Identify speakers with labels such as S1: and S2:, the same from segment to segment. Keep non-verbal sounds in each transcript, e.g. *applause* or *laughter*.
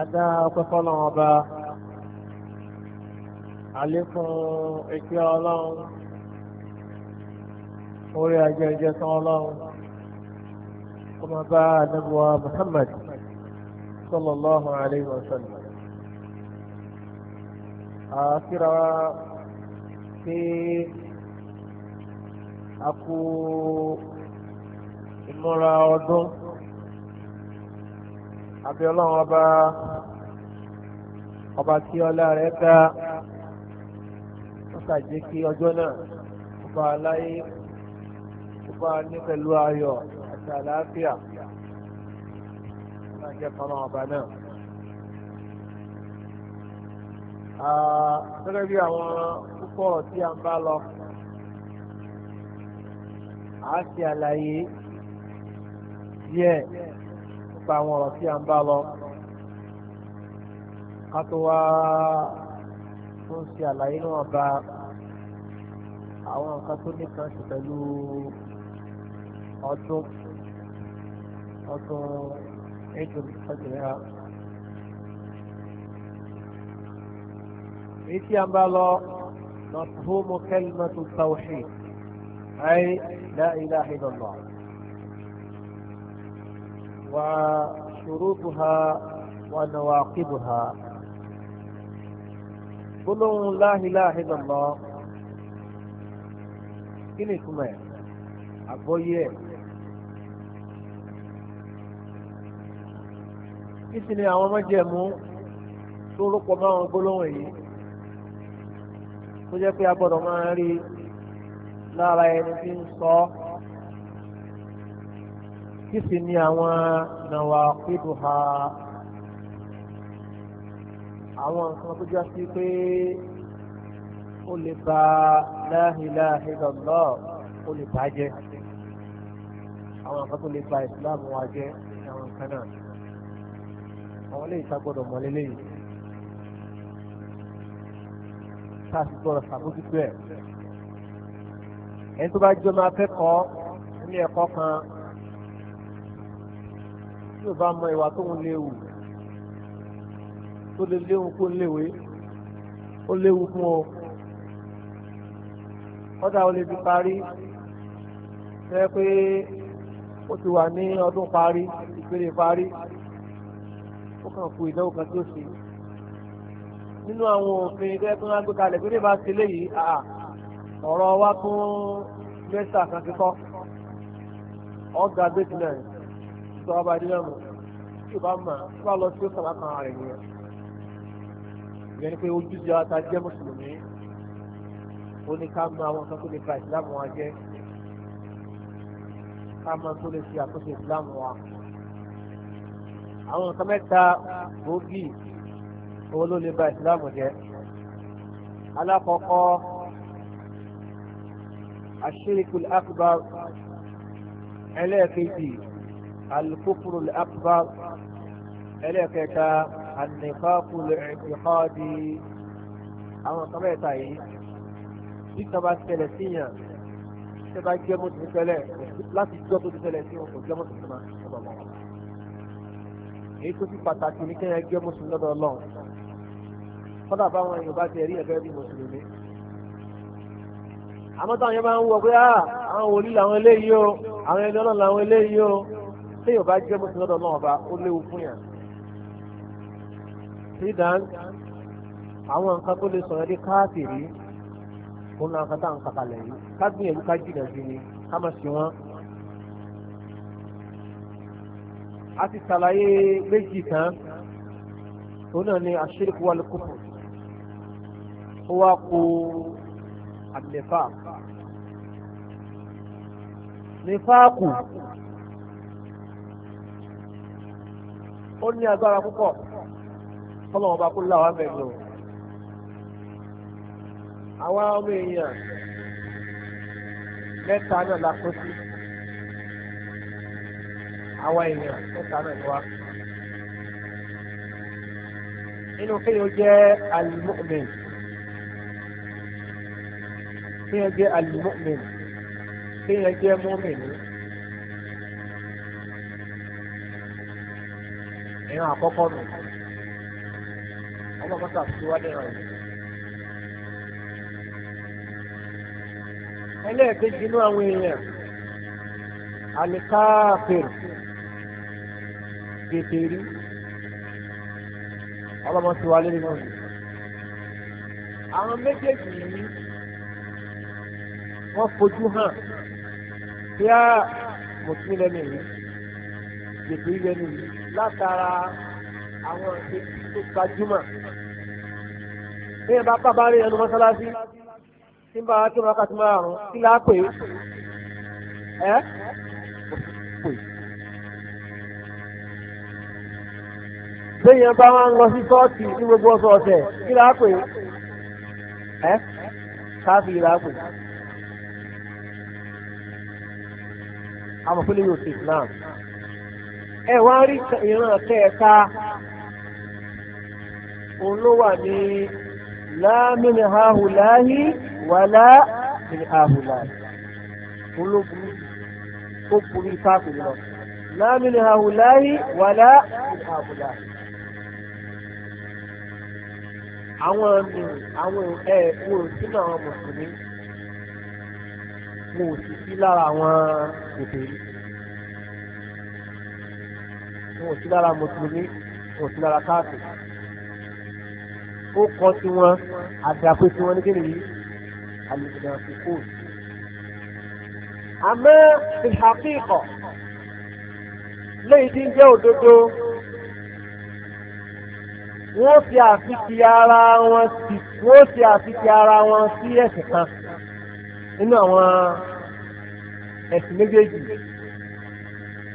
S1: Ada ọpẹ́ fọ́nà ọba àlékún ìkẹ́ ọlọ́run orí ajé ẹjẹ tán ọlọ́run kó máa bá àdébùwà Muhammad sallallahu alayhi wa sallam àkírà pé a kú ìmúra ọdún àbí ọlọ́run ọba ọba tí ọlá rẹ̀ ká ó ṣàjẹ́ kí ọjọ́ náà ó bá a láyé ó bá a ní pẹ̀lú ayọ̀ àti àlàáfíà náà jẹ́ kan ọba náà. gẹ́gẹ́ bí àwọn púpọ̀ tí a ń bá lọ a ṣe àlàyé díẹ̀. Yeah nípa àwọn ọ̀rọ̀ tí a ń bá lọ ká tó wá tó ń ṣe àlàyé náà bá àwọn nǹkan tó ní kan ṣe pẹ̀lú ọdún ọdún ẹ̀dùn ìfọ̀jìnlá. èyí tí a ń bá lọ مفهوم كلمة التوحيد أي لا إله إلا الله وشروطها ونواقبها قلوا لا إله إلا الله kíni túmọ̀ ẹ̀ àgbọ́yé ẹ̀ kíṣì ni àwọn májẹ̀mú tó rúpọ̀ mọ́ àwọn gbólóhùn yìí tó jẹ́ pé a gbọ́dọ̀ máa rí lára ẹni tí ń sọ ọ́ kí sì ni àwọn nawaqiduha àwọn nǹkan tó já sí pé ó lè ba la ilaha illallah ó lè bàjẹ́ àwọn nǹkan tó lè ba ìsìláàmù wa jẹ́ àwọn nǹkan náà àwọn lè ta gbọ́dọ̀ mọ̀ lélẹ́yìn ká sì gbọ́dọ̀ ṣàbójútó ẹ̀ ẹni tó bá jẹ́ ọmọ akẹ́kọ̀ọ́ nílé ẹ̀kọ́ kan ò bá mọ ìwà tó ń léwu tó lè léwu kó léwe ó léwu fún ọ kọ́dà ó lè fi parí fẹ́ pé ó ti wà ní ọdún parí ìpele parí ó kàn kú ìdánwò kan tó ṣe nínú àwọn òfin ẹgbẹ́ tó ń gbé kalẹ̀ pé bá ṣe léyìí ọ̀rọ̀ wa tún mẹ́sà kan ti ọ̀gá gbé sọ ọba nílẹ̀ mọ̀ tí o bá mọ̀ tí o bá lọ sí o sọ̀rọ̀ kan rẹ̀ nìyẹn ìyẹn ni pé ojúṣe ata jẹ́ mùsùlùmí ó ní ká mọ àwọn kan tó lè ba ìsìlámù wa jẹ́ ká mọ tó lè ṣe àkóso ìsìlámù wa àwọn nǹkan mẹ́ta gbòógì owó ló lè ba ìsìlámù jẹ́ alákọ̀ọ́kọ́ àṣírí kùlù akbar ẹlẹ́ẹ̀kejì. الكفر الأكبر إليك النفاق الاعتقادي أما طبيعتا هي جدا بس ثلاثية تبع جمود مثلا لا تجد ثلاثية وجمود مثلا èyí tó ti pàtàkì ní kẹ́yìn ẹgbẹ́ mùsùlùmí lọ́dọ̀ ọlọ́run kọ́dà báwọn yorùbá ti rí ẹgbẹ́ bí mùsùlùmí. àmọ́ táwọn yẹn máa ń wọ pé àwọn wòlíì làwọn eléyìí o àwọn ẹni ọlọ́run làwọn eléyìí o téèyàn bá jẹ́ mọ́tò lọ́dọ̀ náà ọba ó léwu fún yàn. sídàn àwọn nǹkan tó lè sọ̀rọ̀ dé káàkiri òun náà nǹkan tá à ń kàkàlẹ̀ yìí ká gbìyànjú ká jìnà sí ni ká má sí wọn. a ti ṣàlàyé méjì kan òun náà ni àṣírí wal kufur ó wá kó àdìlẹ́fà nífàákù. ó ní agbára púpọ̀ fọlọ́wọ́n bá kó láwọn abẹ́gbẹ́ o. àwa ọmọ èèyàn
S2: mẹ́ta náà la kó sí àwa èèyàn mẹ́ta náà ni wá.
S1: nínú kéèyàn jẹ́ al-mu'min kéèyàn jẹ́ al-mu'min kéèyàn jẹ́ mu'min ni.
S2: ìran àkọ́kọ́ nù
S1: ọlọ́mọ sà tó wá dẹ́rọ yìí. ẹlẹ́ẹ̀kejì inú àwọn èèyàn àlìkáàfèrè gèdèrí ọlọ́mọ tó wá lórí náà.
S2: àwọn méjèèjì yìí
S1: wọ́n fojú hàn bí a mùsùlùmí lẹ́nu yìí gèdèrí lẹ́nu yìí látara àwọn ọ̀sẹ̀ tó gbajúmọ̀. bí ẹ bá kábà rí ẹnu mọ́sálásí tí ń bá tó máa kàtí máa rùn sí lápè ẹ́ lẹ́yìn bá wọn lọ sí sọ́ọ̀tì ní gbogbo ọ̀sọ̀ ọ̀sẹ̀ kí lápè ẹ́ káfí lápè. àmọ̀pẹ́lẹ́ yóò ṣe Islam ẹ wá rí ìran kẹta òun ló wà ní láàmìnì ahùláhì wà láàmìnì ahùláhì òun ló burú ó burú káàkiri lọ láàmìnì ahùláhì wà láàmìnì ahùláhì àwọn mi àwọn ẹ wo sínú àwọn mùsùlùmí mo sì sí lára àwọn òbí wọn sí lára mùsùlùmí wọn sí lára káàtó ó kọ́ sí wọn àdàpé sí wọn ní kíni yìí àlùkùnà àfikò àmọ́ ìhàkíkọ̀ lẹ́yìn tí ń jẹ́ òdodo wọ́n fi àfitì ara wọn sí wọ́n fi àfitì ara wọn sí ẹ̀sìn kan nínú àwọn ẹ̀sìn méjèèjì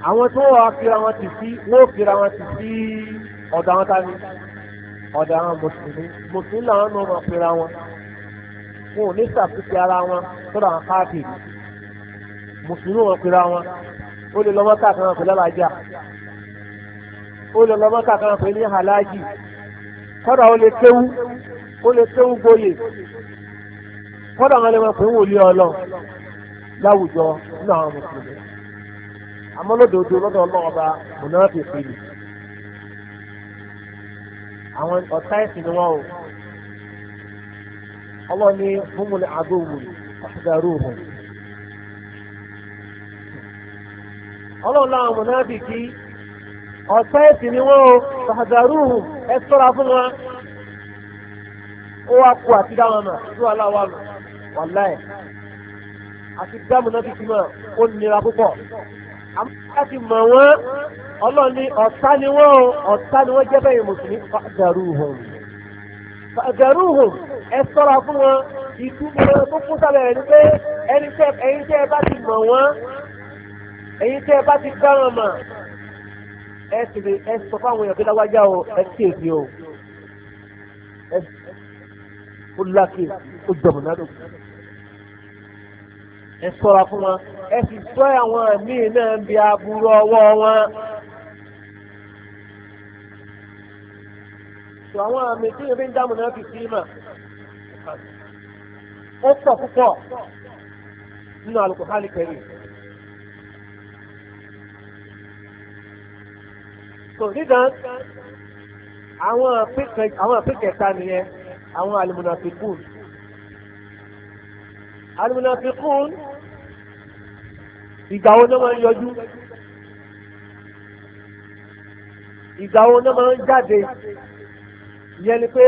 S1: àwọn tó wà fira wọn ti sí wọ́n fira wọn ti sí ọ̀dọ̀ àwọn tani ọ̀dọ̀ àwọn mùsùlùmí mùsùlùmí làwọn náà máa fira wọn wọn ò ní sàfihàn ara wọn sọ́dọ̀ àwọn káàkiri mùsùlùmí wọn fira wọn ó lè lọ́mọ́ káàkiri wọn pẹ̀lú alájà ó lè lọ́mọ́ káàkiri wọn pẹ̀lú alájì kọ́dà ó lè kéwú ó lè kéwú gboyè kọ́dà wọn lè wọn pẹ̀lú wòlíọ̀ ọlọ́ láwùjọ nínú àwọn mùsùlùmí. ama lódodo lọ́dọ̀ ọlọ́ọ̀ba mùnàfíìsì ni àwọn ọ̀tá ẹ̀sìn ni wọ́n o ọlọ́ọ̀ ni humul aduwu ọ̀ṣọ́dàrúhùn ọlọ́ọ̀ làwọn mùnàfíìsì ọ̀tá ẹ̀sìn ni wọ́n o ọ̀ṣọ́dàrúhùn ẹ ṣọ́ra fún wa ó wá kú àti tó wà ti fi mọ́ ó nira àmúkà ti mọ̀ wọ́n ọlọ́run ní ọ̀tá ni wọ́n o ọ̀tá ni wọ́n jẹ́ bẹ́yìn mùsùlùmí fàdàrú hàn fàdàrú hàn ẹ sọ́ra fún wọn ìtumọ̀ tó kún sábẹ́ rẹ̀ ni pé ẹni tẹ́ ẹ̀yin tẹ́ ẹ bá ti mọ̀ wọ́n ẹ̀yin tẹ́ ẹ bá ti dá wọn mọ̀ ẹ sì lè ẹ sọ fáwọn èèyàn pé lágbájá o ẹ sì èsì o ẹ ó lákè ó jọ̀mọ̀ náà lóko ẹ sọ́ra fún wọn ẹ sì sọ àwọn míì náà bí aburú ọwọ́ wọn. sọ àwọn àmì tí ebi ń dáàmú náà fi sí mà
S2: ó pọ̀ púpọ̀ nínú àlùkò hálì kẹrì. sọ nígbà àwọn àpékẹta nìyẹn
S1: àwọn àlùmọ̀nà fi kún. àlùmọ̀nà fi kún ìgbà wo náà máa ń yọjú ìgbà wo náà máa ń jáde ìyẹn ni pé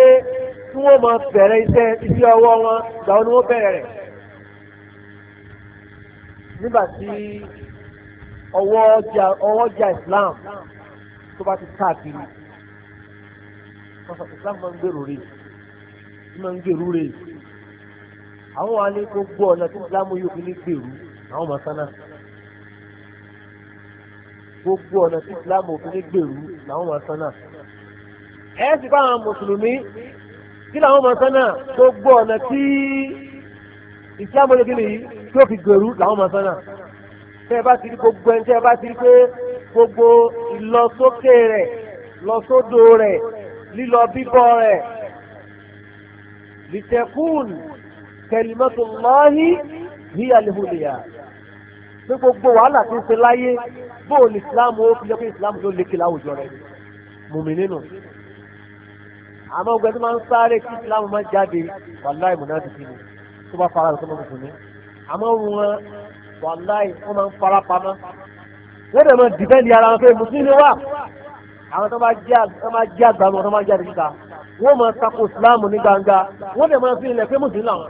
S1: kí wọ́n máa bẹ̀rẹ̀ iṣẹ́ iṣẹ́ ọwọ́ wọn ìgbà wo ni wọ́n bẹ̀rẹ̀ rẹ̀ nígbà tí ọwọ́ ja Islam tó bá ti káàkiri pàtàkì Islam máa ń gbèrú rè máa ń gbèrú rè àwọn wa ní gbogbo ọ̀nà tí Islam yóò fi ní gbèrú àwọn máa sáná gbogbo ọ̀nà tí islam òfin ní gbèrú làwọn máa sán náà. ẹ sì bá àwọn mùsùlùmí kí làwọn máa sán náà gbogbo ọ̀nà tí islam olóògbé nìyí tí ó fi gbèrú làwọn máa sán náà. tẹ́ ẹ bá ti rí gbogbo ẹni tẹ́ ẹ bá ti rí pé gbogbo ìlọsókè rẹ̀ lọsódò rẹ̀ lílọ bíbọ̀ rẹ̀ lìtẹ̀kùn kẹlìmọ́tò lọ́hìn ní àlehùn nìyà pé gbogbo wàhálà tí ń ṣe láyé bóòlù islam ó fi jẹ́ pé islam ló lékè láwùjọ rẹ̀ mùmínì nù àmọ́ ọgbẹ́ tó máa ń sáré kí islam máa jáde wàláì mùnáfíkí ni tó bá fara lọ́sọ́ mọ́tò ní àmọ́ wọn wàláì wọ́n máa ń fara pamọ́ wọ́n dẹ̀ máa dìbẹ́ndì ara wọn pé mùsùlùmí wà àwọn tó máa jẹ́ àgbà wọn tó máa jáde síta wọ́n máa tako islam ní gbangba wọ́n dẹ̀ máa fi ilẹ̀ pé mùsùlùmí làwọn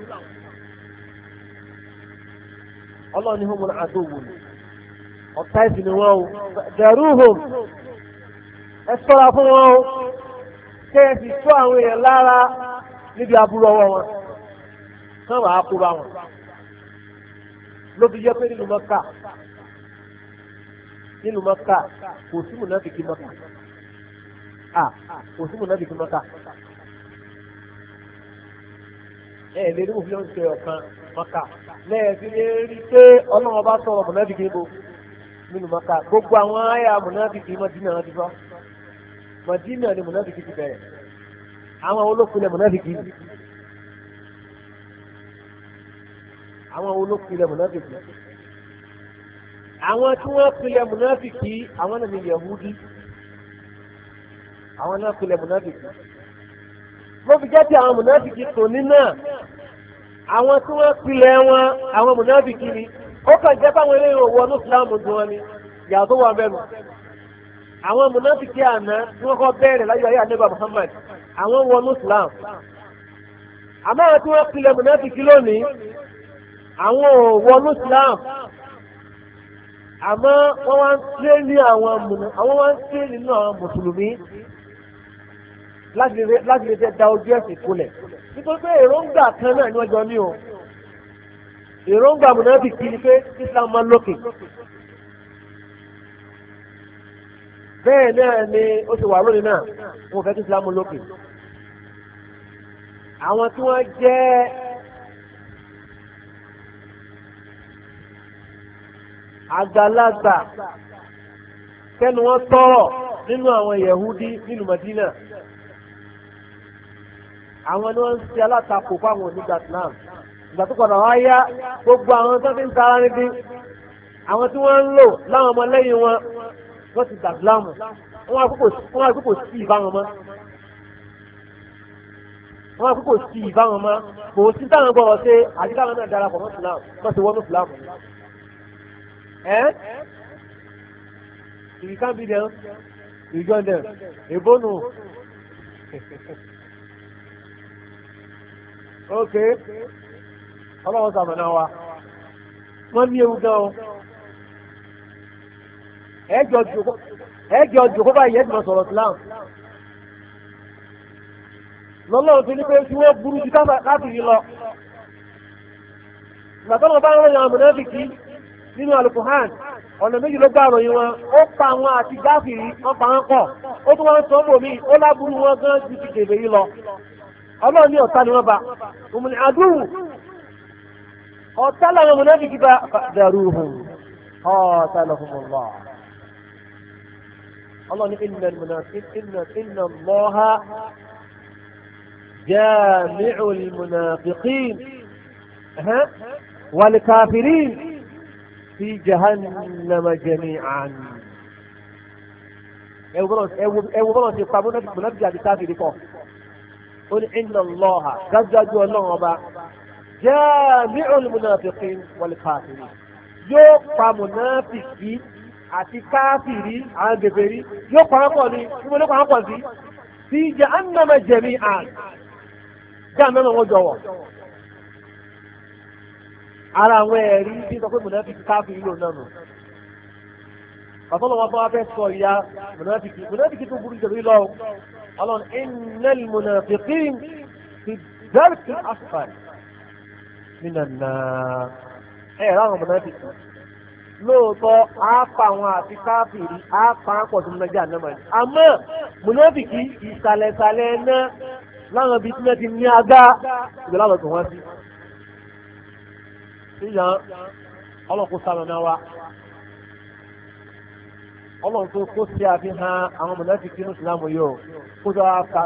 S1: ọlọ́run ní homo àdóhùn ni ọ̀tá ìsì ni wọ́n o dẹ̀rú hom ẹ sọ́ra fún wọn o
S2: kẹ́ ẹ sì tó àwọn èèyàn lára níbi aburú ọwọ́ wọn
S1: kán wàá kó bá wọn yẹ pé nínú mọ́kà nínú mọ́kà kò sí mùnáfìkì mọ́kà à kò sí mùnáfìkì mọ́kà ẹ ẹ lè ní ọ̀kan mọ́kà lẹ́ẹ̀fi lè rí i pé ọlọ́run bá sọ̀rọ̀ mọ̀nàbìkì bo nínú mọ́kà gbogbo àwọn àyà mọ̀nàbìkì mọ̀dínà wọn ti fọ́ mọ̀dínà ni mọ̀nàbìkì ti bẹ̀rẹ̀ àwọn olókùnlẹ̀ mọ̀nàbìkì ni àwọn olókùnlẹ̀ mọ̀nàbìkì àwọn tí wọ́n pilẹ̀ mọ̀nàbìkì àwọn náà ni Yahudi àwọn náà pilẹ̀ mọ̀nàbìkì ló fi jẹ́ ti àwọn mọ̀nàbìkì tòní náà àwọn tí wọ́n pilẹ̀ wọn àwọn mùnáfìkì ni ó kàn jẹ́ fáwọn eléyìí òwò ọdún ìsìláàmù ju wọn ni yàrá tó wà bẹ́ẹ̀ àwọn mùnáfìkì àná tí wọ́n kọ́ bẹ̀rẹ̀ láyé ayé àdébà Muhammad àwọn wọnú Islam àmọ́ àwọn tí wọ́n pilẹ̀ mùnáfìkì lónìí àwọn ò wọnú Islam àmọ́ wọ́n wá ń tẹ́lẹ̀ àwọn wọ́n wá ń tẹ́lẹ̀ nínú àwọn mùsùlùmí láti lè fẹ́ da ojú ẹ̀sìn kulẹ̀ nítorí
S2: pé èròǹgbà kan náà ni wọ́n jọ ní o
S1: èròǹgbà mùnàbí kì í pé Islam máa lókè bẹ́ẹ̀ náà ni ó ti wà lónìí náà wọn fẹ́ kí Islam lókè àwọn tí wọ́n jẹ́ àgbàlagbà kẹ́nu wọn tọrọ nínú àwọn Yahudi nílùú Madina àwọn ni wọ́n ń ṣe alátakò fáwọn onígbà islam ìgbà tó kọ̀dọ̀ wọ́n yá gbogbo àwọn tó fi ń tara níbi àwọn tí wọ́n ń lò láwọn ọmọ lẹ́yìn wọn wọ́n ti gbà islam wọ́n á kókò sí ìbáwọn mọ́ wọ́n á kókò sí ìbáwọn mọ́ kò sí táwọn gbọ́dọ̀ ṣe àti káwọn náà darapọ̀ mọ́ islam wọ́n ti wọ́n ní islam eh? If
S2: you
S1: can't ok ọlọ́run sàmọ̀nà wa
S2: wọ́n ní ewu gan o
S1: ẹ̀ẹ́jọ jòkó báyìí ẹ̀ẹ́dì máa sọ̀rọ̀ Islam lọ́lọ́run ti ní pé tí wọ́n burú ju káfíìrì lọ gbàtọ́nà bá ń rìn àwọn mọ̀nẹ́fìkì nínú alukuhan ọ̀nà méjì ló gbà ròyìn wọn ó pa wọn àti gáfìrí wọn pa wọn pọ̀ ó tún wọn sọ ọ́ bòmí ó láburú wọn gan ju ti kèfèrí lọ. ọlọ́run ní ọ̀tá ni wọ́n bá òmìnira àdúrù ọ̀tá làwọn mùnáfíkì bá dàrú hàn ọ̀tá lọ́kùnrin lọ́ ọlọ́run ní ìnà ìnà ìnà lọ́ha جامع المنافقين ها والكافرين في جهنم جميعا ewu bọ́lá ti pa múnáfíà àti káfíìrì kọ́ ó England inna ha dájúdájú ọlọ́run ọba jami'ul munafiqin wal àti káfìrí àwọn yóò pa wọn pọ̀ ìwé ló pa wọn pọ̀ sí sí wọn ara àwọn ẹ̀rí tí sọ pé mùnàfíkì káfíìrì lò náà nù. bá wá fẹ́ sọ ìyá tó burú ọlọ́run innal munafiqin fi darki asfal minan nar ẹ̀ ráwọn mùnàfíkì lóòótọ́ àápa àwọn àti káfìrí àápa àpọ̀tún lọ́jà náà mọ̀ àmọ́ mùnàfíkì ìsàlẹ̀sàlẹ̀ náà láwọn ibi tí wọ́n ti ní agbá ìgbà láwọn tó wọ́n sí. ìyàn ọlọ́kùn sálọ náà wá ọlọ́run tó kó ṣe àfihàn àwọn mọ̀lẹ́fì tí mùsùlùmù yóò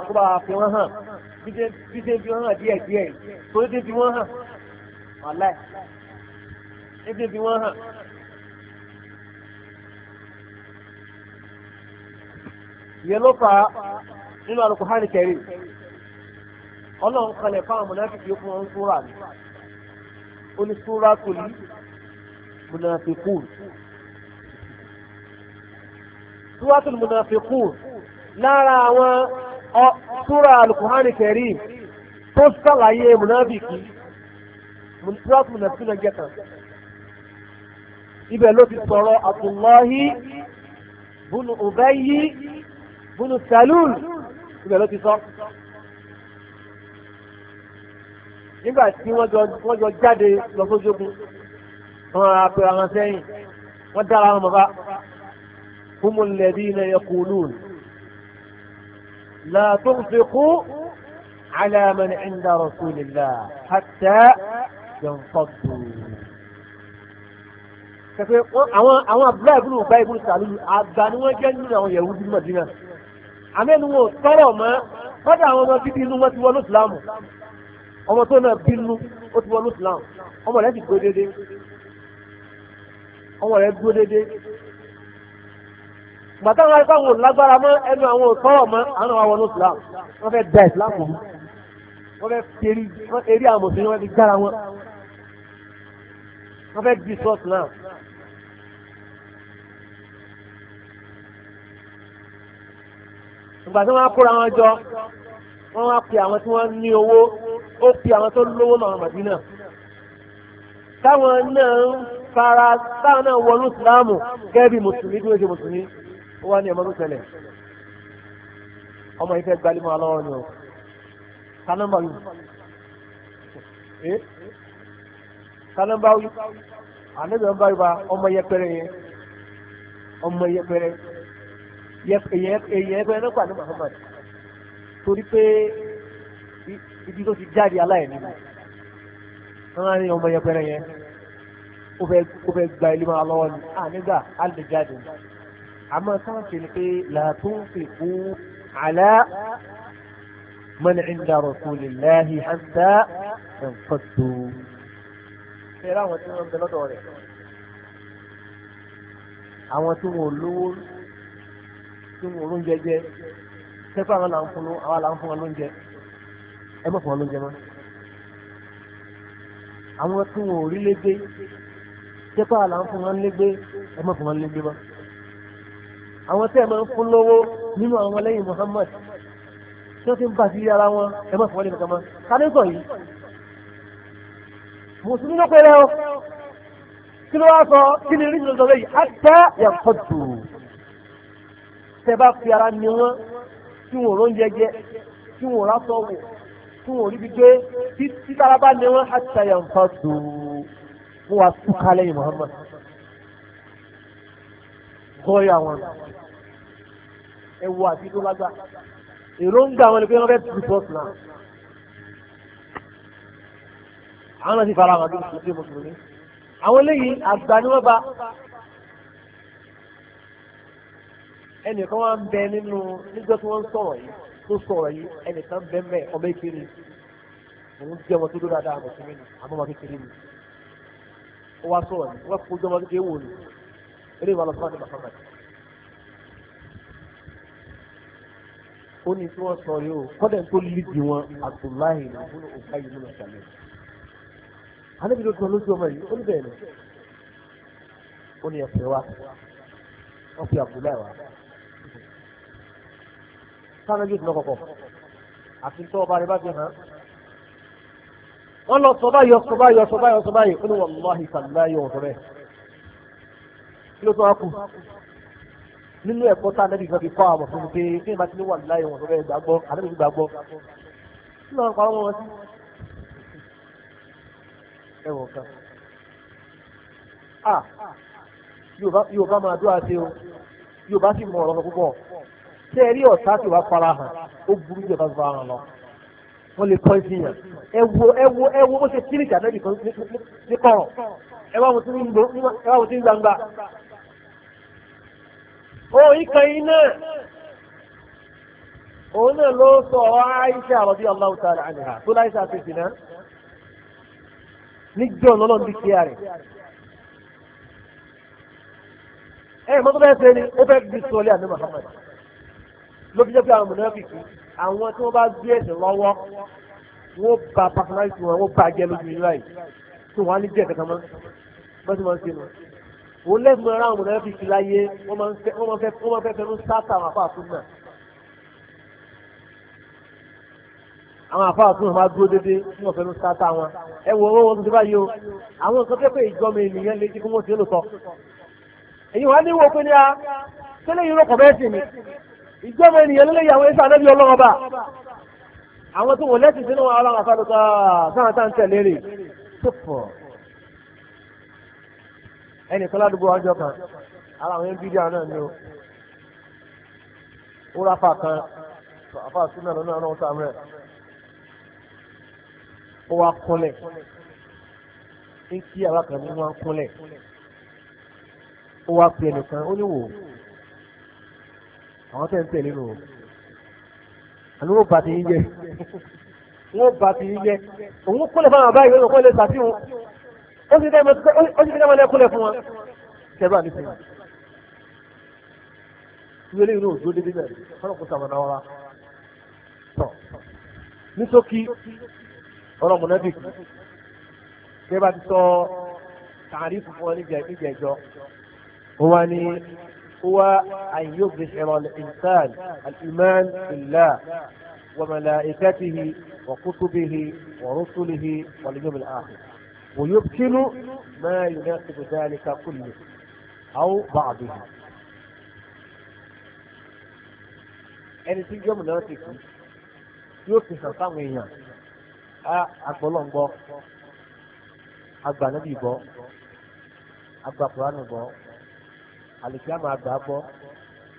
S1: kó bá fi wọ́n hàn dídé bí wọ́n hàn díẹ̀ díẹ̀
S2: tó dídé bí wọ́n hàn
S1: wàláì dídé bí wọ́n hàn.
S2: ìyẹn ló fà á nínú Al-Qur'ani Karim
S1: ọlọ́run kalẹ̀ fáwọn mọ̀lẹ́fì tí ó fún wọn súra ní onísúra tó ní mọ̀lẹ́fì súwátù munafikun lára àwọn súra alukuhani karim tó sàlàyé munafiki súwátù munafikun náà jẹ́kan ibẹ̀ ló ti sọ̀rọ̀ abdullahi bunu ubayi bunu salul ibẹ̀ ló ti sọ. nígbà tí wọ́n jọ jáde lọ sójú ogun wọ́n ra pé àwọn sẹ́yìn هم الذين يقولون لا تنفقوا على من عند رسول الله حتى ينفضوا kẹfẹ àwọn àwọn abúlé ìbúrò bá ìbúrò sàlù àgbà ni wọ́n jẹ́ nínú àwọn yẹ̀wù ní Madina àmẹ́nu wọn tọrọ mọ́ kọ́dà àwọn ọmọ bíbí inú wọn ti wọlé ìsìlámù ọmọ tó náà bínú ó ti wọlé ìsìlámù ọmọ rẹ̀ ti gbó dédé ọmọ rẹ̀ gbó dédé gbàtà wọn ipá wọn lágbára mọ́ ẹnu àwọn òtọrọ mọ́ àwọn àwọn àwọn islam wọ́n fẹ́ẹ́ da islam mú wọ́n fẹ́ẹ́ eré àwọn mùsùlùmí wọ́n fi gbára wọn wọ́n fẹ́ẹ́ di sọ islam. ìgbà tí wọ́n á kóra wọn jọ wọ́n wá pe àwọn tí wọ́n ní owó ó pe àwọn tó lówó náà Màdínà táwọn náà ń fara táwọn náà wọnú islam gẹ́gẹ́ bí mùsùlùmí bí wọ́n ṣe mùsùlùmí ó wá ní ọmọ tó ṣẹlẹ̀ ọmọ ìfẹ́ gbalímọ̀ alọ́wọ́ ni o ká nọ́mbà wí ká nọ́mbà wí ànábì ọmọ báyìí ba ọmọ yẹpẹrẹ yẹn ọmọ yẹpẹrẹ yẹpẹrẹ nípa ní Muhammad torí pé ibi tó ti jáde aláìní wọn ní ọmọ yẹpẹrẹ yẹn ó fẹ́ gba ilé máa lọ́wọ́ ni à nígbà á lè jáde ni àmọ́ táwọn ṣe ni pé làtún fi kú àlá man inda rasulillahi hatta tanfaddu. ṣé láwọn tí wọ́n ń bẹ lọ́dọ̀ rẹ̀ àwọn tí wọn ò lówó tí wọn ò lóúnjẹ jẹ sẹ́kọ̀ àwọn là ń fún àwọn là ń fún wọn lóúnjẹ ẹ má fún wọn lóúnjẹ mọ́ àwọn tí wọn ò rí légbé sẹ́kọ̀ àwọn là ń fún wọn légbé ẹ má fún wọn légbé mọ́ àwọn tẹ́ ẹ máa ń fún lọ́wọ́ nínú àwọn ọmọlẹ́yìn Muhammad tí wọ́n ti ń bá sí ara wọn ẹ má fọwọ́ nìkan mọ́ kálẹ́tọ̀ yìí mùsùlùmí ló pẹ́rẹ́ o kí ló wá sọ kí ni rí nìkan lẹ́yìn àtẹ yàtọ̀ jù tẹ́ bá fi ara ni wọ́n tí wọ́n rón jẹjẹ tí wọ́n rásọ wò tí wọ́n rí bi gbé tára bá ni wọ́n àtẹ yàtọ̀ jù wọ́n wá sùn kálẹ́yìn Muhammad destroy àwọn ẹ wo àti tó lágbà èròǹgbà àwọn ẹni pé wọ́n fẹ́ tu bọ́s náà àwọn náà ti fara hàn tó ṣe mùsùlùmí àwọn eléyìí àgbà ni wọ́n bá ẹnìkan wá ń bẹ nínú níjọ tí wọ́n ń yìí tó sọ̀rọ̀ yìí ẹnìkan bẹ mẹ́ ọmọ ìkiri òun jẹ́ ọmọ tó dó dáadáa àmọ̀ mi àmọ́ ọmọ kékeré mi ó wá sọ̀rọ̀ yìí wọ́n kó jọmọ kékeré wò ni eré ìwà lọ́sọ́ ní Muhammad ó ní tí wọ́n sọ yìí o kọ́dẹ̀ tó lídìí wọn Abdullahi nàbúrò òkà yìí múlò sàlẹ̀ alẹ́bí ló tún lójú ọmọ yìí ó ní bẹ́ẹ̀ ni ó ní ẹ̀fẹ̀ wa wọ́n fi Abdullahi wa sáà méjì tún lọ́kọ̀kọ̀ àti tó ọba rẹ̀ bá ti hàn wọ́n lọ sọ báyọ̀ sọ báyọ̀ sọ báyọ̀ sọ báyọ̀ ó ní wàlláhi sàlẹ̀ yọ̀ ọ̀sọ̀ bẹ́ẹ̀ kí ló tó wá kù nínú ẹ̀kọ́ tá anẹ́bí kan fi kọ́ àwọn fún mi pé kí ni bá ti ní wà láyé wọn sọ́dọ̀ ìgbàgbọ́ anẹ́bí gbàgbọ́ kí ló ń pa wọn sí ẹ̀wọ̀n kan ah yóò bá máa dúró àti o yóò bá sì mọ ọ̀rọ̀ púpọ̀ tí ẹ rí ọ̀tá tí wàá fara hàn ó burú jù bá fara hàn lọ wọ́n lè kọ́ ìsìnyàn ẹ wo ẹ wo ẹ wo ó ṣe kírìkì anẹ́bí kan ní kọ́rọ̀ ẹ wá wọn tí ń gbangba
S2: òun kan iná
S1: òun náà ló sọ ọ Aisha radiyallahu ta'ala anha tó láìsà ti dìnnà níjọ́ lọ́lọ́run bí kíá rẹ̀ ẹ mọ tó bẹ ṣe ni ó fẹ́ gbé sọlẹ àná Muhammad ló fi jẹ́ pé àwọn mọnàfíkì àwọn tí wọ́n bá gbé ẹsẹ̀ lọ́wọ́ wọ́n ba personality wọn wọ́n bàjẹ́ lójú ìlú láì tó wọn á ní jẹ kankan mọ bó ti ṣe nù òun lẹ́gbọ̀n ara àwọn ọmọdé fi láyé wọ́n máa fẹ́ fẹ́nu sáàtà àwọn àfáà tún náà àwọn àfáà tún máa dúró dédé tí wọ́n fẹ́nu sáàtà wọn ẹ wo owó wọn tó ti báyìí o àwọn nǹkan pé pé ìjọba ènìyàn lè jí kó wọ́n ti lò tọ́ èyí wọ́n á ní wo pé ní a tẹ́lẹ̀ yìí rọ́kọ̀ bẹ́ẹ̀ sì ni ìjọba ènìyàn lélẹ́yìn àwọn ẹ̀sán anábì ọlọ́wọ́ bá àwọn tó wọ́n lẹ́sìn sínú àwọn àfáà tó ká sáà ẹnìkan ládùúgbò ọjọ́ kan ara àwọn ẹbí díà náà ni o ó ráfà kan àfà súnmọ́ ẹ̀rọ náà náà sàmúrẹ̀ ó wá kúnlẹ̀ ń kí àwọn kan ní wọ́n kúnlẹ̀ ó wá pe ẹnìkan ó ní wò àwọn tẹ̀ ń tẹ̀lé nù o àní wọ́n bá ti yín jẹ́ wọ́n bá ti yín jẹ́ òun kúnlẹ̀ fáwọn àbáyé lọ́kọ́ lè sàfihàn ó sì fi dáwọn ẹkúnlẹ̀ fún wọn kẹrọ àníkù ìwé ilé ìlú òjò dédé bẹ̀rẹ̀ fọ́nà kó sàmà náà wá tọ̀ ní ṣókí ọ̀rọ̀ mọ̀nẹ́bí kẹ́ bá ti sọ tààrí fún wọn níjà níjà ìjọ wọ́n ní هو أن يظهر الإنسان الإيمان بالله وملائكته وكتبه ورسله واليوم الآخر ويبطل ما يناسب ذلك كله أو بعضه ẹni tí jẹ́ mùnàfíkì yóò fi hàn fáwọn èèyàn agbọ́lọ́ngbọ́ agbànábì gbọ́ agbàkùránù gbọ́ àlùkìyàmọ̀ àgbà gbọ́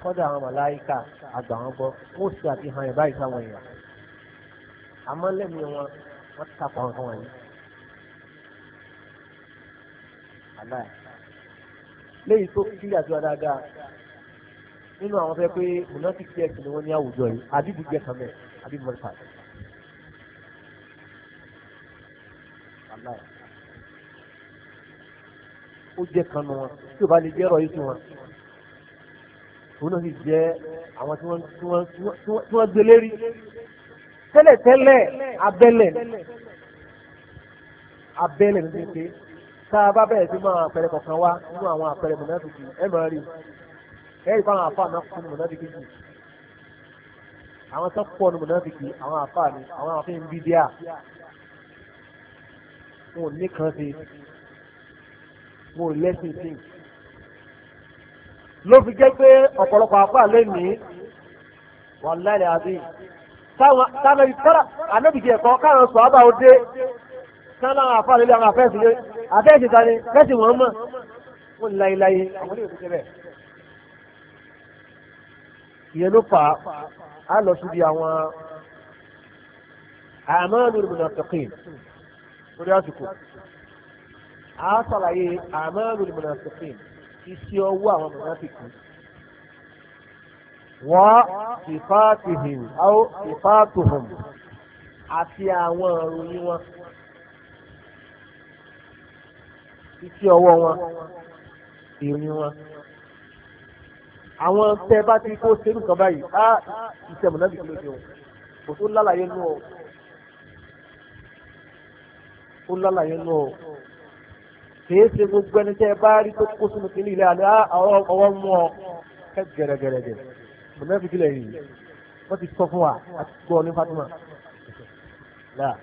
S1: kọ́dọ̀ àwọn màláìkà àgbà wọn gbọ́ wọ́n sì àfihàn ẹ̀ báyìí fáwọn èèyàn àmọ́ wọn wọ́n ti tapọ̀ nǹkan wọ̀nyí. àná léyìí tó kí àjọ dáadáa nínú àwọn fẹ́ pé monastic dx ni wọ́n ní àwùjọ yìí àbíbù jẹ́ kan mẹ́ àbíbù mọ́tà. ó jẹ́ kan nu wọn tí ò bá lè jẹ́ ẹ̀rọ yìí fún wọn òun náà sì jẹ́ àwọn tí wọ́n gbé lérí tẹ́lẹ̀tẹ́lẹ̀ abẹ́lẹ̀ abẹ́lẹ̀ ló ń pè é tá a bá bẹ̀rẹ̀ sí máa àpẹẹrẹ kọ̀ọ̀kan wá nínú àwọn àpẹẹrẹ mọ̀nàfíkì ẹ mọ̀ rí ẹ rí fáwọn àfáà náà fún mọ̀nàfíkì jù àwọn tó pọ̀ ní mọ̀nàfíkì àwọn àfáà ni àwọn àfihàn bí díà wọn ò ní kan ṣe wọn ò lẹ́sìn sí ló fi jẹ́ pé ọ̀pọ̀lọpọ̀ àfáà lẹ́nìí wà láìlẹ̀ àbí táwọn táwọn anábìjì ẹ̀kọ́ káwọn sọ̀ ábà ó dé táwọn àfáà lélẹ̀ àwọn àfẹ́ sílé àfẹ́ẹ̀sì ta ni fẹ́ẹ̀sì wọn mọ̀ wọ́n láyéláyé àwọn ilé ìkúṣẹ́ bẹ́ẹ̀. ìyẹn ló fà á lọ síbi àwọn ọwọ́ àwọn mùnàfẹ́kìn wọ́n ìfáàtìhìn àwọn ìfáàtìhìn àti àwọn ìròyìn wọn. iṣẹ ọwọ́ wọn ìrìn wọn àwọn tẹ bá ti kó serú kan báyìí á iṣẹ mọ̀nàbí kí ló ṣe wọn kò tó lálàyé nù ọ ó lálàyé nù ọ kìí ṣe gbogbo ẹni tẹ bá rí tó kó sínú kìíní ilé àná ọwọ́ mú ọ kẹ gẹrẹgẹrẹgẹ mọ̀nàbí kí lè yìí wọ́n ti sọ fún wa àti gbọ́ ní Fatima.
S2: Láà,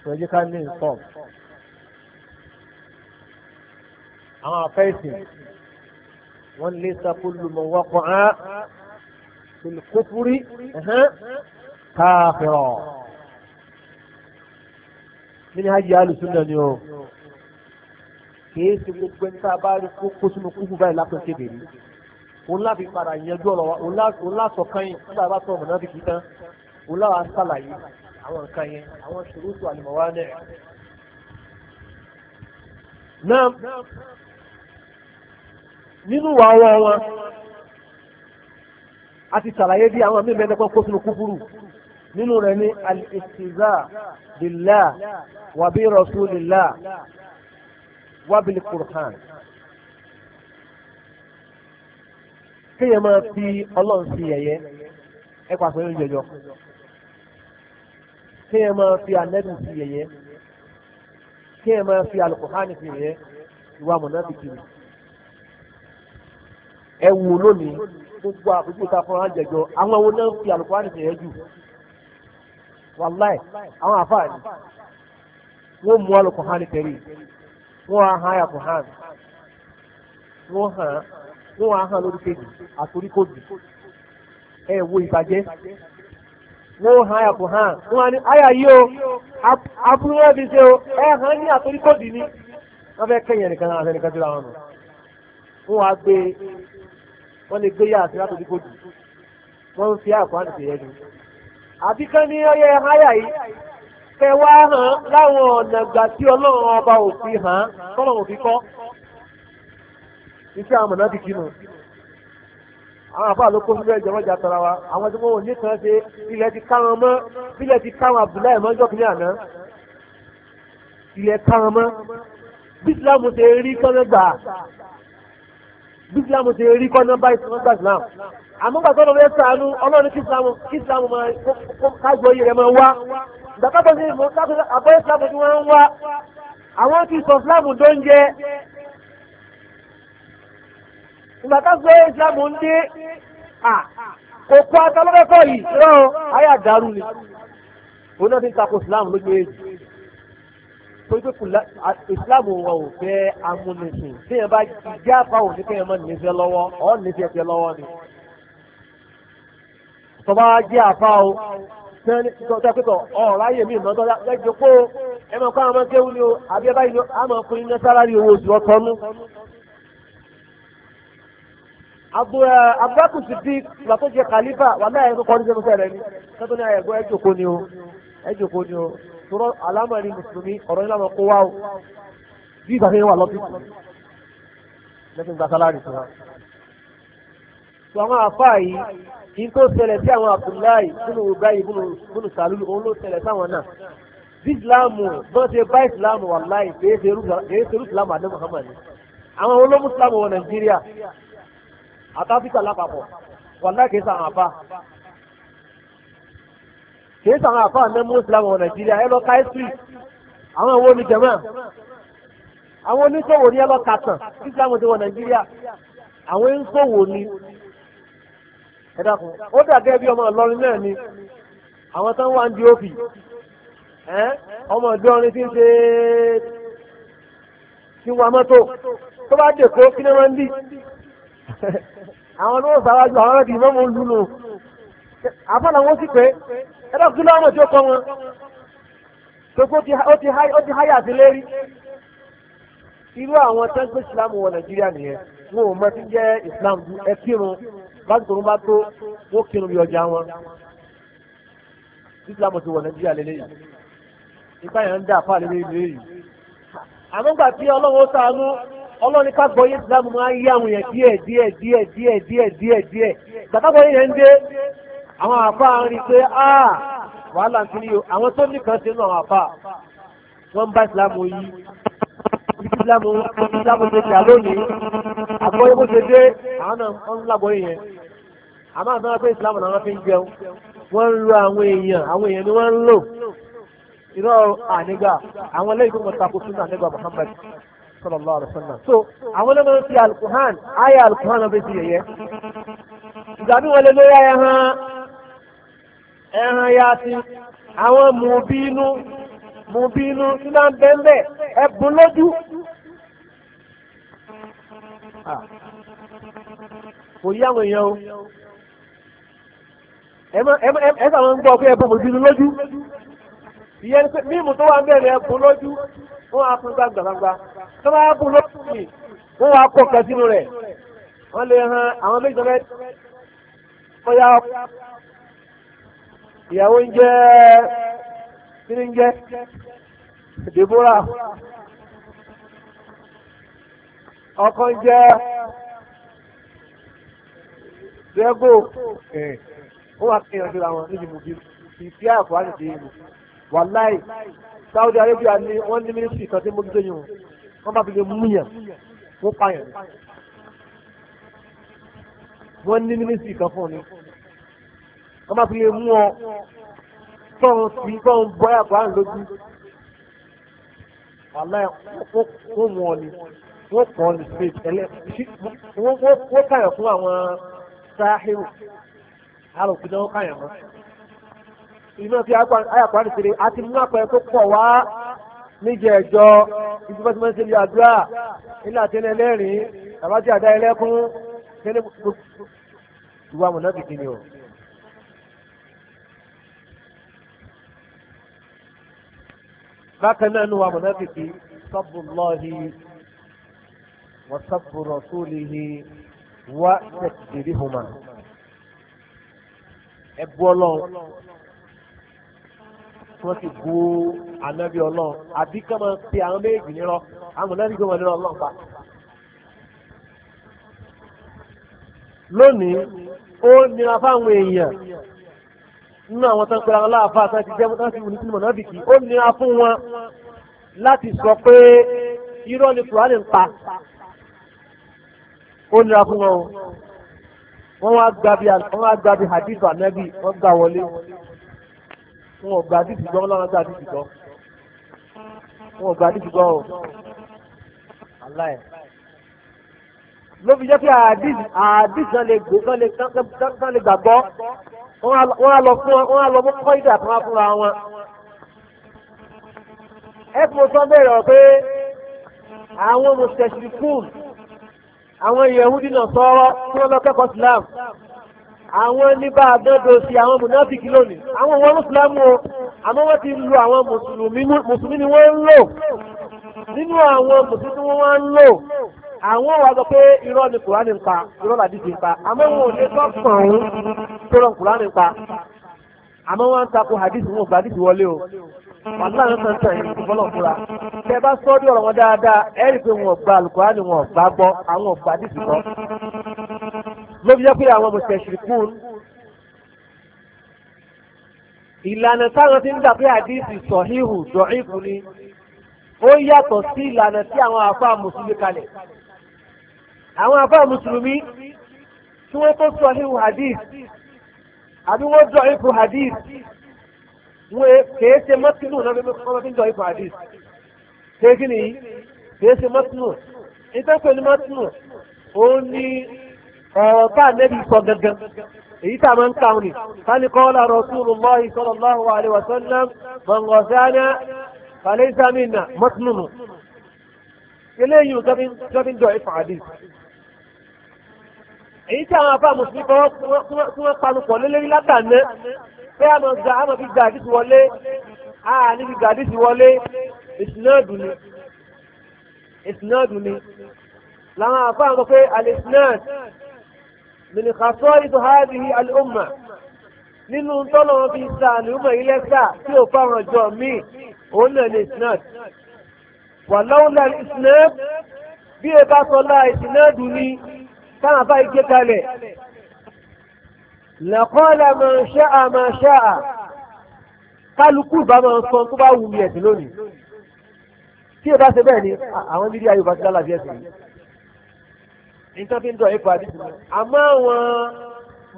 S2: sọ ẹ jẹ́ ká ní nǹkan àwọn afẹ́sìn
S1: wọ́n lé sakúlùmọ̀ wọ́pọ̀ á kúfúrí káfírọ̀ nínú hajj alùsùnà ni o kìí ṣe gbogbo ẹni tá a bá rí kó sínú kúkú báyìí lápẹ́ kébèrè òun láfi padà yanjú ọ̀rọ̀ wa òun láṣọ kan yìí bá tọ́ ọmọ náà tán òun láwa ṣàlàyé àwọn nǹkan àwọn ṣòro tó àlùmọ̀ náà nínú ìwà ọwọ́ wọn a ti ṣàlàyé bí àwọn mímẹ́ ẹ̀dẹ́gbọ́n kó sínú kúkúrú nínú rẹ̀ ní al-istiza billah wa bi rasulillah wa bil qur'an.
S2: kéèyàn máa fi
S1: ọlọ́run sí yẹ̀yẹ́ ẹ pàṣẹ oúnjẹ jọ kéèyàn máa fi ànábì sí yẹ̀yẹ́ kéèyàn máa fi al-qur'an sí yẹ̀yẹ́ ìwà mọ̀nàbìkì rẹ̀. ẹ̀wù lónìí gbogbo àpèjú ìta fún àwọn ẹ̀wù náà fi àlùkò àdìsẹ̀ jù wàláì àwọn àfáàní wọ́n mú àlùkò tẹ̀lé wọ́n á hàn àyàkò hàn wọ́n hàn wọ́n á hàn lórí kejì àtòríkòjì ẹ̀wù ìbàjẹ́ wọ́n hàn á ní àyà yìí o àbúrò ẹ̀ fi ṣe o ẹ̀ hàn ní ni wọ́n fẹ́ kẹ́yìn ẹnìkan náà àti ẹnìkan nù gbé wọ́n lè gbé yá àti látòdì kò jù wọ́n ń fi àkọ́ àti tèyẹ́ ju. àbí kán ní ọyẹ háyà yìí kẹ wá hàn láwọn ọ̀nà ìgbà tí ọlọ́run ọba ò fi hàn tọ́lọ́run fi kọ́. iṣẹ́ àwọn mọ̀nà ti kí nù. àwọn àbá ló kó sílẹ̀ ìjọba ìjà tara wa àwọn tí wọ́n ò ní kan ṣe ilẹ̀ ti ká wọn mọ́ ilẹ̀ ti ká wọn Abdullahi mọ́jọ́ kìnìún àná ilẹ̀ ká wọn mọ́ bí bí islam ṣe rí kọ́ nọ́mbà ìsìnkú islam àmúgbà tó lọ fẹ́ sànú ọlọ́run kí islam kí islam máa kájọ yìí rẹ̀ máa wá ìgbàkátọ̀ sí ìmọ̀ kájọ àbọ̀ islam tí wọ́n ń wá àwọn tí sọ islam tó ń jẹ ìgbàkátọ̀ islam ń dé kò kọ́ atọ́lọ́fẹ́kọ̀ yìí rán ayé àdàrú ni òun náà ti ń takò islam lójú èjì torí pé islam wọn ò fẹ́ amúnisìn tí yẹn bá já fáwọn oníkẹ́yẹ mọ́ nífẹ̀ẹ́ lọ́wọ́ ọ́ nífẹ̀ẹ́ fẹ́ lọ́wọ́ ni. tọ́ba jẹ́ àfa o tọ́jà pẹ́tọ̀ ọ̀rọ̀ ayé mi ìmọ̀ tọ́jà lẹ́jọ́ pé ẹ máa kọ́ àwọn ọmọ kéwú ni o àbí ẹ báyìí a máa fún iná sálárì owó oṣù ọ̀tọ́nú. abdulkul sidik ìgbà tó jẹ khalifa ẹ̀ kọ́ni ni sẹ́tọ́ ní ẹ̀gbọ́n ẹ̀ jòkó ni o ẹ̀ tọrọ alámọ̀rin mùsùlùmí ọ̀rọ̀ nílànà kó wá o bí ìgbà fẹ́ wà lọ́fíìsì lẹ́sìn gba sálárì fún wa. sọ àwọn àfáà yìí kí n tó ṣẹlẹ̀ sí àwọn Abdullahi bínú Ubayi bínú Salulu òun ló ṣẹlẹ̀ sáwọn náà bí ìsìláàmù bọ́n ṣe bá ìsìláàmù wà láì kìí ṣe ìsìláàmù àdé Muhammad àwọn olómù ìsìláàmù wọ Nàìjíríà àtàfíkà lápapọ̀ wà láì kìí ṣe àwọn kìí sọ àwọn àfáà mẹ́mú islam wọ nàìjíríà ẹ lọ ka Awọn
S2: àwọn àwọn oníjẹmọ́
S1: àwọn oníṣòwò ní ẹ lọ ka tàn islam ti wọ nàìjíríà àwọn oníṣòwò ni ẹ dákun ó dàgẹ́ bí ọmọ náà ni àwọn tán wá ń di òfì ọmọ ìjọrin ti ń ṣe ti mọ́tò
S2: tó bá dèkó kí ni wọ́n ń
S1: *laughs* àwọn àwọn lùnú. àbá làwọn nwoke pé
S2: ẹ̀rọ kí ló àwọn tí ó kọ́ wọn
S1: gbogbo ó ti háyà sí lérí irú àwọn tó ìsìlámù wọ nàìjíríà nìyẹn wọn ò mọ tí jẹ́ ìsìlámù ẹ kírun lásìkò bá tó wọn kírun bí ọjà wọn ìsìlámù ti wọ nàìjíríà lélẹ́yìn ìgbà yẹn ń dá lélẹ́yìn lélẹ́yìn àmọ́ gbà tí ọlọ́run ó ọlọ́run ká gbọ́ yé ìsìlámù máa ń yé àwọn yẹn díẹ̀ díẹ̀ díẹ̀ díẹ̀
S2: díẹ̀
S1: àwọn àfa ń rí i pé áà wàhálà ti rí o àwọn tó nìkan ṣe nù àwọn àfa wọ́n ń bá ìsìlámù yí ìsìlámù ìsìlámù ṣe ti àlónìí àgbọ̀yé bó ṣe dé àwọn náà wọ́n ń lágbọ̀yé yẹn àmọ́ àti wọn pé ìsìlámù náà wọ́n fi ń jẹun wọ́n ń lo àwọn èèyàn àwọn èèyàn ni wọ́n ń lò irọ́ ànígbà àwọn lẹ́yìn tó mọ̀ tako sunna ànígbà Muhammad sallallahu alaihi wasallam so àwọn lẹ́yìn tó fi alukuhan ayé alukuhan náà fi ti yẹ̀yẹ́
S2: ìgbà mi wọlé lórí ayé hàn
S1: ẹran ya ti àwọn mùbínú mùbínú tí máa ń bẹ́ńbẹ́ ẹ̀bùn lójú.
S2: kò yí àwọn èèyàn o
S1: ẹ sàwọn ń gbọ́ pé ẹ̀bùn mùbínú lójú ìyẹn pé mímu tó wà ń bẹ̀rẹ̀ ẹ̀bùn lójú wọ́n á fún gbàgbàgbà tó bá ẹ̀bùn lójú ni wọ́n wá kọ̀ kan sínú rẹ̀ wọ́n lè han àwọn méjì tó fẹ́ kọ́yà ìyàwó ń jẹ́ kíní ń jẹ́ Deborah ọkọ ń jẹ́ Diego eh. ó wà kí ìrìnàjò àwọn níbi mùbí ìfí àkọ́ àti ìdí ìlú wàláì Saudi Arabia ni wọ́n ní mínísítì kan tí mo gbé yìí wọ́n bá fi lè mú yàn wọ́n pààyàn wọ́n ní mínísítì kan fún ni wọ́n bá fi lè mú ọ tọ́run sí tọ́run bọ́yà kọ́ àrùn lójú wàláì wọ́n mú ọ ni wọ́n kọ́ ọ ní stage ẹlẹ́ wọ́n kàyọ̀ fún àwọn sáhírù àròkù náà wọ́n kàyọ̀ mọ́ ìlú fi àyàpá ní àti mú àpẹẹrẹ tó pọ̀ wá níjẹ̀ ẹ̀jọ́ ibi bá ti máa ń ṣe ilé àdúrà
S2: ilé àtẹnẹ ẹlẹ́rìn àbájáde ẹlẹ́kún
S1: ìwà mọ̀nàbìkì ni o. bákan náà nùwà صب الله وصب رسوله wá tẹ̀sídìrí hùmà ẹ̀bú ọlọ́run tí wọ́n ti bu ànábì ọlọ́run àbí kí wọ́n pe àwọn méjì nírọ́ àwọn mọ̀nàfíkì wọn nírọ́ ọlọ́run pa. lónìí ó nira fáwọn èèyàn nínú àwọn tó ń pera wọn láàfáà tó ti jẹ́ tó ti wù ní sinimá náà bìkì ó nira fún wọn láti sọ pé irọ́ ni kùránì ń pa ó nira fún wọn o wọ́n wá gba bí wọ́n wá gba bí hadith anabi wọ́n gbà wọlé wọn ò gba hadith gbọ́ wọn lọ́wọ́ gba hadith gbọ́
S2: wọn ò gba hadith gbọ́ o
S1: aláì ló fi jẹ́ pé hadith hadith náà lè gbàgbọ́ wọ́n á lọ fún wọ́n á lọ mú kọ́ńdà tó wá fúnra wọn. ẹ fún sọ bẹ̀rẹ̀ pé àwọn mùsùlùmí àwọn yẹ̀húdì náà sọ̀rọ̀ tí wọ́n lọ kẹ́kọ̀ọ́ Islam àwọn níbà àgbẹ̀dọ̀ sí àwọn mùnáfíkì lónìí àwọn wọn Islam o àmọ́ wọ́n ti lu àwọn mùsùlùmí ni wọ́n ń lò nínú àwọn mùsùlùmí ni wọ́n ń lò àwọn wa pé irọ́ ni irọ́ làdí ti ń àmọ́ wọn ò lè sọ kàn hadith wọn hadith wọlé o wàhálà ń sàn sàn yìí fọlọ́ fúra tẹ bá sọ bí ọ̀rọ̀ wọn dáadáa ẹ rí i pé wọn gba wọn gbà gbọ́ hadith gbọ́ ló fi jẹ́ pé àwọn ìlànà táwọn ti ń pé hadith ó yàtọ̀ sí ìlànà àwọn àbá mùsùlùmí tí wọ́n tó sọ nínú hadith àbí wọ́n jọ ipò hadith wọ́n kèé ṣe mọ́tínù náà bí wọ́n fi jọ ipò hadith kèé kí nìyí kèé ṣe mọ́tínù ìtọ́pẹ́ ní mọ́tínù òun ni ọ̀rọ̀ tá a nẹ́bí sọ gangan èyí tá a máa ń ka òní káni kọ́lá rasulullahi sallallahu alaihi wa sallam mọ̀ngọ̀sánà falẹ́sàmìnà mọ́tínù nù eléyìí ò jọ́ fi jọ ipò hadith èyí tí àwọn afá mùsùlùmí kan tí wọ́n panu pọ̀ lélẹ́rí látàná pé àmọ́ gba àmọ́ fi gba àdìsí wọlé àà níbi gba àdìsí wọlé ìsìnàdù ni ìsìnàdù ni làwọn afá mọ̀ pé alìsìnàdù mìnìkàsọ́ ìtòhádì alùmà nínú tọ́lọ̀ wọn fi sa àlùmọ̀ ilẹ̀ sà tí ò fáwọn ọjọ́ míì òun náà ní ìsìnàdù wà lọ́wọ́lá ìsìnàdù bí ẹ bá sọ lá ìsìnàdù ni táwọn afá ike kalẹ̀ lẹ́kọ́lá máa ń ṣá à máa ṣá à kálukú bá máa ń sọ tó bá wù mí ẹ̀sìn lónìí tí ẹ bá ṣe bẹ́ẹ̀ ni àwọn bíbí ayé òfà ti dá láti ẹ̀sìn yìí nǹkan fi ń dọ̀ ẹ̀kọ́ àdìsí mi àmọ́ àwọn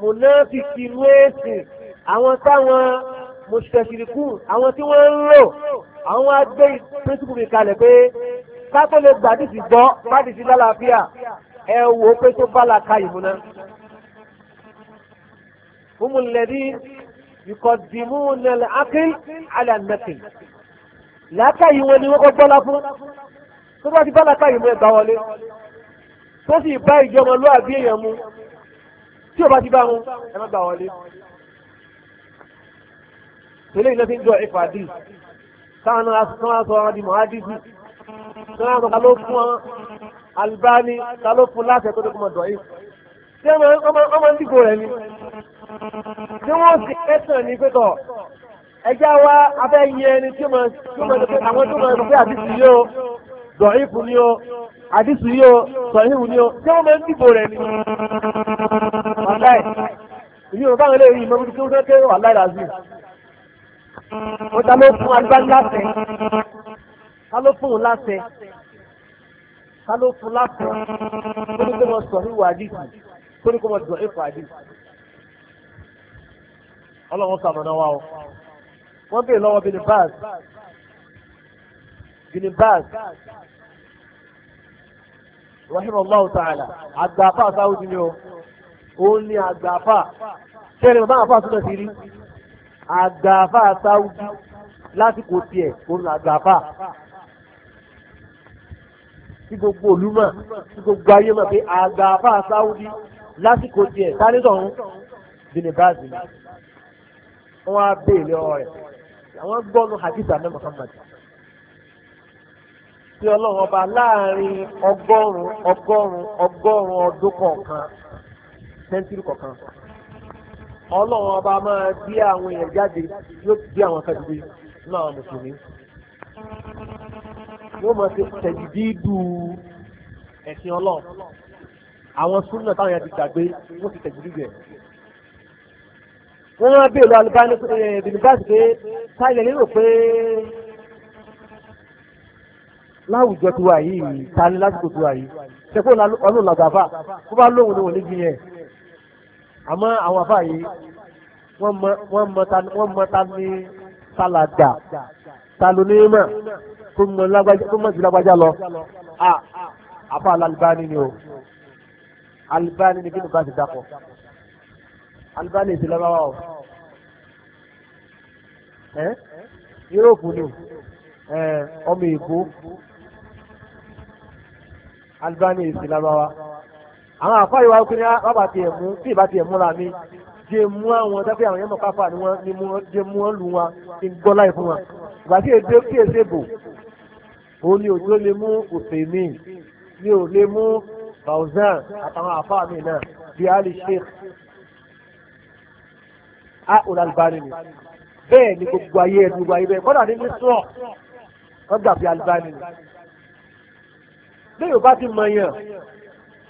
S1: mùnáfíkì inú àwọn táwọn mùsùlùmí àwọn tí wọ́n ń rò àwọn agbé pírísìpù mi kalẹ̀ pé ká tó lè gbàdìsí gbọ́ gbàdìsí lálàáfíà ẹ wò ó pé tó bá la ka ìmúná. هم الذين يقدمون العقل على النقل làákàyè wọn ni wọ́n kọ́ gbọ́lá fún tó bá ti bá làákàyè mu ẹgbà wọlé tó sì bá ìjọba lọ àbí èèyàn mu tí ò bá ti bá mu ẹ má gbà wọlé. tẹ́lẹ̀ iná ti ń jọ ìfàdí táwọn náà sọ wọn sọ wọn di mọ̀ádìsì
S2: tí wọ́n á sọ ká ló fún wọn
S1: Albani ta fún láti ẹ̀kọ́ tó kọ́ mọ̀ yìí tí ọmọ ni tí wọ́n sì ẹ̀sán ní pẹ́tọ̀ ẹjá wa abẹ́ yẹ ni tí mo sọ pé àwọn tó mọ̀ ẹ̀ pé àdìsí ni o àdìsí o ni. wàláì ìlú yorùbá wọ́n wàláì
S2: wọ́n
S1: ta ló fún ta ló fún lásán tó ní kó mọ sọ ìwà àdìsí tó ní kó mọ dùn ìfà àdìsí. ọlọ́run sàmọ̀nà wa o
S2: wọ́n bèèrè lọ́wọ́ bíi ní báàsì
S1: bíi ní báàsì rahimahullahu ta'ala àgbàfà sáwùdí ni o òun ni àgbàfà kẹrin bàbá àfà súnmọ́ sí rí àgbàfà sáwùdí lásìkò tiẹ̀ òun àgbàfà tí gbogbo òlú mọ̀ tí gbogbo ayé mọ̀ pé àgbà àbá sáwùdí lásìkò tiẹ̀ sálẹ́tọ̀ ọ̀hún bìnnìbáàzì ni wọ́n á béèrè ọ̀rọ̀ rẹ̀ àwọn gbọ́nu hadith àná Muhammad tí ọlọ́run ọba láàrin ọgọ́rùn-ún ọgọ́rùn-ún ọgọ́rùn-ún ọdún kọ̀ọ̀kan sẹ́ńtírì kọ̀ọ̀kan ọlọ́run ọba máa bí àwọn èèyàn jáde yóò bí àwọn kan dìde nínú àwọn mùsùlùmí wọ́n máa ṣe tẹ̀dídìdù ẹ̀sìn ọlọ́run àwọn súnà táwọn yẹn ti gbàgbé wọ́n ti tẹ̀dídìdù ẹ̀. wọ́n máa bèèrè lọ alibáni bìnnìbáàsì pé eh, táyà lérò pé láwùjọ ti wà yìí ta ni lásìkò ti wà yìí
S2: ṣẹ́kọ́ ọlọ́run làgbàfà tó bá lóhùn ni wọ́n ní gbìyànjú
S1: àmọ́ àwọn àfà yìí wọ́n mọ ta ni sálàdà ta ló ní mọ̀ kó mọ̀ sí lágbájá lọ àbá alalibani ni o alibani ni bínú bá ti dapọ̀ alibani èsì lọ́wọ́ o ẹ́ yúróòpù ni ọmọ èkó alibani èsì lọ́wọ́ wa àwọn àfáà ìwà òkú ni bàbá tiẹ̀ mú tí ìbá tiẹ̀ múra mi jẹ́ mú àwọn tẹ́fẹ́ àwọn yẹn mọ̀ káfà ni wọ́n ní mú jẹ́ lù wọn kí n gbọ́ láì fún wọn
S2: ìgbà tí èdè kí èsè bò
S1: òun ni òjò lè mú òfèmí ni ò lè mú Fauzan àtàwọn àfáà mi náà bíi Ali Sheikh àhùn Albani ni bẹ́ẹ̀ ni gbogbo ayé ẹni gbogbo ayé bẹ́ẹ̀ kọ́dà ní mísírọ̀ wọ́n gbà bíi Albani ni bẹ́ẹ̀ yóò bá ti mọ̀ yàn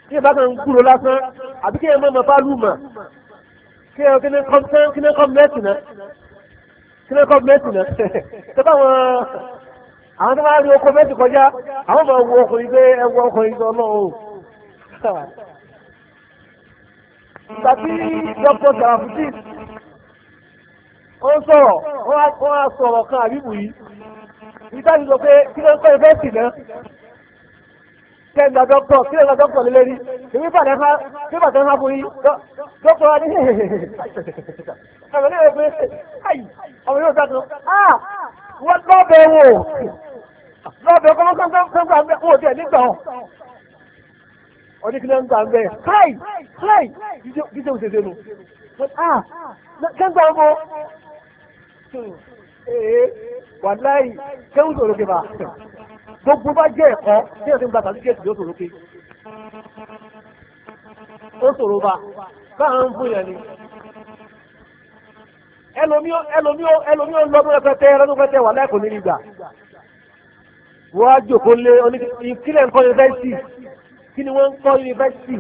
S1: kí ẹ bá kàn ń kúrò lásán àbí kí ẹ mọ̀ mọ̀ fálùmọ̀ kí ẹ kí ní kọ́mẹ́tì náà kí kọ́ mẹ́tì náà tó *laughs* wọn àwọn tó bá rí oko mẹ́tì kọjá àwọn máa wo ọkùnrin pé ẹ ọkùnrin tó náà o. tàbí dr sarafuti ó ń sọ̀rọ̀ wọ́n á sọ̀rọ̀ kan àbíbù yìí ìtàjú sọ pé kí ló ń kọ́ ẹ mẹ́tì náà kẹgbà dọ́kítọ̀ kí lè lọ dọ́kítọ̀ lélẹ́ èmi bàtẹ́ fà kí bàtẹ́ fà borí dọ́kítọ̀ wa ní *laughs* ẹ̀mẹ́lẹ́ pé ọmọ yóò sàtò ah wọ́n lọ́bẹ̀ wò lọ́bẹ̀ kọ́mọ́ kọ́mọ́ gbà wò tẹ̀ nígbà ọ̀ oníkìlẹ̀ ń gbà ń bẹ̀ káì káì jíjẹ́ òṣèṣe nu ah kẹ́ńgbà ọmọ ee wàláì kẹ́ńgbà òṣèṣe gbogbo bá jẹ́ ẹ̀kọ́ tí èsì ń gba sàtífíkẹ́tì yóò sòrò pé
S2: ó sòrò bá báà ń fún yẹn ni
S1: ẹlòmíọ́ ẹlòmíọ́ ẹlòmíọ́ lọ́dún ẹfẹ́tẹ́ lọ́dún ẹfẹ́tẹ́ wà láìkò ní ìgbà wọ́n á jòkó lé ìkílẹ̀ nǹkan yunifásitì kí ni wọ́n ń kọ́ yunifásitì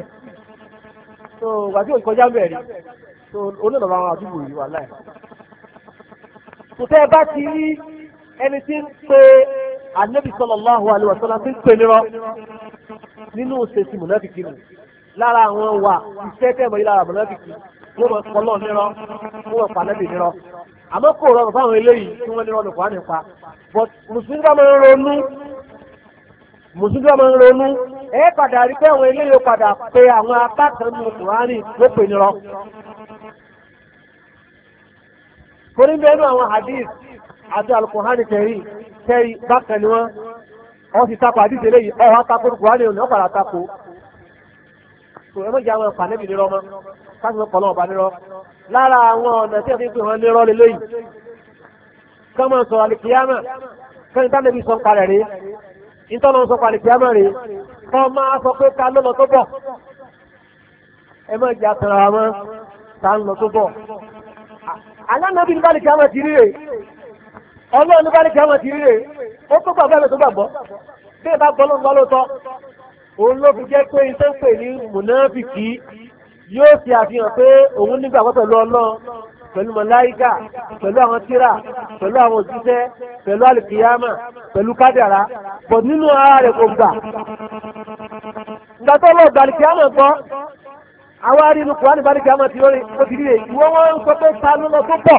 S1: tó wà tí òkọjá mẹ́rin tó onílọ̀rọ̀ àwọn àdúgbò yìí wà láì. kò tẹ́ ẹ bá ti rí ẹni tí ń pe anabi sallallahu alaihi ti ń pè nírọ́ nínú òṣèṣì mùnáfìkì lára àwọn wà iṣẹ́ tẹ̀mọ̀ yìí lára mùnáfìkì wọ́n mọ̀ kọ́lọ́ nírọ́ wọ́n mọ̀ pàlẹ́bì nírọ́ àmọ́ kò rọrùn fáwọn eléyìí tí wọ́n nírọ́ nìkan nípa but mùsùlùmí bá máa ń ronú mùsùlùmí bá máa ń ronú ẹ padà rí pé àwọn eléyìí hadith àti alukuhani kẹrí kẹrí bákan ni wọ́n wọ́n ti tako àdìsẹ́ lẹ́yìn ọ̀hún atako kuhani òní ọ̀pàdà tako tó ẹ mọ̀jẹ̀ àwọn ẹ̀fà níbi nírọ́ mọ́ káṣí mọ́ pọ̀lọ́ ọ̀bà nírọ́ lára àwọn ọ̀nà tí ẹ̀fín fihàn nírọ́ lé lẹ́yìn kọ́mọ sọ alikiyama kẹ́ni tá níbi sọ nkalẹ̀ rí ìtọ́nà sọ alikiyama rí kọ́ máa sọ pé ta ló tó bọ̀ ẹ mọ̀jẹ̀ àtàrà wọn ta ló lọ tó bọ̀ alánàbí ọlọ́run bá ní kí àwọn ti rí rè ó tó gbàgbọ́ ẹ̀mí tó gbàgbọ́ bí ẹ bá gbọ́ ló ń gbọ́ lóòótọ́ òun ló fi jẹ́ pé iṣẹ́ ń pè ní mùnáfìkì yóò ṣe àfihàn pé òun nígbàgbọ́ pẹ̀lú ọlọ́run pẹ̀lú mọ̀láíkà pẹ̀lú àwọn tíra pẹ̀lú àwọn òjíṣẹ́ pẹ̀lú àlùkìyámà pẹ̀lú kádàrá pọ̀ nínú ara rẹ̀ kò gbà.
S2: ìgbà lọ gbà àlùkìyámà gbọ́
S1: àwọn arínú kùránì bá àlùkìyámà ti rí ìwọ́n wọn ń sọ pé ta ló lọ tó pọ̀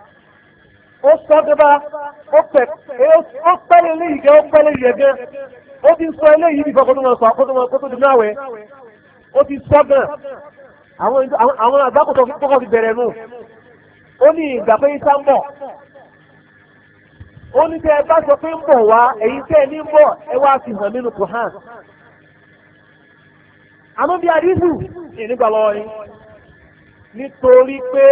S1: ó sọ́dọ́bá ó pẹ́ léyìí gẹ́ ó pẹ́ léyìí ó ti sọ eléyìí bí fọkọ́tún wọn sọ dị wọn kótó
S2: dùnú
S1: ti sọ gan àwọn àgbákòtò kọ́kọ́ bẹ̀rẹ̀ nù ó ní ìgbà pé isá ń bọ̀ ó ní tẹ́ ẹ bá sọ pé ń bọ̀ wá èyí tẹ́ ẹ ní pé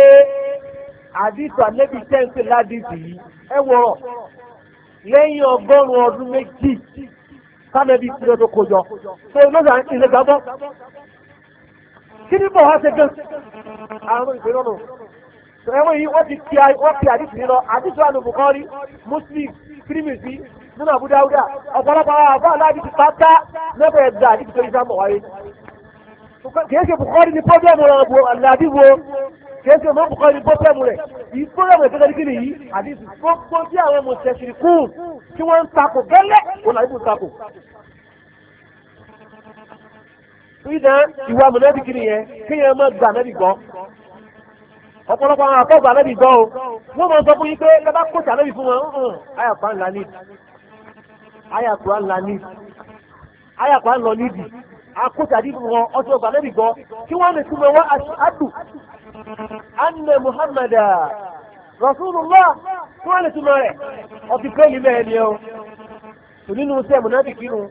S1: àdìsọ àlẹ́bí tẹ́ǹsì ládìsì yìí ẹ wọ̀rọ̀ lẹ́yìn ọgọ́rùn-ún ọdún méjì sábẹ́bí tí lọ́dọ̀ kò jọ
S2: ṣé lọ́sà ilé gbàgbọ́
S1: kí ni bọ̀ wá ṣe gẹ́ àrùn ìgbéró nù ẹ̀wọ̀n yìí wọ́n ti kí wọ́n kí àdìsì yìí lọ àdìsọ àlù Bukhari Muslim Tirmidhi nínú Abu Dawuda ọ̀pọ̀lọpọ̀ àwọn àbá aládìsì pátá lọ́bẹ̀ ẹ̀dá àdìsì tó yí sábọ̀ wáyé kìí ṣe Bukhari ni pọ́blẹ́mù ọ̀rọ̀ àdìsì kèése mọ́ bùkọ́ ní bọ́tẹ́mù rẹ̀ yìí fúnrẹ́mù ìfẹ́ kẹ́kẹ́ nìyí àdìsí gbogbo tí àwọn mùsẹ̀sìrì kù tí wọ́n ń takò gẹ́lẹ́ kò láì bùn takò. ìdá ìwà mọ̀lẹ́bí kiri yẹn kéèyàn máa gbà mẹ́bí gbọ́ ọ̀pọ̀lọpọ̀ àwọn akọ́gbà mẹ́bí gbọ́ o wọ́n máa sọ fún yín pé lọ́ba kóòtù àmẹ́bí fún wọn ayàpá ńlá ní ayàpá ńlá ní ayàpá ńlọ nídìí akóòtù àdìfún wọn ọtí ọgbà mẹ́bí gbọ́ kí wọ́n lè túnmọ̀ wá àdù anna muhammada rasulullah fún àlè tí mo rẹ̀
S2: ọtí pẹ́ẹ́lí mẹ́rin ni ó
S1: tò nínú sí ẹ̀mùnábì kírun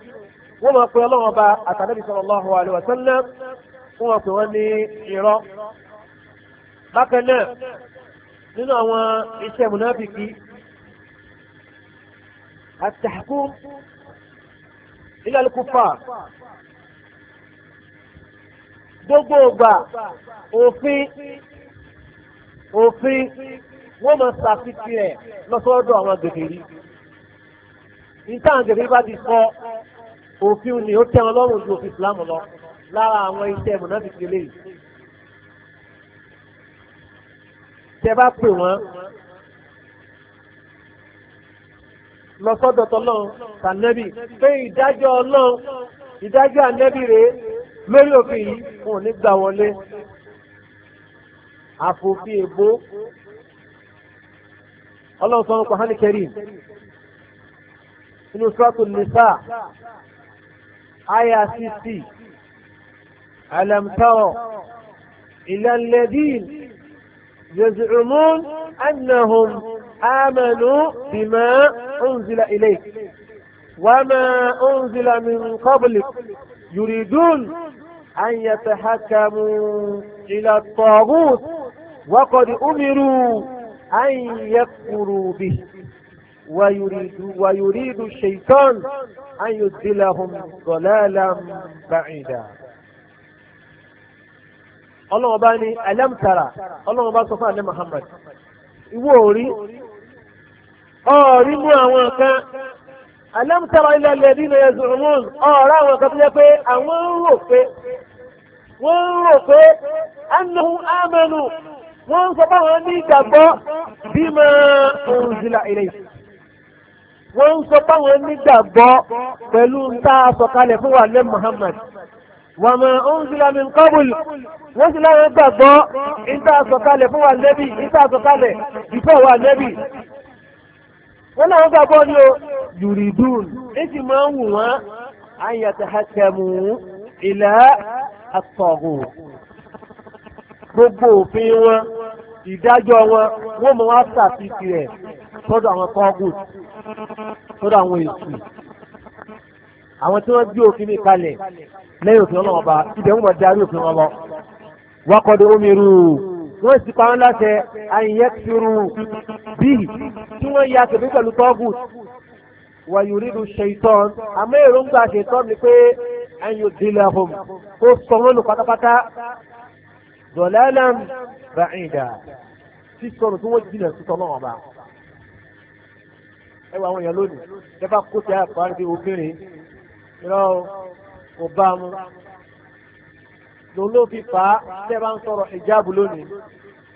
S1: wọ́n máa pe ọlọ́wọ́n ba àtàlẹ́bí sallallahu alaihi wa sallam wọ́n máa pè wọ́n ní irọ́
S2: bákan náà nínú àwọn iṣẹ́ ẹ̀mùnábì kí
S1: at-tahkum ila al-kuffar gbogbo ògbà òfin òfin wọ́n máa ṣàfihàn ẹ̀ lọ́sọ́dọ̀ àwọn gègèrí níta àwọn gègèrí bá ti sọ òfin ni ó tẹ́ wọn lọ́rùn ju òfin ìsìlámù lọ lára àwọn iṣẹ́ mọ̀nàfíìsì eléyìí tẹ́ bá pè wọ́n lọ́sọ́dọ̀ tọ́lọ́run tànẹ́bì pé ìdájọ́ ọlọ́run ìdájọ́ ànẹ́bì rèé lórí òfin yìí wọn ò ní gbà wọlé àfòfin èbó ọlọ́run sọ ọ́nà Kùránì Kẹ́rímù inú sọ́ọ̀tù nìsà àyà sísì alam tara ila alladhina yaz'umun annahum amanu bima unzila ilayk wa unzila min qablik. يريدون أن يتحكموا إلى الطاغوت وقد أمروا أن يكفروا به ويريد, ويريد الشيطان أن يدلهم ضلالا بعيدا ọlọ́run bá ألم ترى ọlọ́run bá sọ fún àlẹ́ Muhammad ìwọ òrí alam tara ila alladhina yaz'umun ọ̀rọ̀ àwọn kan tó yẹ pé àwọn ń rò pé wọ́n ń rò pé annahum amanu wọ́n ń sọ báwọn ní ìgbàgbọ́ bima unzila ilayhi wọ́n ń sọ báwọn ní ìgbàgbọ́ pẹ̀lú tá a sọ̀kalẹ̀ fún wa lẹ́ Muhammad wa ma unzila min qabl wọ́n sì láwọn gbàgbọ́ ìta sọ̀kalẹ̀ fún wa lẹ́bí ìta sọ̀kalẹ̀ ìfọ̀ wa lẹ́bí wọ́n náà ń gbàgbọ́ ní o
S2: yuridun
S1: èsì máa ń wù wọ́n àyàtọ̀ hakẹ̀mù ila àtọ̀hù gbogbo òfin wọn ìdájọ́ wọn wọ́n mọ̀ wá sàfihì rẹ̀ sọ́dọ̀ àwọn tọ́gùt
S2: sọ́dọ̀ àwọn èsì
S1: àwọn tí wọ́n gbé òfin mi kalẹ̀ lẹ́yìn òfin ọlọ́wọ́ bá ibẹ̀ wọ́n mọ̀ darí òfin wọn lọ wákọ̀dé omi rú u wọ́n sì pa wọ́n láṣẹ àyẹ̀yẹ́ tìrù bíi tí wọ́n ya kẹ̀mí pẹ̀lú tọ́gùt wàyùrídù ṣèitán àmọ́ èròǹgbà ṣèitán ni pé ẹ̀yìn òdìlẹ̀ ọ̀hún kó sọ wọ́n lù pátápátá dọ̀lẹ́lẹ́m bàìdà sísọnù tí wọ́n jìnà sísọ náà ọba. ẹ wà àwọn èèyàn lónìí ẹ bá kó sí àpárí obìnrin irọ́ kò bá mu lòun ló fi fà á tẹ́ bá ń sọ̀rọ̀ ìjáàbù lónìí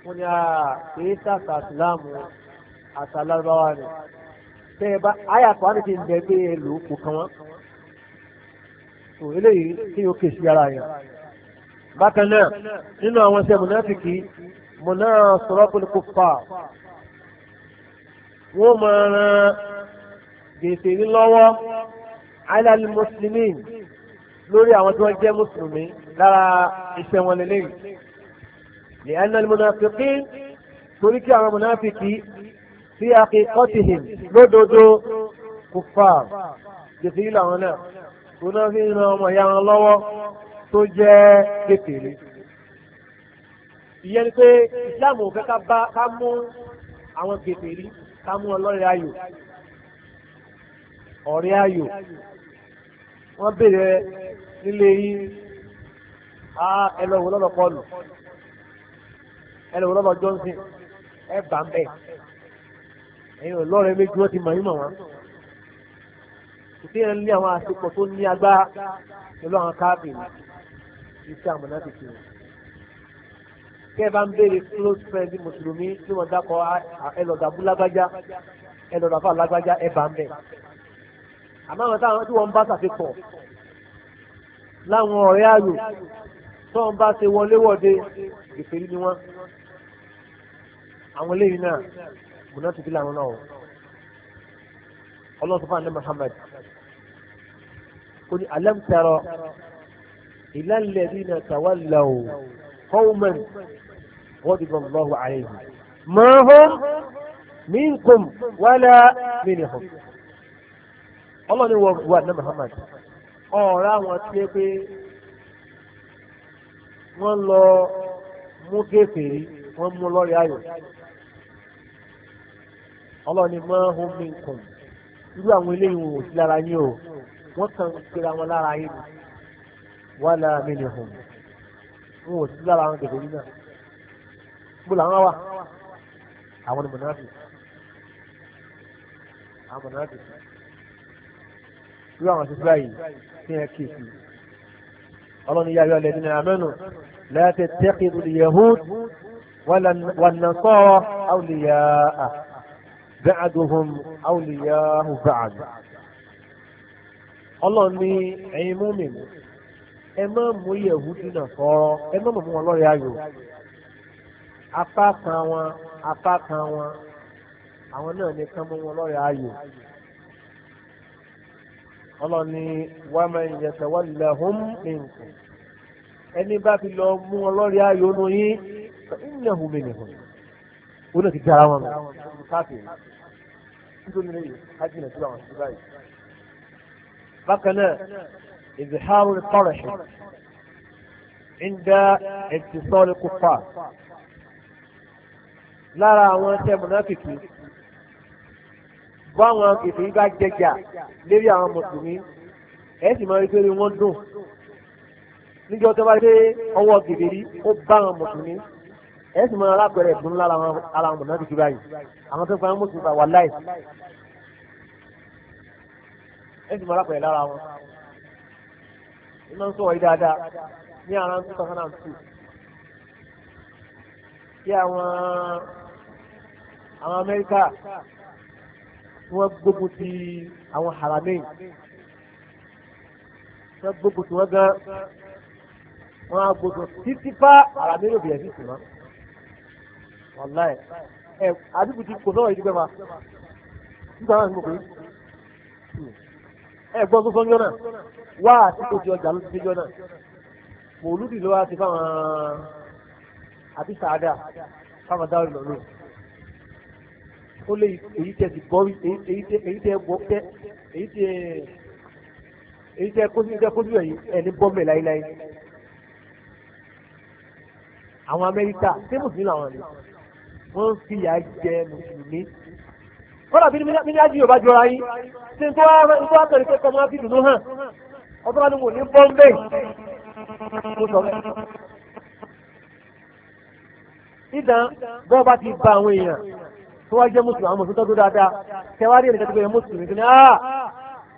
S1: wọ́n ní àkèé sàkà ìsìláàmù àtàlábáwá ni tẹ́ ẹ bá àyà kan á ní ti ń bẹ pé ẹ kò kàn wọ́n òun eléyìí tí yóò kè sí ara yẹn bákan náà
S2: nínú àwọn ẹsẹ̀ mùnáfìkì mùnà sọ̀rọ̀kùn kò fà
S1: wọ́n máa ran gbèsè ní lọ́wọ́ alal muslimin lórí àwọn tí wọ́n jẹ́ mùsùlùmí lára iṣẹ́ wọn lélẹ́yìn. ní anal munafiki torí kí àwọn munafiki sí aqiqatihim lódodo kuffar gbèsè yìí làwọn náà òun náà fi ń ọmọ ìyá wọn lọ́wọ́ tó jẹ́ kékeré. ìyẹn ni pé islam ò fẹ́ ká mú àwọn kékeré ká mú ọlọ́rẹ̀ ayò ọ̀rẹ́ ayò wọ́n bèrè nílé yín á ẹlọ́wọ́ lọ́nà pọ́ọ̀lù ẹlọ́wọ́ lọ́nà Johnson ẹ bà ń bẹ̀ ẹ̀yin ọlọ́rẹ̀ méjì wọ́n ti mọ̀ yín mọ̀ wọ́n ìpínlẹ̀ ní àwọn àṣepọ̀ tó ní agbára pẹ̀lú àwọn káàbìrì iṣẹ́ àmọ̀nà ti fi hàn kẹ́ ẹ bá ń béèrè close friend mùsùlùmí tí wọ́n dákọ̀ ẹlọ́dàbú lágbájá ẹlọ́dàbú lágbájá ẹ bà ń bẹ̀ àmọ́ àwọn táwọn tí wọ́n ń bá ṣàfikọ̀ láwọn ọ̀rẹ́ ààyò tó ń bá ṣe wọléwọ̀de ìfèrí ni wọ́n àwọn eléyìí náà múná tìkí làwọn náà ọlọ́run fún àlẹ́ Muhammad kò ní alam tara ila alladhina tawallaw qawman ghadiba Allahu alayhim ma hum minkum wala minhum ọlọ́ni wọ wà ní Muhammad ọ̀rọ̀ àwọn tí ó pé wọ́n lọ mú kéfèrí wọ́n mú lọ́rẹ̀ ayò ọlọ́ni máa ń mi nǹkan irú àwọn eléyìí wò sí lára yín o wọ́n kàn ń pera wọn lára yín ni wà lára mi ni hùn wọn ò sí lára àwọn kéfèrí náà bó làwọn wà àwọn ni mọ̀nàfì àwọn mọ̀nàfì sí irú àwọn àṣìṣe báyìí fi hàn kéèsì ọlọ́ni yá yọ lẹ́dínà àmẹ́nu láti tẹ́kìdù yahud wàlànàkọ́ àwùlíyà bẹ́àdùhùn àwùlíyà hùbàd ọlọ́ni ẹ̀yin múmin ẹ má mú yahudi náà sọ̀rọ̀ ẹ má mú wọn lọ́rẹ̀ ayò apá kan wọn apá kan wọn àwọn náà ní kán mú wọn lọ́rẹ̀ ayò ọlọ́ni wà máa ń yẹ̀tẹ̀ wà lẹ̀ hóm nìkan ẹni bá fi lọ mú ọlọ́rí ayò nu yín ìyẹn hùmí nìkan ó náà ti di wọn bákan náà
S2: ìzìhárù tọrẹ̀ṣì
S1: ń dá ẹ̀tìsọ́ọ̀lù kópa lára àwọn tẹ́ mọ̀nàfìkì báwọn kìfì bá jẹjà lérí àwọn mùsùlùmí ẹ sì máa rí pé wọ́n dùn níjọ́ tó bá dé ọwọ́ gèdèrí ó bá àwọn mùsùlùmí ẹ sì máa lápẹẹrẹ ẹ̀dùn lára àwọn mùsùlùmí láti dúró yìí àwọn tó ń parí mùsùlùmí wà láì ẹ sì máa lápẹẹrẹ lára wọn iná ń sọ̀rọ̀ yìí dáadáa ní ara two thousand and two kí àwọn àwọn Amẹ́ríkà tí wọ́n gbógun ti àwọn Haramain tí wọ́n gbógun ti wọ́n gan wọ́n á gbógun títí bá Haramain òbí ẹ̀sìn sí mọ́ wàláì ẹ̀ àdúgbò ti kò sọ́wọ́ ìdúgbẹ́ ma nígbà náà ni mo pè é ẹ̀ gbọ́n tó sọ́njọ́ náà
S2: wá àti kò ti ọjà ló ti déjọ́ náà
S1: mòlúdì ló wá ti fáwọn àbí sàádà fáwọn dáwọ́ ìlọ́lù ó lé èyí tẹ ti gbọ́ rí èyí tẹ gbọ́ tẹ èyí tẹ èyí tẹ kójú tẹ kójú ẹ̀yìn ẹni bọ́mẹ̀ láíláí. àwọn amẹ́ríkà ṣé mùsùlùmí làwọn ni wọ́n ń fi ìyà jẹ mùsùlùmí. kọ́lá bí mílíọ̀nù yóò bá jọra yín ṣé n tó wá n tó wá tẹ̀lé pé kọ́mọ́ bí dùnú hàn ọdún wa ni mo ní bọ́m̀bẹ́ mo sọ bẹ́ẹ̀. ìdán bọ́ọ̀ bá ti ba àwọn èèyàn tó wá jẹ́ mùsùlùmí àwọn mùsùlùmí tọ́jú dáadáa tẹwárí ẹnìkan tó gbé ah, mùsùlùmí tó ní áà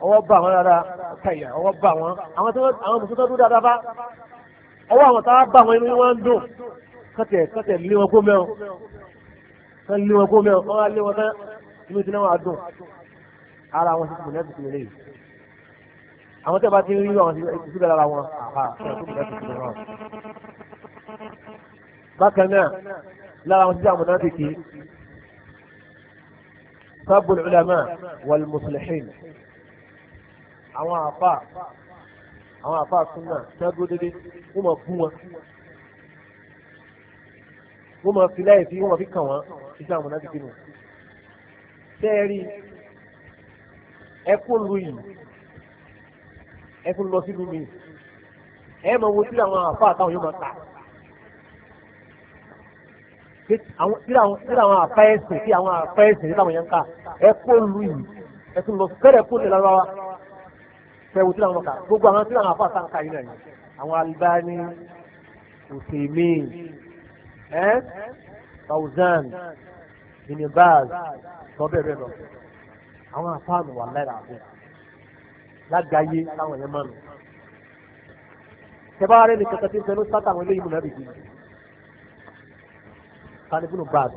S1: ọwọ́ bá wọn rárá kàyà ọwọ́ bá wọn àwọn mùsùlùmí tọ́jú dáadáa bá ọwọ́ àwọn táwa bá wọn inú wọn ń dùn kọ́tẹ̀ kọ́tẹ̀ lé wọn kó mẹ́wọn kọ́ lé wọn kó mẹ́wọn kọ́ wá lé wọn tán
S2: inú ti náà wà dùn
S1: ara wọn ti tìmọ̀lẹ́ tuntun lè àwọn tẹ́ bá ti rí àwọn ìtúsí lára wọn bákan náà lára wọn ti jẹ́ àmọ̀nà sabul ulama wal muslihin àwọn àfa àwọn àfa súnmọ́ sẹ́gbó dédé wọ́n mọ̀ fún wọn wọ́n mọ̀ fi láì fi wọ́n mọ̀ fi kàn wọ́n iṣẹ́ àwọn náà ti nù. sẹ́ẹ̀rì ẹkún lu yìí ẹkún lọ sílùú mi ẹ mọ̀ wo sí àwọn àfa àtàwọn yóò mọ̀ ta kí àwọn àfẹ́ẹ̀sìn kí àwọn àfẹ́ẹ̀sìn kí àwọn yẹn ń kà ẹ kó lu yìí ẹ tún lọ kẹ́rẹ̀ kó lè lára wa fẹ́wù tí àwọn kà gbogbo àwọn tí àwọn afọ àtàn kà yìí náà yìí àwọn Albani òsèmí ẹ Fawzan binibaz lọ bẹ́ẹ̀ bẹ́ẹ̀ lọ àwọn afáàmù wà lẹ́rà àbẹ́ lágbàáyé táwọn yẹn mọ̀ nù. ṣé bá tí ń sẹ́nu sátà àwọn eléyìí mú náà yìí sanibunu baz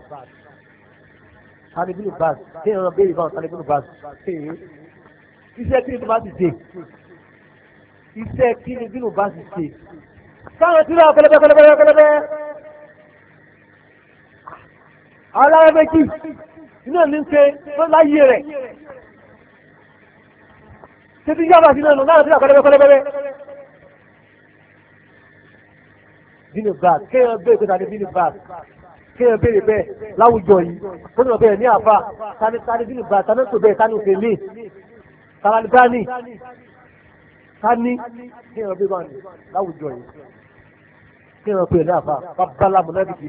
S1: sanibunu baz kí ni ọ̀nà béèrè báwọn sanibunu baz é iṣẹ́ kí ni bínú bá ti ṣe iṣẹ́ kí ni bínú bá ti ṣe sáwọn tí wọ́n kẹlẹ́bẹ́ kẹlẹ́bẹ́ kẹlẹ́bẹ́ alára méjì iná ní ṣe láyé rẹ̀ títí yára sí lẹ́nu náà tí wọ́n kẹlẹ́bẹ́ kẹlẹ́bẹ́ bínú baz kéèyàn bẹ́ẹ̀ kó tàbí bínú baz kí ẹ béèrè bẹ́ẹ̀ láwùjọ yìí ó ní ọ̀bẹ ní àfa tani tani bí nìgbà tani tó bẹ́ẹ̀ tani òfin lè tani gani tani kí ẹ béèrè báyìí láwùjọ yìí kí béèrè ní àfa babaláwo náà bìkì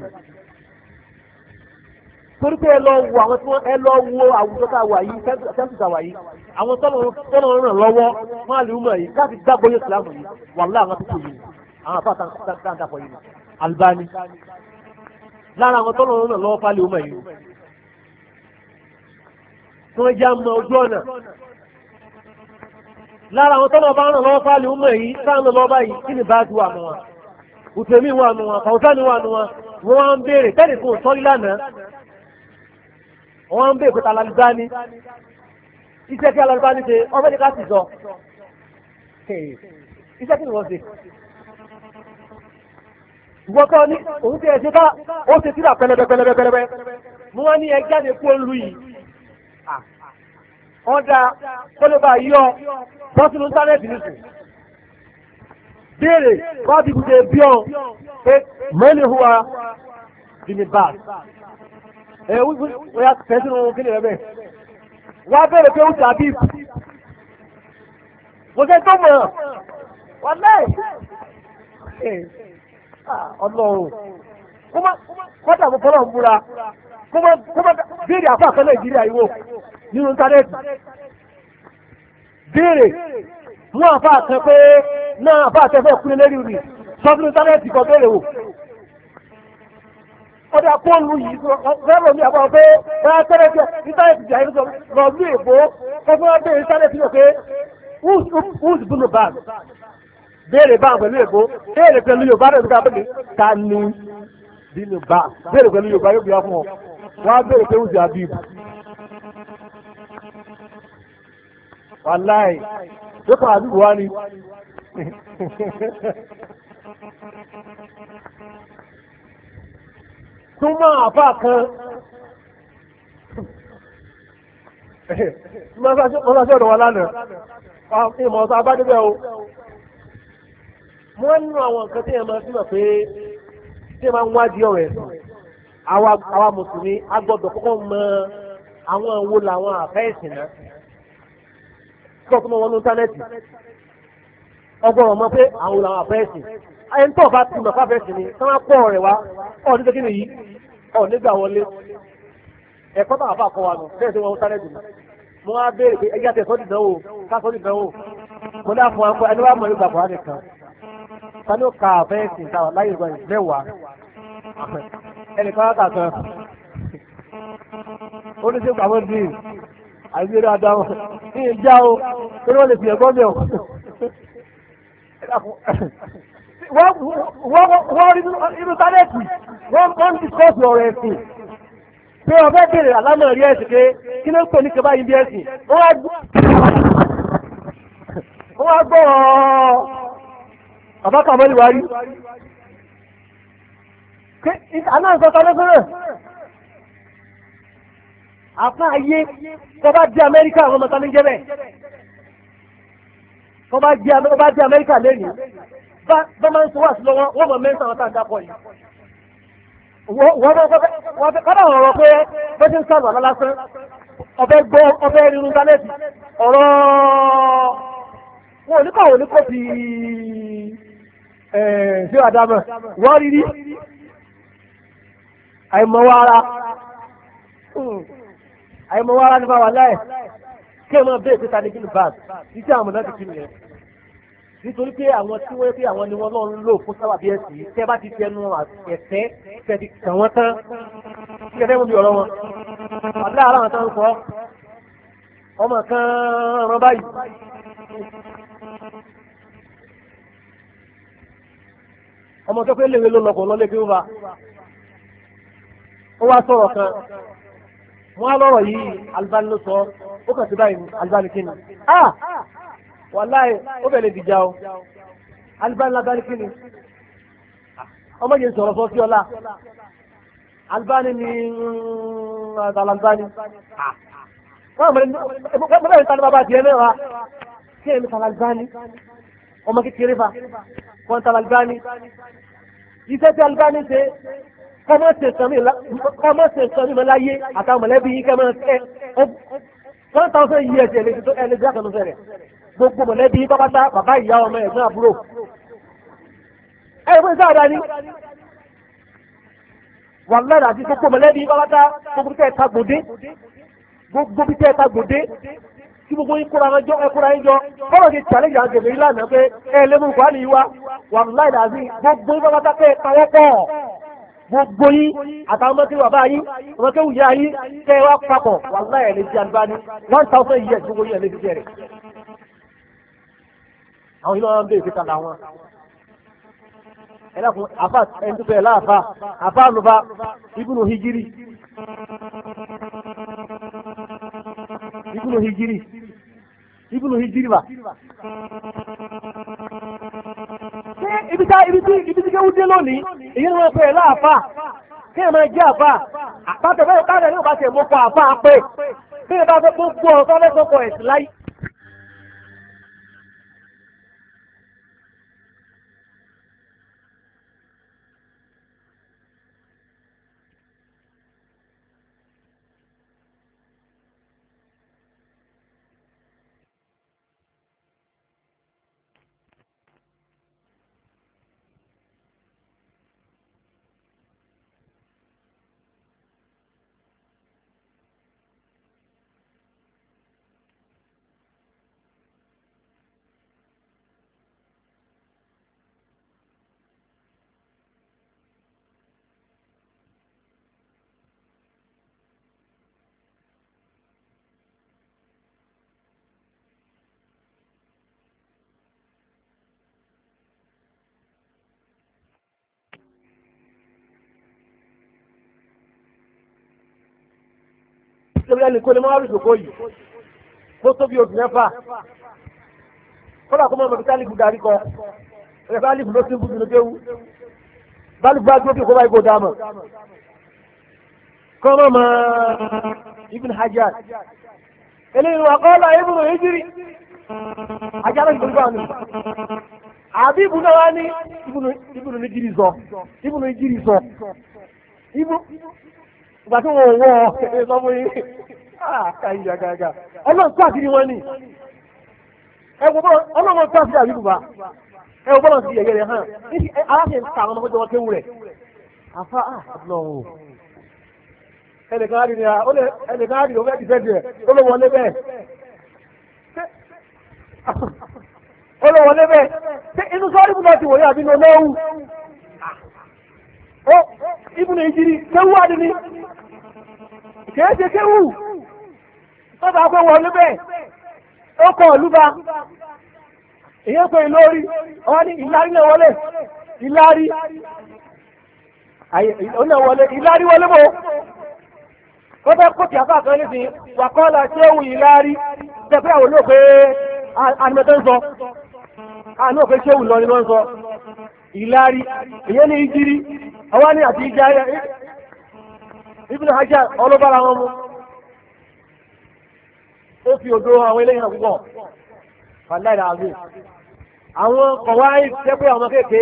S1: torí pé ẹ lọ wo àwọn tí wọn ẹ lọ wo àwùjọ tá a wà yìí sẹ́ńtì tá a wà yìí àwọn tọ́lọ̀ ràn lọ́wọ́ máa lè yìí káàkiri dágbóyè ìsìlámù yìí wàhálà àwọn àtúntò yìí àwọn àbá tá lára àwọn tọ́lọ̀ náà lọ́wọ́ pálí ọmọ yìí
S2: tí wọ́n já mọ ojú ọ̀nà lára àwọn
S1: tọ́lọ̀ bá ràn lọ́wọ́ pálí ọmọ yìí sáànà lọ́wọ́ báyìí kí ni báàgì wà nù wọn ùtẹ̀mí wà nù wọn fàwùsánì wà nù wọn wọ́n wá ń béèrè tẹ́lẹ̀ fún sọ́lí lánàá wọ́n wá ń béèrè pẹ̀tà lálùbá ní iṣẹ́ tí alálùbá ní ṣe ọmọdé ká sì sọ iṣẹ́ kí ni wọ́n ṣe ṣùgbọ́n tó ní òun ti ẹ̀ṣẹ́ ká ó ṣe tíra pẹlẹbẹ pẹlẹbẹ pẹlẹbẹ mo wá ní ẹ jáde kú olú yìí wọ́n da
S2: kólébà yíyọ
S1: bọ́sùn íńtánẹ́ẹ̀tì nìkú béèrè wá bí kúte bí ọ
S2: pé mẹ́lì hùwà bìnnì bá ẹ wọ́n
S1: yà tẹ̀sí ohun kí ni rẹ bẹ́ẹ̀ wá béèrè pé ó ti àbí mo ṣe tó mọ̀
S2: wọ́n lẹ́ẹ̀ ọlọ́run kọ́tà kó fọlọ́ ń búra kó má béèrè àpá kan nàìjíríà yìí wò nínú íńtánẹ́ẹ̀tì
S1: béèrè mú àpá kan pé náà àpá àtẹ́fẹ́ kúlẹ̀ lérí rí sọ fún íńtánẹ́ẹ̀tì kan béèrè wò ọdá kóòlù yìí fẹ́ràn mi àbọ̀ pé báyà tẹ́lẹ̀ tẹ́ ìtàlẹ́tì jà ìrìnsọ lọ ní èbó ó fún wa bẹ́ẹ̀ ìtàlẹ́tì rẹ̀ pé who's who's bunu bag béèrè bá pẹ̀lú èkó béèrè pẹ̀lú yorùbá rẹ̀ nígbà pẹ̀lú ta ni bínú bá béèrè pẹ̀lú yorùbá yóò bí wá fún ọ
S2: wọ́n á béèrè pé ó jẹ́ abib.
S1: wàláì tó kàn àdúgbò wá ni. túmọ̀ àbá kan mọ́sáṣẹ́ ọ̀rọ̀ wa lánàá ìmọ̀ ọ̀sán abádébẹ̀ o wọ́n nínú àwọn nǹkan tí ẹ máa fi mọ̀ pé tí ẹ máa ń wádìí ọ̀rọ̀ ẹ̀sìn àwa mùsùlùmí a gbọ́dọ̀ kọ́kọ́ mọ àwọn wo làwọn àfẹ́ ẹ̀sìn náà kí ọ̀tún mọ̀ wọnú íńtánẹ́ẹ̀tì ọgbọ́n ọmọ pé àwọn làwọn àfẹ́ ẹ̀sìn ẹni tó bá ti mọ̀ fáfẹ́ ẹ̀sìn ni tí wọ́n pọ̀ rẹ̀ wá ọ̀ ní kékeré yìí ọ̀ nígbà wọlé ẹ̀kọ́ bá àbá kọ́ wa nù bẹ́ẹ̀ tí wọ́n ń sáré dùn mo wá béèrè pé ẹgbẹ́ àti ẹ̀sọ́ dìdánwò ká sọ́ dìdánwò mo dá fún wa pé ẹni wá mọ̀ nígbà kọ́
S2: tani ó ka àfẹ́ ẹ̀sìn táwa láyé ìgbà yìí mẹ́wàá ẹnìkan láta kan oníṣẹ́ pàmò dín àìsí dáadáa wọn ní ìjà o torí wọ́n lè fi ẹ̀gbọ́n mi o
S1: wọ́n rí inú tálẹ́ẹ̀tì wọ́n ń discuss ọ̀rọ̀ ẹ̀sìn pé ọ̀fẹ́ bèrè àlámọ̀ rí ẹ̀sìn pé kí ló ń pè ní kẹfà yìí bí ẹ̀sìn wọ́n á gbọ́ ọ̀ọ́
S2: àbáta mọ́lì wá rí
S1: aláǹsọ́ta ló fẹ́rẹ̀ àpá ayé
S2: tọba di amẹ́ríkà àwọn ọmọta ní jẹ́bẹ̀
S1: tọba di amẹ́ríkà lẹ́yìn bá máa ń sọ wà sí lọ́wọ́ wọ́n mọ̀ mẹ́sàn àwọn tá à ń dápọ̀ yìí wọ́n fẹ́ kọ́dà ọ̀rọ̀ pé bó ṣe ń sọ̀rọ̀ àlọ́ lásán ọbẹ̀ gbọ́ ọbẹ̀ rírun dálẹ́sì ọ̀rọ̀ wọn ò ní kọ̀ wọn ò ní kọ̀ bíi. Eh, sí àdámọ̀ wọ́n rí rí àìmọ̀wára hmm. àìmọ̀wára ní báwa láì kí ẹ máa bẹ́ẹ̀ pé ta ní gílù báàgì ní tí àwọn ọmọ náà ti fi nìyẹn nítorí pé àwọn tí wọ́n pé àwọn ni wọ́n lọ́ọ́ ń lò fún sábàbí ẹ̀sìn yìí tẹ́ bá ti tẹnu ẹ̀fẹ́ tẹ́ ti kàn wọ́n tán
S2: kí ẹ fẹ́ mú bí ọ̀rọ̀ wọn àbúrò àwọn àwọn tó ń kọ́
S1: ọmọ kan rán báyìí ọmọ tó pé léwe ló lọkọ̀ lọ́lẹ́ kí ó bá
S2: ó wá sọ̀rọ̀ kan
S1: wọ́n á lọ́rọ̀ yìí Albani ló sọ ó kàn sí báyìí Albani kí ni ah wàláì ó bẹ̀rẹ̀ dìjà o Albani lágbárí kí ni ọmọ yẹn sọ̀rọ̀ sọ sí ọlá Albani ni mm, Albani ah! wọ́n mọ̀ ní tani bàbá tiẹ̀ náà wa kí ẹ̀mí Albani ọmọ kékeré fa
S2: wọ́n tara Albani
S1: iṣẹ́ tí Albani ṣe kọ́mọ́ ṣe sọ mímọ́ láyé àtàwọn mọ̀lẹ́bí yìí kẹ́mọ́ ẹ one thousand years ẹ̀ lè tó ẹ̀ lè gbé àtọ̀nù fẹ́rẹ̀ gbogbo mọ̀lẹ́bí yìí pápátá bàbá ìyá ọmọ ẹ̀gbọ́n àbúrò ẹ̀ fún iṣẹ́ àdáni wàlúwẹ̀rẹ̀ àti gbogbo mọ̀lẹ́bí yìí pápátá gbogbo bí tẹ́ ẹ̀ ta gbòdé gbogbo bí tẹ́ ẹ̀ ta gbòdé kí gbogbo yín kóra wọn jọ ẹ kóra yín jọ bọ́lá ti challenge àwọn jẹ̀bẹ̀rí lánàá pé ẹ lé mú nǹkan ní wa wà ní láì dàbí gbogbo yín bàbá pé pawọ́ pọ̀ gbogbo yín àtàwọn ọmọ kéwà bá yín ọmọ kéwù yá yín kẹ wá papọ̀ wà láì ẹ̀ lè di àdúrà ní one thousand years gbogbo yín ẹ̀ lè fi jẹrẹ̀. àwọn yìí lọ́wọ́ ń bèèrè kíkà làwọn ẹ dákun àbá ẹni láàfà
S2: àbá àlùbá ibùnú hijiri ibùnú hijiri
S1: ibùnú hijiriba.
S2: ṣé ibi tá ibi tí
S1: ibi tí kéwú dé lónìí èyí ni wọ́n pè é láàfà kí ẹ máa jẹ́ àfà àpàtẹ̀ bẹ́ẹ̀ káàdà ní òbá tiẹ̀ mọ́kọ àfà pé
S2: bí ẹ bá fẹ́ gbogbo ọ̀sán fẹ́ gbogbo ẹ̀sìn láyé.
S1: lórí ẹni kó ní máa rí ìdòkó yìí kó tóbi oṣù mẹ́fà kódà kó máa mọ̀ kíkà lífù darí kọ ẹ̀rẹ̀ bá lífù ló ti ń bùdù lókéwu bá lífù bá gbé kí kó bá ikó dámọ̀ kọ́ mọ̀ mọ́ uh, Ibn Hajar eléyìí wà kọ́ lọ Ibn Hijri ajá lọ́sibí nípa ọ̀nà àbí Ibn náà wá ní Ibn Hijri sọ Ibn Hijri sọ Ibn ìgbà tó wọ́n wọ́ ọ lọ́mú yìí káyí gàgàgà ọlọ́run tó àti wọn ni ọlọ́run tó àti àbí bùbá ẹ wò bọ́lọ̀ sí ẹ̀yẹ rẹ̀ hàn aláṣẹ ń ta àwọn ọmọkọ́jọ wọn kéwù rẹ̀ àfa àdúlọ́wọ́ ah, ẹnìkan á ah, ẹnìkan á di ni ó fẹ́
S2: bẹ́ẹ̀ ó bẹ́ẹ̀ inú sọ́ọ́rì bùbá ti wòye àbí ní olówó.
S1: ibùnà ìjírí kéwú wà nínú kìí kéwú tó bá pé wọ́n ó kọ òlúba èyí pé ìlórí wọ́n ní ìlárí náà wọlé ìlárí ọ̀nà wọlé ìlárí wọlé ó fẹ́ kó tìyàfà kan nísìnyí ìlárí tẹ̀pẹ́ àwọn ń sọ àwọn lọ ni wọ́n
S2: ń sọ àwa ní àti ìjà ayẹ Ibn Hajar ọlọ́bára wọn mú ó fi òdo àwọn eléyìí náà púpọ̀
S1: fàlàyé àwọn kọ̀wá ìṣẹ́pẹ́ àwọn kéèké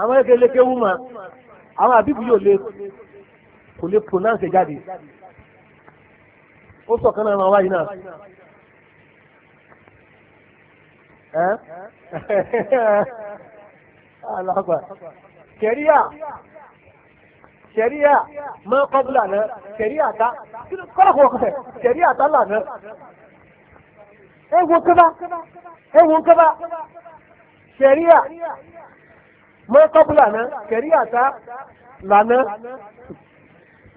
S1: àwọn kéèké lékè wú mà
S2: àwọn àbíkú yóò lé
S1: kò lè pronounce jáde ó sọ̀kan náà wáyé náà ẹ́ ẹ́ *laughs* alágbà. ṣẹ̀ríà
S2: ṣẹ̀ríà mọ́ kọ́bùlà náà ṣẹ̀ríà ta kọ́lọ̀kọ́ ọkọ̀fẹ́ ṣẹ̀ríà ta là náà
S1: ewu kaba ewu kaba ṣẹ̀ríà mọ́ kọ́bùlà náà ṣẹ̀ríà ta là náà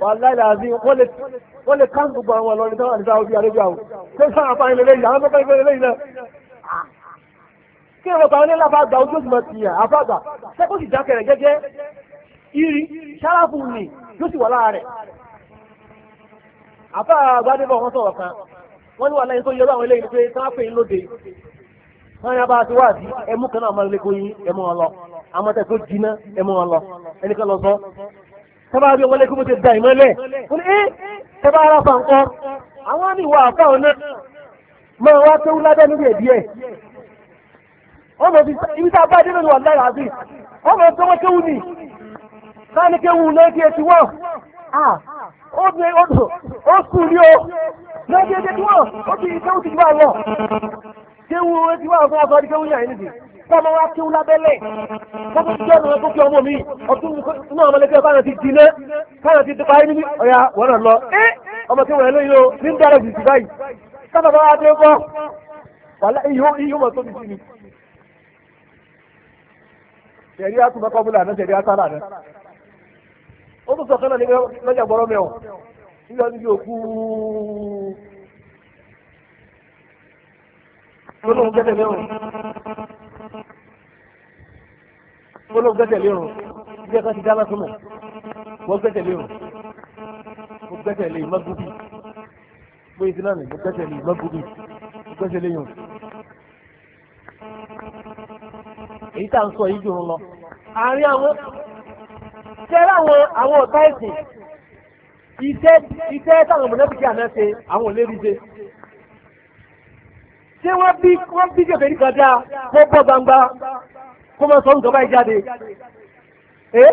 S1: wàláìláàzí wọ́n lè káńtù gbọ́ àwọn ọlọ́rin tó wà ní sáwọ́bí arábíà o tó sáà fáyín lélẹ́yìn àwọn tó fáyín lélẹ́yìn náà kí ẹ̀rọ bá ní láfàgbà ojú òsì máa ti yàn àfàgbà sẹ́kọ̀ọ́ sì dákẹ́ rẹ̀ gẹ́gẹ́ irí ṣáráfù nì yóò sì wà láàrẹ̀ àfà àgbádébọ̀ wọn sọ̀rọ̀ kan wọ́n ní wà láyé tó yẹ àwọn eléyìí pé tí wọ́n pè ń lóde wọ́n yá bá ti wá sí ẹmú kan náà máa lé kóyín ẹmú wọn lọ àmọ́tẹ́ tó jiná ẹmú wọn lọ ẹnìkan lọ sọ tọ́ba bí wọlé kí mo ti da ìmọ́lẹ̀ ó ní ẹ́ tọ́ba ara fa nǹkan
S2: àwọn àmì ìwà àfà ọ̀nà
S1: máa wá tó ládẹ́ wọ́n mọ̀ bí ibi tá a bá dínà wà lára àbí wọ́n mọ̀ tó wọ́n kéwù ní sáni kéwù lẹ́ẹ̀kì ẹtì wọ́n ó bí odò ó sùn ní o lẹ́ẹ̀kì ẹtì wọ́n ó bí kéwù ti gbà wọ̀ kéwù ẹtì wọ́n fún ọ̀sán kéwù yàn níbi kọ́mọ wa kéwù lábẹ́lẹ̀ kọ́mọ ti wọ́n lọ ẹ́ ọmọ kéwù ẹ̀ ṣẹ̀rí àtúmọ̀ kọ́bùlà náà ṣẹ̀rí àtàlà náà. ó tún sọ kánà ní lọ́jà gbọ́rọ́ mẹ́wọ̀n nígbà níbi òkú gbólóhùn gẹ́tẹ̀ lérùn gbólóhùn gẹ́tẹ̀ lérùn bí ẹ̀ka ti dá lásán mọ̀ wọ́n gẹ́tẹ̀ lérùn mo gẹ́tẹ̀ lé magubi bóyá ti náà ní gẹ́tẹ̀ lé magubi
S2: mo gẹ́tẹ̀ lé yòó. èyí tá ń sọ yìí jùrún lọ. àárín àwọn tẹ́lẹ̀ àwọn àwọn ọ̀tá ẹ̀sìn
S1: iṣẹ́ iṣẹ́ táwọn mọ̀lẹ́bìkì àná ṣe àwọn òlérí ṣe. ṣé wọ́n bí wọ́n bí kẹfẹ́ ní kọjá kó bọ́ gbangba
S2: kó mọ sọ́run ìjọba ìjáde. ẹ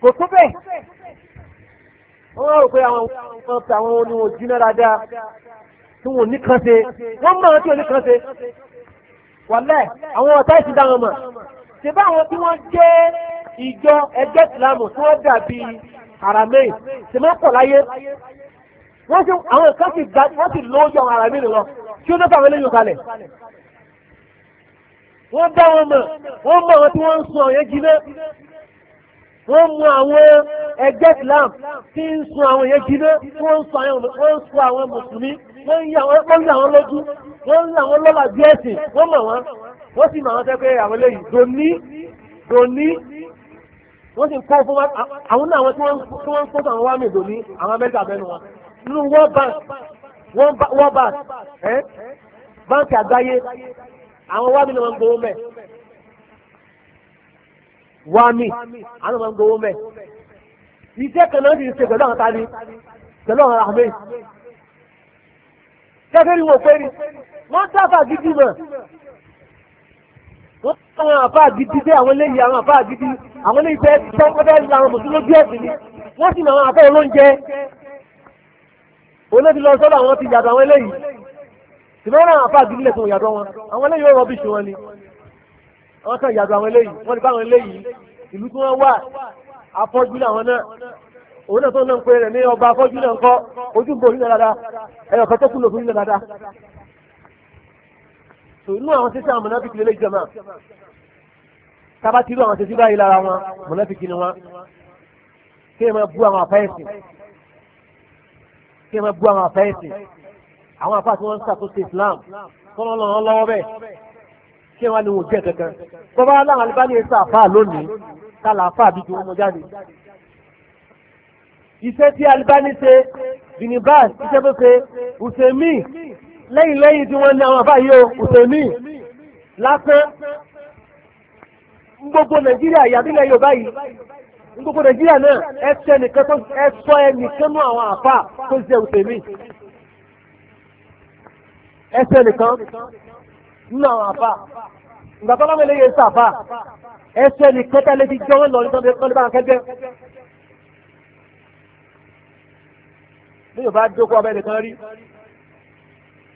S2: kò tó bẹ́ẹ̀
S1: wọ́n rò pé àwọn kan pé àwọn oníwọ̀n jiná dáadáa tí wọ́n ní kan ṣe
S2: wọ́n mọ̀ ọ́n tí ò ní kan ṣe
S1: wàlẹ́ àwọn ọ̀tá ìsìn dáhùn mọ̀ ṣèbá àwọn tí wọ́n jẹ́ ìjọ ẹgbẹ́ ìsìlámù tí wọ́n dàbí àràmẹ́yìn ṣèbá pọ̀ láyé wọ́n ṣe àwọn kan sì gba wọ́n sì lóyún àwọn àràmẹ́yìn lọ kí ó dọ́gba àwọn eléyìí kalẹ̀ wọ́n bá wọn mọ̀ wọ́n mọ̀ àwọn tí wọ́n ń sun ọ̀yẹ́ jiná wọ́n mú àwọn ẹgbẹ́ ìsìlámù tí ń sun àwọn ọ̀yẹ́ jiná tí wọ́n ń sun àwọn mùsùlùmí wọ́n ń yà wọ́n lójú wọ́n ń yà wọ́n lọ́lá bí ẹ̀sìn wọ́n mọ̀ wọ́n wọ́n sì mọ̀ wọ́n tẹ́ pé àwọn eléyìí dòní dòní wọ́n sì ń kó fún àwọn náà àwọn tí wọ́n ń kó àwọn wámi dòní àwọn amẹ́ríkà bẹ́nu wọn nínú world bank world bank ẹ́
S2: báńkì àgbáyé àwọn wámi náà máa ń gbowó mẹ́ wámi
S1: àwọn máa ń gbowó mẹ́ iṣẹ́ kan náà ti ṣe pẹ̀lú àwọn tani pẹ̀lú àwọn ahmed kẹfẹ́ ni mo pé ni wọ́n dáfà gidi mọ̀ wọ́n tẹ àwọn gidi dé àwọn eléyìí àwọn àfa gidi àwọn eléyìí fẹ́ tọ́ wọ́n fẹ́ la àwọn mùsùlùmí ẹ̀sìn ni wọ́n sì mọ àwọn olóúnjẹ olóòtú lọ sọ́dọ̀ àwọn ti yàtọ̀ àwọn eléyìí ṣùgbọ́n àwọn àfa gidi lẹ̀sùn yàtọ̀ wọn àwọn eléyìí ó rọ́bìṣì wọn ni wọ́n kàn yàtọ̀ àwọn eléyìí wọ́n ti bá àwọn eléyìí ìlú tí wọ́n wà afọ́jú làwọn náà òun náà tó náà ń pè rẹ̀ ní ọba afọ́jú náà ń kọ́ ojú ń bo orílẹ̀ dáadáa ẹ̀yọ̀ kan tó kú lòfin orílẹ̀ dáadáa. tò inú àwọn sísá àwọn mọ̀nàfíkì lélẹ́ ìjọba tábà tí irú àwọn sísí báyìí lára wọn mọ̀nàfíkì ni wọn kí ẹ máa bú àwọn àfẹ́yẹ̀sì kí ẹ máa bú àwọn àfẹ́yẹ̀sì àwọn àfáà tí wọ́n ń ṣàkóso Islam
S2: tọ́lọ́ lọ́wọ́ lọ́wọ́ bẹ́ẹ̀
S1: kí wọ́n ní wọn jẹ́ kankan bọ́bá iṣẹ́ tí Albani ṣe binibas iṣẹ́ tó ṣe Usemi lẹ́yìn lẹ́yìn tí wọ́n ní àwọn àbáyé o Usemi lásán gbogbo Nàìjíríà yàbílẹ̀ Yorùbá yìí gbogbo Nàìjíríà náà ẹsẹ̀ nìkan tó ẹsọ ẹnìkan nú àwọn àfà tó jẹ Usemi ẹsẹ̀ nìkan nínú àwọn àfà ìgbà tó bá mẹ́lẹ́ yẹn sàfà ẹsẹ̀ nìkan tẹ́lẹ̀ fi jẹ́ wọ́n lọ nítorí kọ́lé bá ń lóyún bá dókó ọbẹ̀ nìkan rí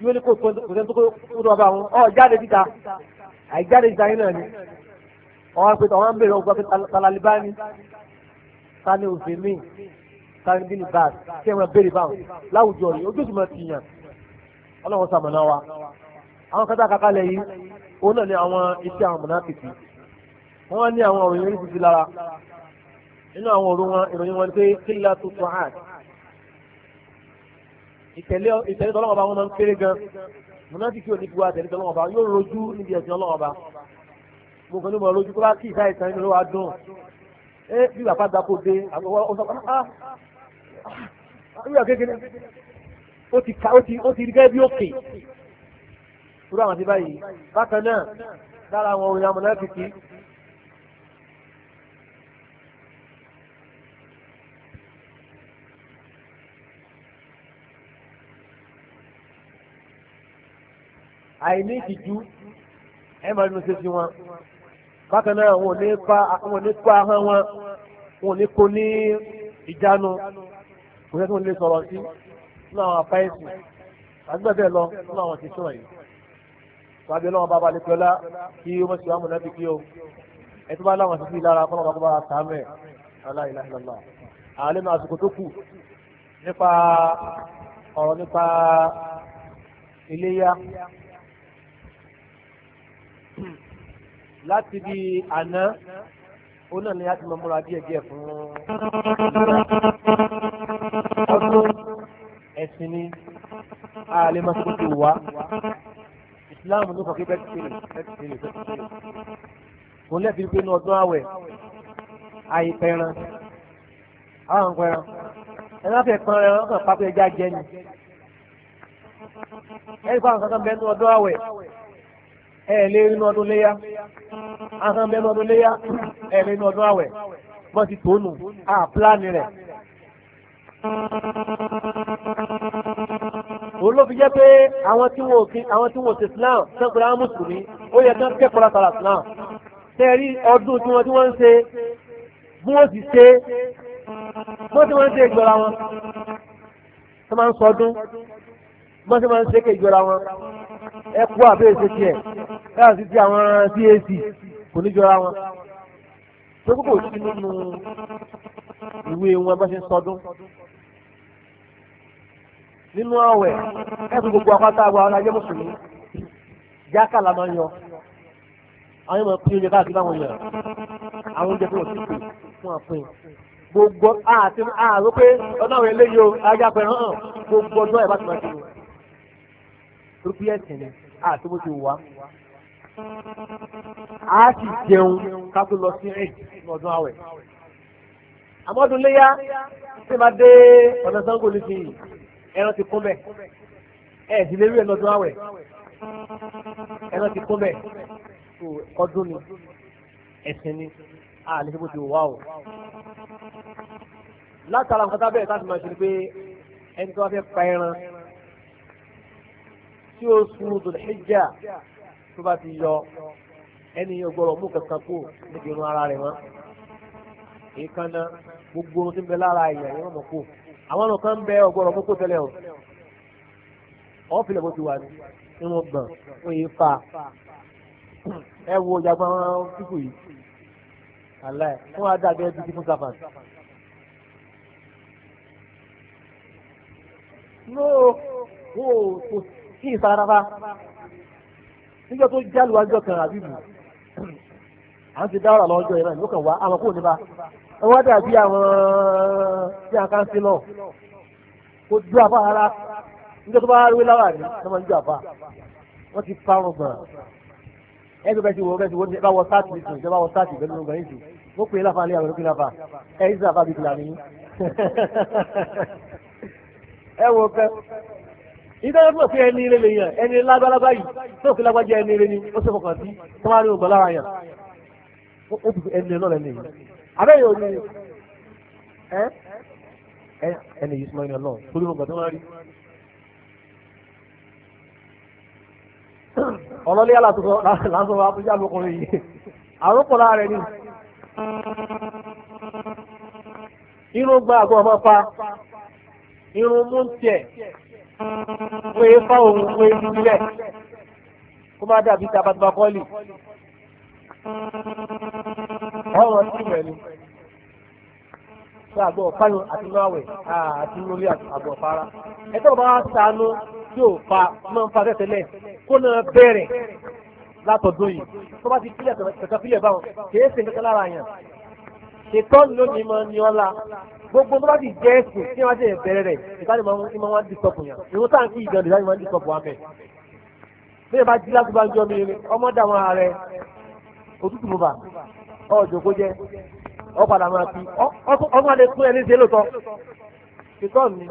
S1: yóò ní kò sẹ́ni tó kó tó ọba àwọn ọ jáde síta àìjáde síta yín náà ni ọwọ́n pé ọwọ́n ń bèrè ọgbà pé talalibá ni tani òfin mi tani bí ni bad kí ẹ máa bèrè báwọn láwùjọ rẹ ojú ìsúnmọ́ ti yàn ọlọ́run sàmọ̀nà wa àwọn kátà kakalẹ̀ yìí òun náà ni àwọn iṣẹ́ àwọn mọ̀nàkìtì wọ́n ní àwọn òròyìn orí fífi lára nínú àwọn òru wọn ìròyìn wọn ni pé kí ni ìtẹ̀lé ìtẹ̀lé tọ́lọ́wọ́ bá wọn máa ń kéré gan mọ̀nàfíkì òní fún wa tẹ̀lé tọ́lọ́wọ́ bá yóò rojú níbi ẹ̀sìn ọlọ́wọ́ bá mo kàn ní mọ̀ rojú kó bá kí ìta ìtàn inú wa dùn ẹ bí bàbá gba kó dé àgbọ̀wọ́ ó sọ pé ah ah kékeré ó ti ka ó ti ó ti rí gẹ́gẹ́ bí òkè irú àwọn ti báyìí bákan náà lára àwọn òyìnbó mọ̀nàfíkì àìní ìtìjú ẹ máa nínú ṣẹ́sí wọn bákan náà wọn ò ní pa wọn ò ní pa ahọ́n wọn wọn ò ní kó ní ìjánu kò sẹ́sí wọn lè sọ̀rọ̀ sí nínú àwọn àpáyèsì àgbẹ̀ bẹ́ẹ̀ lọ nínú àwọn ti sọ̀rọ̀ yìí wàbí ọlọ́wọ́n bàbá lè pẹ́lá kí ó mọ̀sí wàmù náà bí kí o ẹ tó bá láwọn sísí lára kọ́nà bàbá bá sàánú ẹ̀ aláìláìlọ́lá àlẹ́ náà àsìkò tó kù nípa ọ̀rọ̀ nípa iléyá láti bí àná òun náà ni a ti máa múra díẹ̀ díẹ̀ fún ọdún ẹ̀sìn ni
S2: a lè máa tó tó wá
S1: ìsìláàmù ló kọ̀kí bẹ́ẹ̀ tìlẹ̀ bẹ́ẹ̀ tìlẹ̀ bẹ́ẹ̀ tìlẹ̀ kò lẹ́bi pé inú ọdún àwẹ̀
S2: àìpẹran àwọn pẹran ẹ má fẹ́ pẹran ẹ má kàn pápẹ́ ẹja jẹ ni ẹ ní kó àwọn kankan bẹ́ẹ̀ inú ọdún àwẹ̀
S1: ẹ lè rí inú ọdún léyá
S2: ahọ́n bẹ́ẹ̀ inú ọdún
S1: léyá ẹ lè inú ọdún àwẹ̀ wọ́n ti tó nù á pílánì rẹ̀. òun ló fi jẹ́ pé àwọn tí wọ́n òfin àwọn tí wọ́n òsè Islam sẹ́kùnrin àwọn mùsùlùmí ó yẹ kí wọ́n kẹ́kọ̀ọ́ látara Islam tẹ́rí ọdún tí wọ́n tí wọ́n ń ṣe
S2: bí wọ́n sì ṣe wọ́n tí wọ́n ń ṣe ìgbọ́ra wọn
S1: tó máa ń sọdún
S2: mọ́sí máa ń ṣékè ìjọra wọn ẹ kú àbẹ́ èso tiẹ̀ káà sí
S1: ti àwọn CAC kò ní jọra wọn tó kókò sí nínú
S2: ìwé wọn bá ṣe ń sọdún
S1: nínú ọ̀wẹ̀ ẹ̀sùn gbogbo apáta àwọn alájẹ́ mùsùlùmí jákà la máa ń yọ àwọn ìmọ̀ pín oúnjẹ káàkiri àwọn èèyàn
S2: àwọn oúnjẹ tó wọ́n ti pè
S1: fún àpín gbogbo àti àrò pé ọ̀nà àwọn eléyìí o ajá pẹ̀lú hàn gbogbo ọjọ́ ẹ̀ bá ti máa ti wọ̀ torí ẹ̀sìn ni àti bó ti wà.
S2: a sì jẹun
S1: ká tó lọ sí ẹ̀jì ní ọdún àwẹ̀. àmọ́ ọdún léyà tí máa dé ọ̀nà sango ní fìyì ẹran ti kún bẹ̀
S2: ẹ̀ ìdílé rí ẹ̀ lọ́dún àwẹ̀ ẹran ti kún bẹ̀
S1: ọdún ni ẹ̀sìn ni a lè fi bó ti wà o. látara nǹkan tábẹ́ẹ̀ ká sì máa ṣe ni pé ẹni tó wá fẹ́ pa ẹran tí oṣù dòlẹ́jà tó bá ti yọ ẹni ọgbọ́rọ̀ mú kankan kú níbi irun ara rẹ̀ wọn. èékánná gbogbo ohun tí ń bẹ lára èèyàn ni wọ́n mọ̀ kú. àwọn ọ̀nà kan ń bẹ ọgbọ́rọ̀ mú kó tẹ́lẹ̀ o. ọ̀ fìlẹ̀ bó ti wà ní irun gbọ̀n ó yẹ fa. ẹ wo jagbọn fífò yìí. àlẹ́ fún wa dàbí ẹbí fún sáfà. no kò kí ìfarapa níjọ tó jálù wájọ kan àbíbù à ń ti dáwọ́rà lọ́jọ́ ìran ìlú kan wá àwọn kò nípa wọ́n wá dàbí àwọn tí a kàn sí náà kò ju àfa ara níjọ tó bá rí láwà ní wọ́n máa ń ju àfa wọ́n ti parun gbọ̀n ẹgbẹ́ bẹ́ẹ̀ ti wọ bẹ́ẹ̀ ti wọ́n bá wọ sáàtì ní ìjọba wọ sáàtì ìbẹ́ẹ̀ ló ń gbọ̀n wọ́n pè é láfa ní àwọn olókè ẹ̀ ẹ́ sì àfa bíi *laughs* ẹ wọ fẹ́ ìdájọ́ tó fi ẹni rẹ̀ lèèyàn ẹni lágbálágbá yìí tó fi lágbájá ẹni rẹ̀ ni ó sì fọkàn sí tó máa rí ògbọ́n lára yàn ó ti ẹni náà lẹ́nu yìí abẹ́yẹ ò ní ẹni yìí súnmọ́ ẹni ọlọ́run torí mo tó máa rí. ọlọ́lé ni irun gba
S2: pé fáwọn òun pé nílẹ̀
S1: kó má dàbí tabataba kọ́ọ̀lì ọ̀rọ̀ sí rẹ̀ ni sọ àgbọ̀ ọ̀páyọ̀ àti máwẹ̀ àti lórí àgbọ̀ fara ẹ̀tọ́ bá sànú tí ò fa máa ń fa tẹ́tẹ́lẹ̀ kó náà bẹ̀rẹ̀ látọ̀dún yìí tó bá ti kílẹ̀ tẹ̀tẹ̀ fílẹ̀ báwọn kì ṣe nǹkan lára yàn ṣètọ́nù lónìí máa ní ọ́la gbogbo tó bá ti jẹ́ ẹ̀sìn tí wọ́n ti bẹ̀rẹ̀ rẹ̀ ìdájọ́ máa wá dìsọ́pù yàn ìwọ́n tá à ń kí ìgbọ̀n ìdájọ́ máa dìsọ́pù wa mẹ́. bí ẹ bá jí láti bá ń jọ mi ọmọ dà wọn ààrẹ òtútù mú bà ọjọ́ kó jẹ́ ọ padà máa fi ọmọ alẹ́ fún ẹ ní lóòótọ́ ṣètọ́nù ni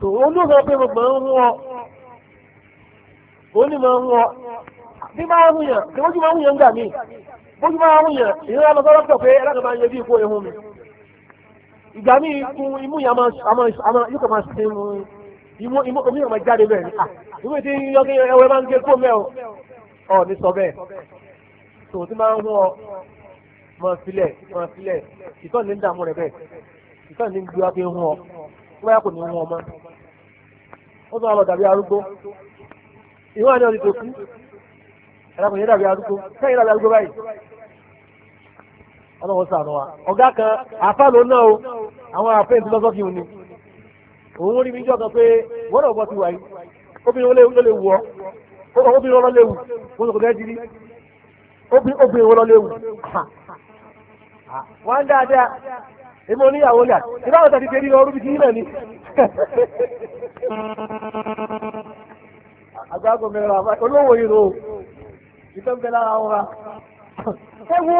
S1: tòun ló sọ mo gbọ́n ń wọ́n bí máa ń yàn kí bójú máa ń yàn gbà mí bójú máa ń yàn ìrora lọ sọ́dọ̀ pọ̀ pé ẹlẹ́gbẹ̀ẹ́ máa ń yẹjú ipò ẹ̀hún mi ìgbà míì kun imú yẹn yóò kọ́ máa sin imú imú omi yẹn máa jáde bẹ́ẹ̀ ah ìwé tí yọ kí ẹwẹ́ máa ń gé kó mẹ́ o ọ̀ ní sọ bẹ́ẹ̀ tó tí máa ń hún ọ máa filẹ̀ máa filẹ̀ ìtọ́ni ń dààmú rẹ̀ bẹ́ẹ̀ ìtọ́ni ń gbé wá pé ń hún ọ wáyà kò ní hún ọ mọ́ ó tún wà lọ dàbí arúgbó
S2: ìwọ́n àná ti tó kú. ẹlẹ́kùn yẹn arúgbó arúgbó báyìí
S1: ọlọ́wọ́ wa ọ̀gá kan àfa ló
S2: àwọn
S1: òun rí mi jọ kan pé wọ́n ti wà yìí obìnrin lè wù ọ́ obìnrin lè wù bẹ́ẹ̀ dirí obìnrin lè wù dáadáa èmi yà tàbí ọrùn *laughs* olówó yìí ìtọ́ ń bẹ lára ọra ẹ wo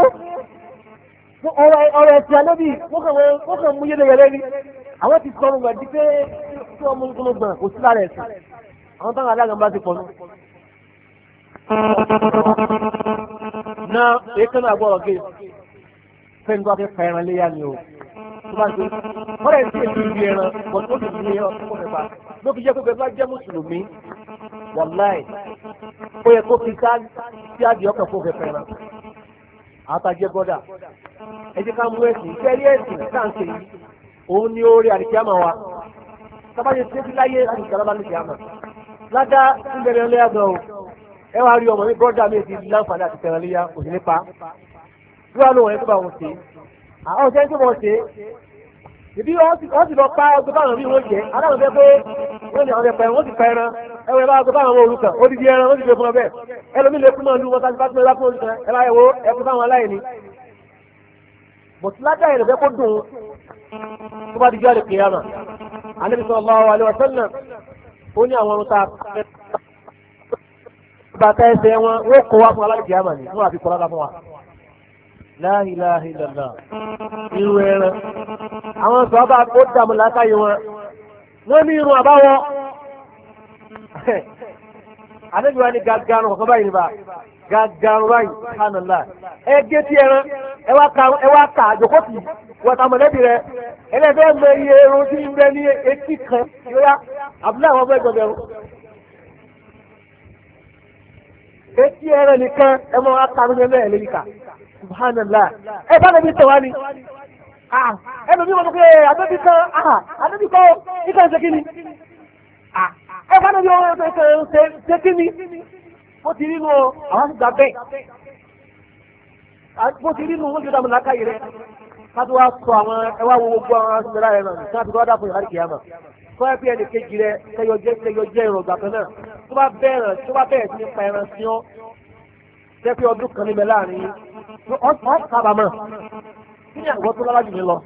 S1: ọ̀rọ̀ ẹ̀sìn ànábì wọ́n kàn mú yẹlẹyẹlẹ ni àwọn ti sọ̀rọ̀ gbà di pé tí wọ́n mú nǹkan gbọ̀n kò sí lára ẹ̀sìn àwọn táwọn alága bá ti pọ̀ nù. na èékánná àgbọ̀rọ̀ gé fẹ́ni tó wá léyà ni o tó bá ń ṣe wọ́n rẹ̀ ń ṣe ìlú ẹran bọ̀dé ó sì fi ẹran tó kọ́ mẹ́fà ló fi jẹ́ pé bẹ́ẹ̀ bá jẹ́ mùsùlùmí wàláì ó yẹ kó fi ká sí àdìọ́ kan fún fẹ́fẹ́ ẹran àtàjẹ́ bọ́dà
S2: ẹ jẹ́ ká mú ẹ̀sìn fẹ́rí ẹ̀sìn káàkiri
S1: òun ni ó rí àdìkíámà wa tábàjẹ tí ó fi láyé àdìkíámà àdìkíámà ládá ń bẹ̀rẹ̀ ọlẹ́yà gan o ẹ wá rí ọmọ mi bọ́dà mi ti láǹfààní àti tẹ̀rẹ̀ léyà kò nípa wíwá lóun ẹ̀ tó bá wọn ṣe é àwọn ọ̀sẹ̀ tí wọ́n ṣe ìbí wọ́n ti lọ pa ọgbẹ́ báwọn bí wọ́n jẹ́ adáwọn fẹ́ pé wọ́n ní àwọn ẹ̀pẹ̀ wọ́n ti pa ẹran ẹwẹ́ bá ọgbẹ́ báwọn olùkàn odidi ẹran wọ́n ti gbé fún ọbẹ̀ ẹlòmí lè kúmọ̀ lu wọn tàbí bá tún ẹlá fún olùkàn ẹlá ẹwọ ẹkú báwọn aláìní. bọ̀tí ládà ẹ̀rọ fẹ́ kó dùn
S2: tó bá di jọ́ àdìpé yàmà
S1: alẹ́ sọ ọlọ́ alẹ́ ọ̀sán náà ó ní àwọn ọ̀run láhìláhì lọ́nà
S2: irú ẹran àwọn
S1: sọ́ọ́bà ó dààmú látàyè wọn wọ́n ní irun àbáwọ́ *laughs* àdébíwá ní gàgàrún ọ̀kan báyìí níbà gàgàrún báyìí hànàlá ẹ gé tí ẹran ẹ wá ka ẹ wá ka àjòkótì wọ̀tà mọ̀lẹ́bí rẹ ẹlẹ́fẹ́ mọ iye irun tí ń bẹ ní etí kan yóyá àbúlé àwọn ọmọ ẹgbẹ̀rún etí ẹran nìkan ẹ mọ wá ka ló ń bẹ subhanallah ẹ bá nàbí tẹ̀wá ni ẹnu mi wọ́n pé àdébí kan àdébí kan ìkà ń ṣe kí ni ẹ bá nàbí wọ́n ṣe ṣe kí ni mo ti rí nu àwọn àti gbà bẹ́ẹ̀ bó ti rí nu wọ́n ti dàmú làákàyè rẹ̀ kátó wá sọ àwọn ẹwà wo gbogbo àwọn aṣọra rẹ̀ náà kí wọ́n ti wá dà fún ìhàrí kìyàmà kọ́ ẹ bí ẹnì kejì rẹ̀ kẹyọ jẹ́ ìrọ̀gbà kan náà tó bá bẹ̀rẹ̀ tó bá bẹ̀rẹ̀ sí ní pa ẹran sí ọ́ jẹ́ pé ọdún kan níbẹ̀ láàrin ọ̀kábàmọ̀ ní àwọn tó lára jù mí lọ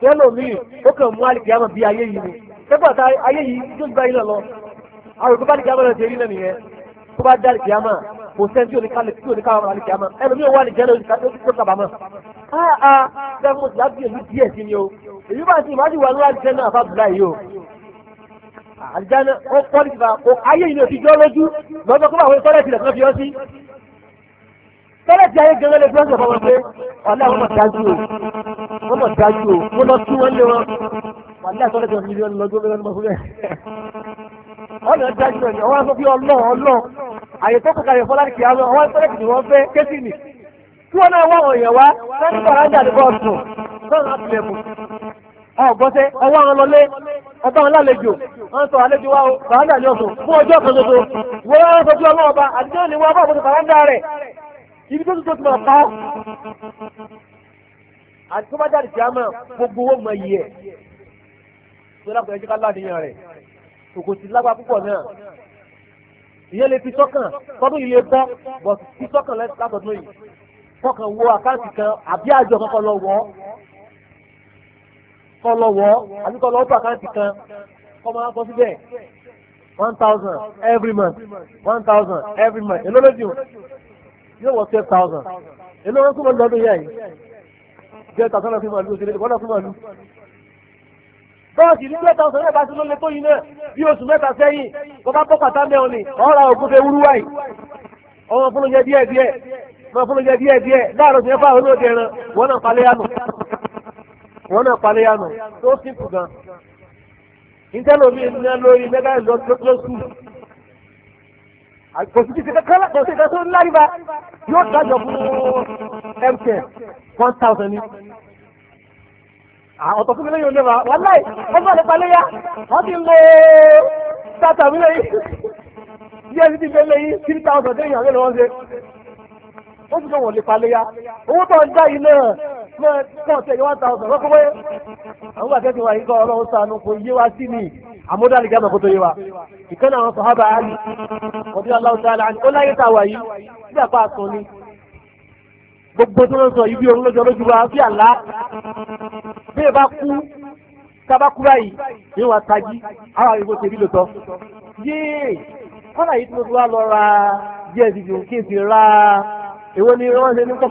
S1: tẹ́lọ̀ mi ó kàn mú àlìkìyàmọ̀ bí ayé yìí ni pẹ́pọ̀ ta ayé yìí tó gba ilẹ̀ lọ àwọn òkú bá àlìkìyàmọ̀ náà ti rí náà nìyẹn tó bá dá àlìkìyàmọ̀ kò sẹ́ni tí oníkàwọ̀ àlìkìyàmọ̀ ẹlòmí ò wá àlìkìyàmọ̀ ó kábàmọ̀ áà sẹ́ni mo ti láti èmi díẹ̀ sí o èyí bá ti ìmájú wà lóra àlìkìyàmọ̀ àfa bùlá yìí o àlìkìyàmọ̀ tẹ́lẹ̀ tí ayé gẹ́gẹ́ lè gbọ́dọ̀ fọwọ́ pé ọ̀lẹ́ àwọn ọmọ dájú o wọ́n mọ̀ dájú o mo lọ sí wọn lé wọn wàlẹ́ àtọ́lẹ̀ tó ń yíyọ lọ gbé lọ́nà fúnbẹ́.
S2: ọ̀nà dájú ẹ̀ ọwọ́ aṣọ bí
S1: ọlọ́ ọlọ́ àyè tó kọkà yẹn fọlá kì í àwọn ọwọ́ tẹ́lẹ̀ kì í wọ́n fẹ́ kéṣì nì. kí wọ́n náà wọ́n ọ̀yàn wá láti bọ̀ rájà ní bọ́ọ̀sù
S2: lọ́nà àtìlẹ̀kùn.
S1: ọ̀gbọ́sẹ̀ ọwọ́ àwọn lọlé ọba wọn lálejò wọn sọ àlejò wa o bàrádà ni ọ̀sùn fún ọjọ́ kan ṣoṣo wọ́n wá sọ bí ọlọ́ọ̀ba àdéhùn ni wọ́n bá òkúta bàrádà rẹ̀ ibi tó tó tó máa pa
S2: ọ́
S1: àti tó bá jáde tí a máa gbogbo owó mọ iye ẹ̀ tó dákun ẹ jẹ́ ká láàdéyàn rẹ̀ kòkò sí lágbá púpọ̀ náà ìyẹn lè fi sọ́kàn tọ́dún yìí lè bọ́ bọ̀ fi sọ́kàn látọ̀dún yìí kọkàn wo àkáǹtì kan àbí àjọ kankan lọ wọ́ kọ́ lọ wọ́ àbí kọ́ lọ wọ́ àkáǹtì kan
S2: kọ́ máa bọ́ síbẹ̀
S1: one thousand every month one thousand every month èló lójú
S2: yóò wọ twelve thousand èlò wọn kúmọ̀ lọ́dún yẹn yìí
S1: twelve thousand náà fi máa lu òṣèlú ìdìbò náà fi máa lu. bọ́ọ̀sì ní twelve thousand náà bá ti ló lé tó yìí náà bí oṣù mẹ́ta sẹ́yìn kó bá bọ́ pàtà mẹ́wọ̀n ni ọ̀rọ̀ ògùn fẹ́ wúrú wáyì ọmọ fúnlọ jẹ díẹ̀ díẹ̀ ọmọ fúnlọ jẹ díẹ̀ díẹ̀ láàárọ̀ tiẹ̀ fáwọn olóòdì ẹran wọn náà palẹ̀ yánu wọn náà palẹ̀ yánu tó simple gan. ìtẹ́lómi ní lórí mẹ́gà lọ́sùn kò sí kìsì kankan kò sí kankan tó ńlá nípa
S2: yóò dájọ fún mtn one thousand ni.
S1: àwọn ọ̀tọ̀ fún mi lẹ́yìn olè wa wàláì wọ́n bá lè palẹ́ yá wọ́n ti lo tata mi lẹ́yìn díẹ̀ ti bẹ́ẹ̀ lẹ́yìn three thousand lẹ́yìn àwọn ènìyàn ṣe. ó sì fẹ́ wọ̀n lè palẹ́ yá owó tó ń dá yìí náà mọ́ ẹ̀ kọ́ ọ̀tẹ̀ yìí one thousand lọ́kọ́ bóyá àwọn àtẹ́tí wa yìí kọ́ ọlọ́run sànù kò yé wa sí ni àmúdá lè jábọ̀ kó tó yé wa ìkan àwọn sọ̀hábà àlì ọdún aláwọ̀ tó aláàánú ó láyé tàwa yìí bí àpá àtún ni gbogbo tó ń yìí bí òun lọ́jọ́ lójú wa bí àlá bí ẹ bá kú tábà kú báyìí ní wa tají àwọn àyíkó ṣe bí lòtọ́ yéè kọ́nà yìí tí mo ti wá lọ ra díẹ̀ sí fún kí n sì ra èwo ni wọ́n ṣe ní kọ́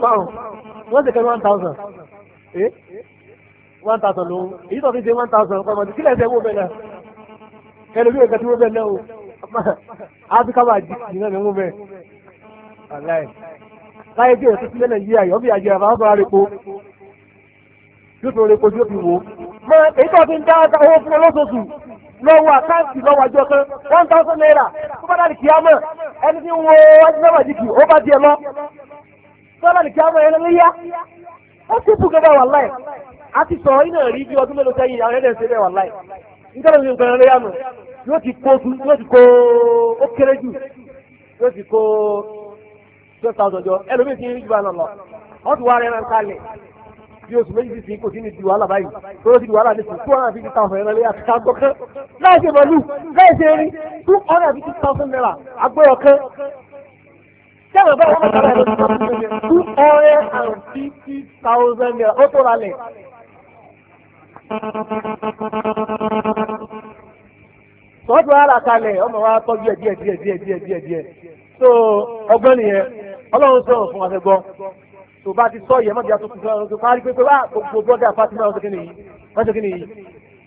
S1: wọ́n ṣe kẹ́ one thousand one thousand lòun èyí tó fi ṣe one thousand kọ́ mọ̀ sí ṣe wó bẹ́ẹ̀ náà. ẹlòmíì nǹkan tí wọ́n bẹ̀ náà o áfíríkà máa jí jìnnà ní wọ́n aláì láyé bí èso sílẹ̀ nàìjíríà yọ̀ bí àjẹrà bá bá rẹ̀ yóò fi rẹ̀ yóò fi wò ó. mọ èyí tó fi ń dá owó fún olóṣooṣù lọ́wọ́ àkáǹtì lọ́wọ́ àjọ kan one thousand naira tó bá dà ní ẹni tí ń wo náà ó bá lọ tó ní ẹni yá ó sì gẹ́gẹ́ wà láì a ti sọ̀rọ̀ iná rí bí ọdún mélòó sẹ́yìn àwọn nítorí mi nǹkan ẹ̀rẹ́ yànà
S2: yóò ti kó yóò ti kó
S1: ó kéré jù yóò ti kó twelve thousand jọ ẹlòmíì ti ń jù bá nà lọ
S2: wọ́n ti wá rẹ̀ náà kalẹ̀
S1: bí oṣù méjì sí kò sí ní di wàhálà báyìí tó ti di wàhálà ní sùn two hundred and fifty thousand naira lẹ́yìn àtúntà àgbọ̀ kan láì ṣe mọ̀lú láì ṣe rí two hundred and fifty thousand naira àgbọ̀yọ̀ kan sẹ́wọ̀n bẹ́ẹ̀ wọ́n bá tẹ̀lé two hundred and fifty thousand naira ó tó ra lẹ̀ tọ́jú ara kalẹ̀ ọmọ wa tọ́jú ẹ̀ díẹ̀ díẹ̀ díẹ̀ díẹ̀ díẹ̀ so ọgbọ́n nìyẹn ọlọ́run sọ̀rọ̀ fún wa gbọ́ tó bá ti sọ yẹ mọ́bi wá gbogbo ọ̀sẹ̀ kìnìyí ọ̀sẹ̀ kìnìyí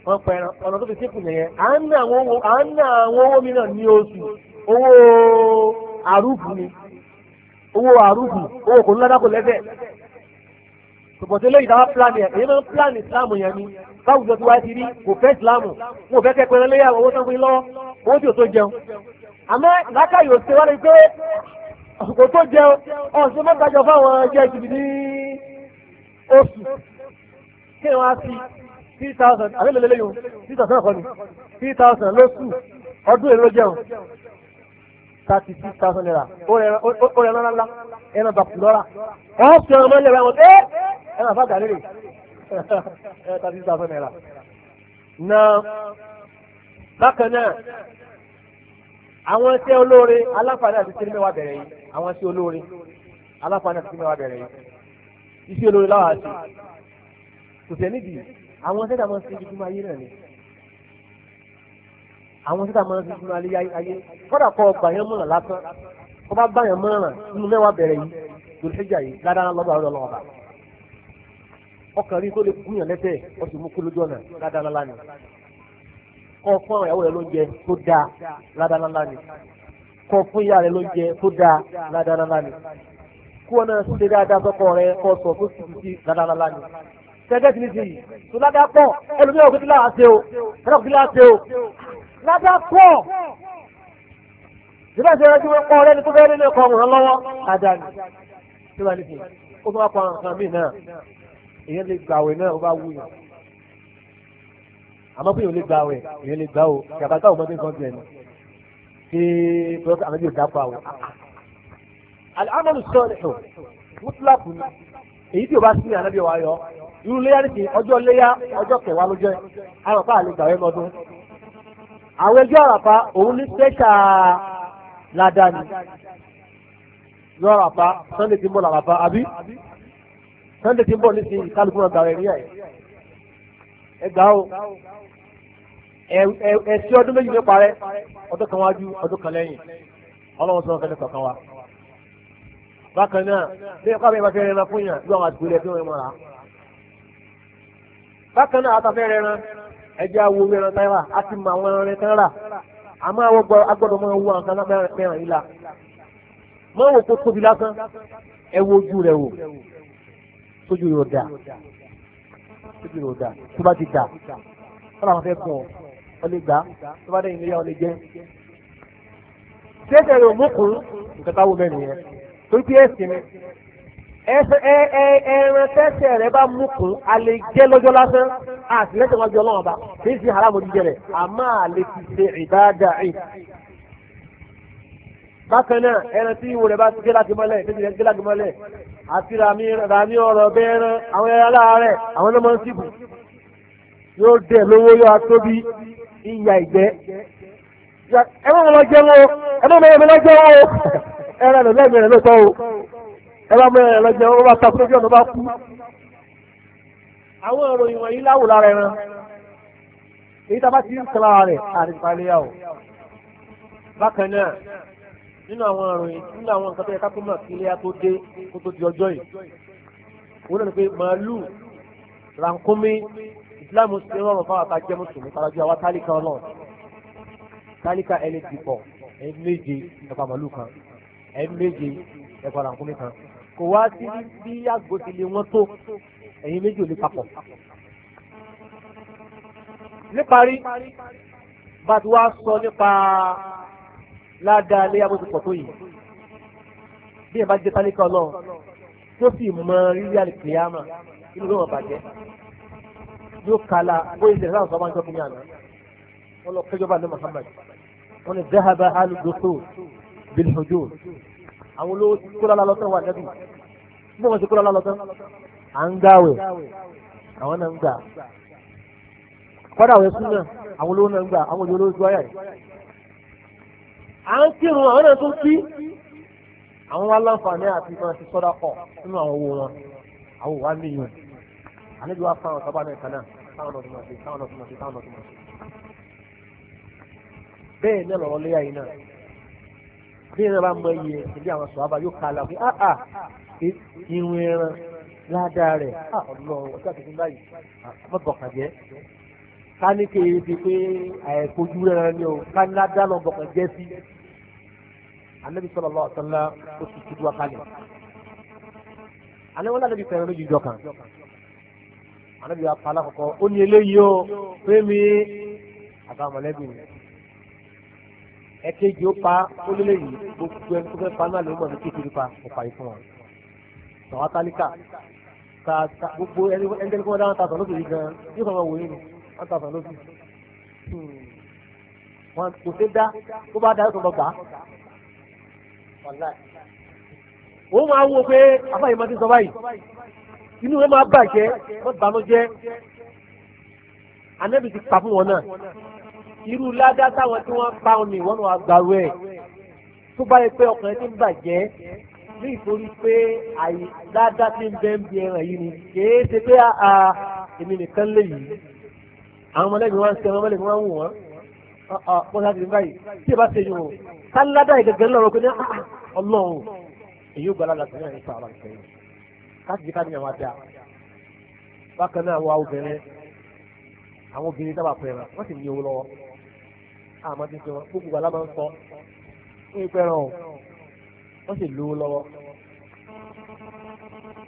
S1: wọ́n pẹ̀ ọ̀nà tó sínkù nìyẹn à ń ná àwọn owó ní oṣù owó ṣùgbọ́n tó lóyìn dáwà pílánì ẹ̀ èyí máa ń pílánì ìsìláàmù yẹn ni báwùjọ tí wáá ti rí kò fẹ́ ìsìláàmù wọn ò fẹ́ kẹ́kọ̀ọ́ lẹ́yà owó tó ń pín lọ́wọ́ owó tí ò tó jẹun àmọ́ lákàyè òṣèré wá lè pé kò tó jẹun ọ̀sẹ̀ mọ́tàjọ fáwọn ẹgbẹ́ ìsìnkú ní oṣù kí wọ́n á sí three thousand àbẹ́lẹ̀ lẹ́yìn three thousand kọ́ni three thousand lóṣù ọdún èlò jẹun thirty six thousand naira ó rẹ̀ rán rán rán ẹran bàkùlọ́ra wọ́n fi ọmọ ilẹ̀ wọn ẹ́ ẹran àfáàdà rere ẹ tàbí sáfẹ́ náírà. na bákan náà àwọn iṣẹ́ olóore aláǹfààní àti iṣẹ́ mẹ́wàá bẹ̀rẹ̀ yìí àwọn iṣẹ́ olóore aláǹfààní àti iṣẹ́ mẹ́wàá bẹ̀rẹ̀ yìí iṣẹ́ olóore láwàá ṣe kò tẹ̀ nídìí àwọn iṣẹ́ tàbí ṣe ojúmọ́ ayé náà ni àwọn iṣẹ́ tàbí ṣe ojúmọ́ ayé kọ́dà kọ́ ọgbà yẹn múnà lásán wọ́n bá báyàn mọ́ràn nínú mẹ́wàá bẹ̀rẹ̀ yìí lórí ṣẹ́jà yìí ládàá lọ́ba ọ̀rọ̀ lọ́wọ́ bá ọkàn rí tó lè gúnyàn lẹ́sẹ̀ ó sì mú kó lójú ọ̀nà ládàá ńlá ni kọ́ fún àwọn ìyàwó rẹ̀ lóúnjẹ tó da ládàá ńlá ni kọ́ fún ìyá rẹ̀ lóúnjẹ tó dáa ládàá ńlá ni kú ọ̀nà ṣe dáadáa sọ́kọ rẹ̀ kọ́ sọ tó sì fi ládàá ńlá ni tẹ́gẹ́ ti ní sí yìí nígbà tí tó nínú ẹ̀kọ́ lọ́wọ́ àdáni tí wọ́n ó pa nǹkan náà lè náà ó bá wù àmọ́ lè lè gbà ó yàtọ̀ táwọn ọmọdé kan ṣé pẹ̀lú yóò dápọ̀ sọ ni èyí tí o bá sí ní ànábì wa yọ irú léyà ọjọ́ léyà ọjọ́ kẹwàá ló jẹ́ mọ́dún àwọn ẹjọ́ àràpá òun ní ládàá ni yọ àràfà sunday ti ń bọ̀ làràfà àbí sunday ti ń bọ̀ nísìnyí kálukú náà gbàrẹ̀ níyà ẹ̀ ẹ gbà ó ẹ sí ọdún méjì ló parẹ́ ọdún kan wájú ọdún kan lẹ́yìn ọlọ́run sọ fẹ́ẹ́ kọ̀ọ̀kan wa bákan náà bí ẹ̀kọ́ àbẹ̀yẹ̀ bá fẹ́ rẹran fún yàn lọ́wọ́ àdúgbò rẹ̀ bí wọ́n mọ̀ra bákan náà àtàfẹ́ rẹran ẹjẹ́ awo rẹran táyà àti mọ ẹran rẹ àmọ́ àwọn agbọ́dọ̀ máa wo àǹkan mẹ́rin yìí la máa wò kó tóbi lásán ẹ wo ojú rẹ wò sójú rẹ ò dà sójú rẹ ò dà tó bá ti dà tó bá wọn fẹ́ gùn ọ ọ lè gbà tó bá dẹ́yìn léyà ọ lè jẹ́ ṣé ẹsẹ̀ rẹ ò mú kùn nǹkan táwọn mẹ́rin yẹn torí pé ẹ̀sìn mi. ẹran tẹ́sẹ̀ rẹ bá mú kún a lè jẹ́ lásán àti wọn jọ lọ́wọ́ bá kì í fi haramu jíjẹ a lè ṣe ìdáadáa ẹ̀. bákan náà ẹran tí ìwò rẹ̀ bá ti gélàgì mọ́lẹ̀ tẹ́sí àti rami rami ọ̀rọ̀ bẹ́ẹ̀rẹ̀ àwọn ẹran aláàárẹ̀ àwọn ọmọ ń yóò dẹ̀ lówó yóò atóbi ìyà ìgbẹ́. ẹ má lọ jẹun o ẹ má lọ jẹun o ẹ bá mọ ẹran jẹ wọn bá ta sójú ọ̀nà bá kú
S2: àwọn ìròyìn wọ̀nyí láwù lára ẹran
S1: èyí tá a bá ti ń kan lára rẹ̀ àdìpalẹ́yà o bákan náà nínú àwọn ìròyìn nínú àwọn nǹkan tó yẹ ká tó mọ̀ kí ilé tó dé kó tó di ọjọ́ yìí wọ́n náà ní pé màálù rànkúnmí ìsìláàmù ti ń rọrùn fáwọn àtàjẹ́ mùsùlùmí farajọ àwa tálíkà ọlọ́run tálíkà ẹni ti pọ̀ méje ẹ̀fà màálù kan ẹ̀ méje ẹ̀fà rànkúnmí kan kò wá sí bí àgbo ti lè wọ́n tó ẹ̀yin méjì ò lè papọ̀. níparí bá ti wá sọ nípa ládàá ilé abóṣepọ̀ tó yìí bí ẹ bá jẹ́ tálíkà ọlọ́run tó sì mọ rírì àlìkìyàmà inú ló wọn bàjẹ́ yóò kala bóyá ìṣẹ̀lẹ̀ sáà sọ́mọ́ ìjọba ní àná wọn lọ kẹjọba ní Muhammad wọn ni dahaba aludoko bilhujur àwọn olówó ti kó lọ́la lọ́tọ́ wà nẹ́bí bí wọ́n ti kó lọ́la lọ́tọ́ à ń gbàwẹ̀ àwọn náà ń gbà kọ́dà àwọn ẹ̀sùn náà àwọn olówó náà ń gbà àwọn olówó ju ayà yìí à ń kírun àwọn náà tún kí àwọn wa láǹfààní àti máa ti sọ́dá pọ̀ nínú àwọn owó wọn àwọn òwá níyàn àlejò wa fáwọn sábà náà kan náà táwọn ọdún máa ṣe táwọn ọdún máa ṣe táwọn ọdún máa ṣe bẹ́ẹ̀ náà lọ́rọ́ léyà yìí náà bí ẹran bá mọ iye ìdí àwọn sọ̀rọ̀ yóò ká la pé áà ah, ah, irun ẹran ládàá rẹ̀ ah, ọlọ́run ọjọ́ àti fúnbá yìí mọ̀bọ̀kàn jẹ́ ká ní kéye ti pé àìfojú rẹ̀ ni o ká ní ládàá lọ bọ̀kàn jẹ́ sí anabi sọlọ lọ ọsán lá ó sì ti dúwà kalẹ̀ anabi wọn lànàbi fẹ́ràn lójú ìjọ kan anabi wa pa alákọ̀ọ́kọ́ ó ní eléyìí o pé àtàwọn mọ̀lẹ́bí mi ẹ̀kejì ó pa ó lé lẹ́yìn gbogbo ẹni tó fẹ́ pa náà ló mọ̀ ní kékeré pa ọ̀pá yìí fún wa àwọn atálíkà ta gbogbo ẹni ẹni kí wọ́n dáhùn tàbí lóbìnrin gan yóò fọwọ́ wòye ni wọ́n tàbí lóbìnrin hmm. wọn kò sí dá tó bá dá yóò tó lọ gbà á ó máa wo pé afáyé máa ti sọ báyìí inú rẹ máa bàjẹ́ wọ́n banú jẹ́ anẹ́bí ti pa fún wọn náà irú ládá táwọn tí wọ́n pa omi ìwọ́n náà gbàrú ẹ̀ tó bá yẹ pé ọkùnrin ti ń bàjẹ́ ní ìtorí pé àyè ládá ti ń bẹ́ ń bi ẹran yìí ni kèé ṣe pé àà èmi nìkan lè yìí àwọn ọmọlẹ́bí wọn ń sẹ́ wọn ọmọlẹ́bí wọn ń wù wọ́n wọ́n sáré ní báyìí tí ẹ bá ṣe yòó ká ládá ìgẹ̀gẹ̀ lọ́rọ̀ pé ní ọlọ́run èyí ò gbà ládàá tó ní ìfà àwọn ìfẹ́ yìí káàkiri ká ní àwọn adá bákan náà wọ àwọn obìnrin àwọn obìnrin dábàá pẹ̀lú wọ́n sì ní owó lọ́wọ́ àmọ́ tuntun wọn gbogbo wa lábàá ń sọ fún ìfẹ́ràn o wọ́n sì lówó lọ́wọ́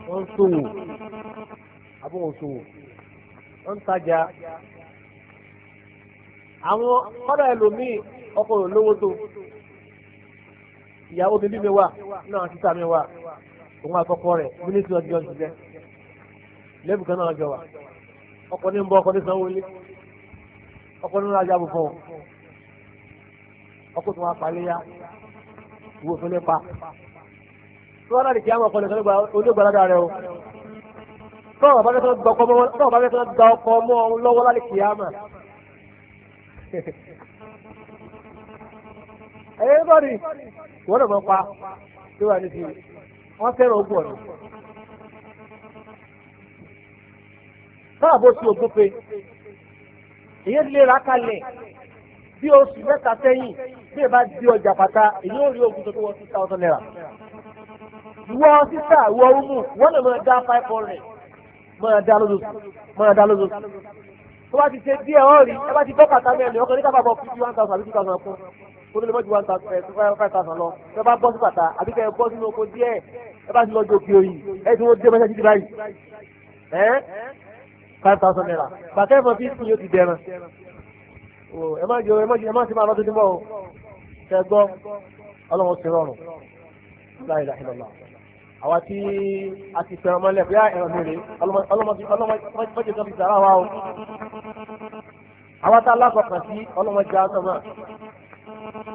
S1: wọ́n ń ṣòwò àbúrò ṣòwò wọ́n ń tajà àwọn kọ́dà ẹlòmíì ọkọ̀ rò lówó tó ìyàwó mi bí mi wà náà títà mi wà òun àkọ́kọ́ rẹ̀ mínísítì ọjọ́ ìṣiṣẹ́ lẹ́bùkẹ́ náà jọ wà
S2: ọkọ̀ ní ń bọ́ ọkọ̀ ní sanwó ilé
S1: ọkọ̀ ní ń rajà ọkọ̀ tó wá ya, wo fún nípa tó wá láti kí àwọn ọkọ̀ lẹ́sọ̀rọ̀ olóògbàládà rẹ o tọ́wọ́ bá fẹ́ tó gba ọkọ̀ mọ́ ọ lọ́wọ́ láti kí àmà
S2: *laughs* ẹ̀yẹ́ bọ́ọ̀dì wọ́n lọ́ mọ́ pa
S1: tó wà níbi wọ́n fẹ́ràn ogún ọ̀nà. Káàbọ̀ sí ogún pé, èyí lè ra kalẹ̀ bí oṣù mẹ́ta sẹ́yìn bí ẹ bá di ọjà pàtà èyí ò rí oògùn tó tó wọ two thousand naira. ìwọ sísá ìwọ umu wọn lè máa dá five hundred máa dá lóṣooṣù máa dá lóṣooṣù. tó bá ti ṣe díẹ̀ ọ́ rí ẹ bá ti bọ́ pàtà mẹ́rin ọkọ̀ ní káfà bọ̀ fifty one thousand àbí two thousand fún ó lè mọ́jú one thousand eh, five thousand lọ tó bá bọ́ sí pàtà àbí kẹ́ ẹ bọ́ sínú oko díẹ̀ ẹ bá ti lọ jòkè òyìn ẹ ti wọ́n dé mẹ́sàgì dí báyìí five thousand naira pàtẹ́ fún fífi yóò ti dẹran. ẹ má jẹ ti máa o ṣe gbọ́ ọlọ́run ti rọrùn láì láì àwa tí a ti fẹ́ràn mọ́lẹ̀ bí ẹ̀rọ mi rè ọlọ́mọdé tó fi sàrà wa o àwa tá a lákọ̀ọ́kàn sí ọlọ́mọdé àtọ́mọ́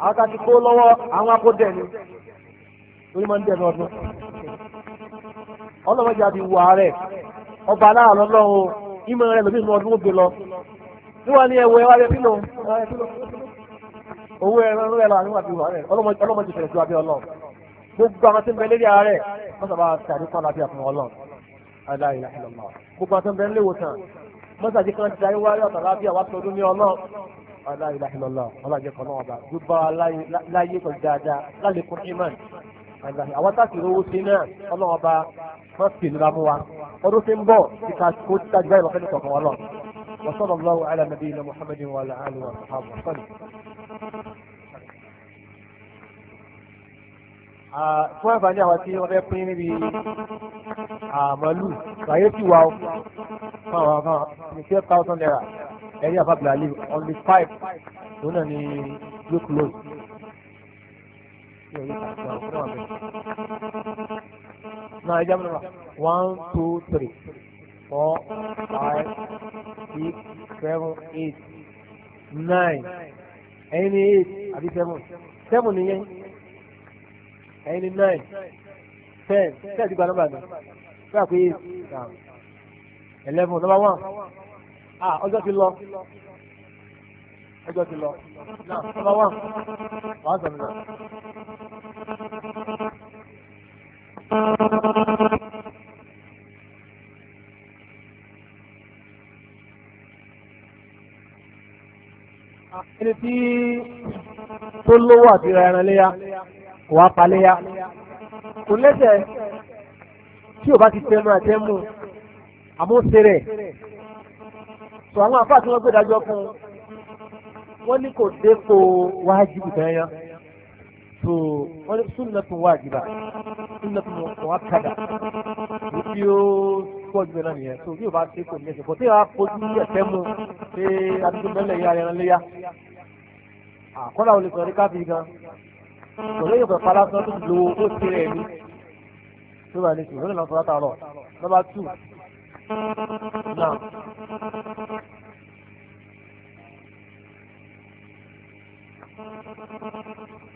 S2: àwọn tá a ti kó lọ́wọ́ àwọn akódẹ̀ ni
S1: orí máa ń dẹ̀nu ọdún
S2: ọlọ́mọdé àti wà rẹ̀ ọba aláàlọ́ lọ́wọ́ ìmọ̀ lọ. níwọ̀n ní ẹ̀wọ̀ ẹ̀wọ̀ abẹ́ pílò
S1: owó ẹ̀rọ ẹ̀rọ ẹ̀rọ àríwá bí wà rẹ̀ ọlọ́mọdé fẹ̀rẹ̀ ju abẹ́ ọlọ́run gbogbo àwọn tí ń bẹ lérí ara rẹ̀ wọ́n sábà tàbí kan lábẹ́ àfihàn ọlọ́run aláì lọ́mọ gbogbo àwọn tí ń bẹ nílé ìwòsàn mọ́sàdí kan ti darí wáyé ọ̀tà lábẹ́ àwọn àtọ́dún ní ọlọ́run aláì lọ́mọ ọlọ́jẹ́ kan náà bá gbogbo aláyé kan dáadáa lálẹ́kùn iman àwọn táàkì owó وصلى الله على نبينا محمد وعلى آله وصحبه وسلم fún àǹfààní àwọn tí wọ́n fẹ́ pín níbi àmọ́lù ṣàyé tí wà fún àwọn afán ní twelve thousand naira ẹ̀rí àfàbìlà lè only five òun náà ni yóò close.
S2: náà ẹ jẹ́ mi lọ́wọ́
S1: one two three four five six seven eight nine ẹ̀yin ni eight àbí seven seven nìyẹn ẹ̀yin ni nine
S2: ten ten ti gba nọ́mbà mi fẹ́ àpé eight
S1: eleven number one ah ọjọ́ ti lọ ọjọ́ ti lọ náà number one wàá sọ̀rọ̀ náà.
S2: ẹni tí tó lówó àti ra ẹran léyà kò wá pa léyà kò lẹ́sẹ̀
S1: tí ò bá ti tẹnu àtẹ́mú àmúṣe rẹ̀ sọ àwọn àfáà tí wọ́n gbé dájọ́ fún wọ́n ní kò dépò wájibù tẹ́yà so wọ́n ní sunnatun wajiba sunnatun muakkada tí ó pọ̀ jù náà nìyẹn tó bí o bá ṣe kò ní ẹsẹ̀ pọ̀ tí a fojú ẹ̀fẹ́ mu ṣe adigun mẹ́lẹ̀ ya ẹran léyà àkọ́lá olè sọ̀rọ̀ ká fi gan
S2: kòló yóò fẹ́ padà sọ́ọ́ tó ti lo owó
S1: ti rẹ̀ mi tó bá lè sùn lónìí lọ́sọ̀rọ̀ àtàrọ̀
S2: nọ́mbà tù náà. Thank you.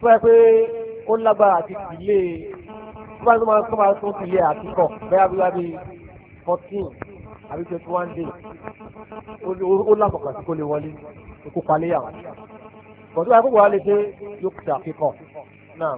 S1: tó yẹ pé ó lágbára àti tìlé tó bá tó máa tó máa tó tìlé àtìkọ̀ bẹ́ẹ̀ bí wá bí fourteen àbí twenty one day ó lápapọ̀ àti kó lè wọlé kó kópa léyàwó.
S2: bọ̀dọ̀ àkókò wa lè ṣe yóò ṣàfikọ̀ náà.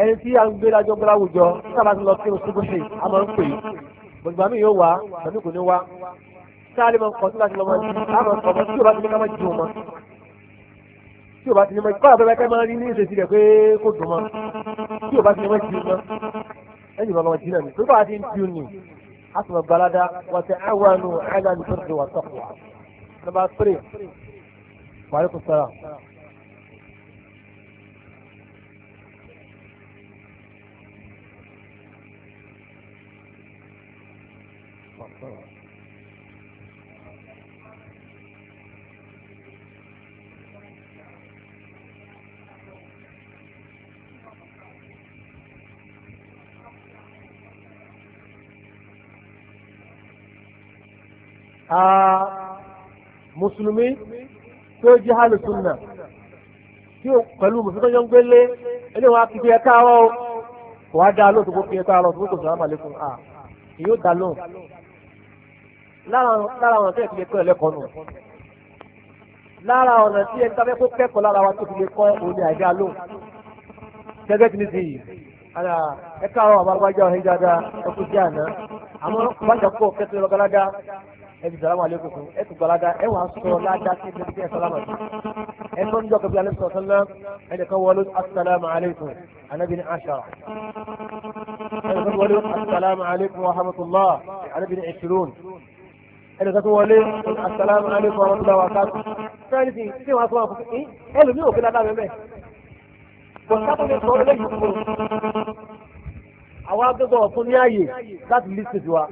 S1: ẹni tí a ń gbé lájọ́ gbé láwùjọ sábà ti lọ kí oṣù bó ṣe a máa ń pè é gbogbo àmì yóò wá tàbí kò ní wá sáà lè máa ń kọ́ tí láti lọ́mọ ní àmọ́ ọmọ tí ò bá ti ní ká má jí wọn mọ́ tí ò bá ti ní mọ́ kọ́lá bẹ́ẹ̀ kẹ́ máa rí ní ìṣesí rẹ̀ pé kò dùn mọ́ tí ò bá ti ní mọ́ jí mọ́ ẹ̀yìn lọ́mọ jí náà ni tó bá ti ń tún ni a sì balada wà sọ́kùn. Number three, wàlúkù mùsùlùmí tí ó jẹ́ hàlùsùnà tí ó pẹ̀lú mùsùlùmí tó yọ ń gbélé ẹni wọn kí ẹ káàárọ̀ o kò wá dá lóòótọ́ kó kí ẹ káàárọ̀ tó kò sàlámà lẹ́kùn à kì yóò dá lóhùn lára àwọn tí ẹ ti lè kọ́ ẹlẹ́kọ̀ọ́ nù lára ọ̀nà tí ẹ ń tafẹ́ kó kẹ́kọ̀ọ́ lára wa tó fi lè kọ́ òun ní àìdá lóhùn gẹ́gẹ́ ti ní sí yìí ara ẹ káàárọ̀ àbábájá ọ̀hìn dáadáa ọkùnrin àná
S2: àmọ́ bájà
S1: pọ̀ kẹ́tọ́ ẹ ti sàlámù alẹ́kùn fún ẹ ti gbalaga ẹ wà sọ ládàá sí ibi tí ẹ sàlámù sí ẹ tó ń jọ kẹbi alẹ́ sọ̀tún náà ẹnì kan wọlé asàlámù alẹ́kùn anabi ni aṣara ẹnì kan wọlé asàlámù alẹ́kùn wa rahmatullah anabi ni ìṣirún ẹnì kan tó wọlé asàlámù alẹ́kùn wa rahmatullah wa kàtó fẹ́ẹ́lì sí tí wọ́n fún un ẹ lómi òfin ládàá mẹ́mẹ́ àwọn agbẹ́gbẹ́ ọ̀fun ní ààyè láti lè ṣèjọ́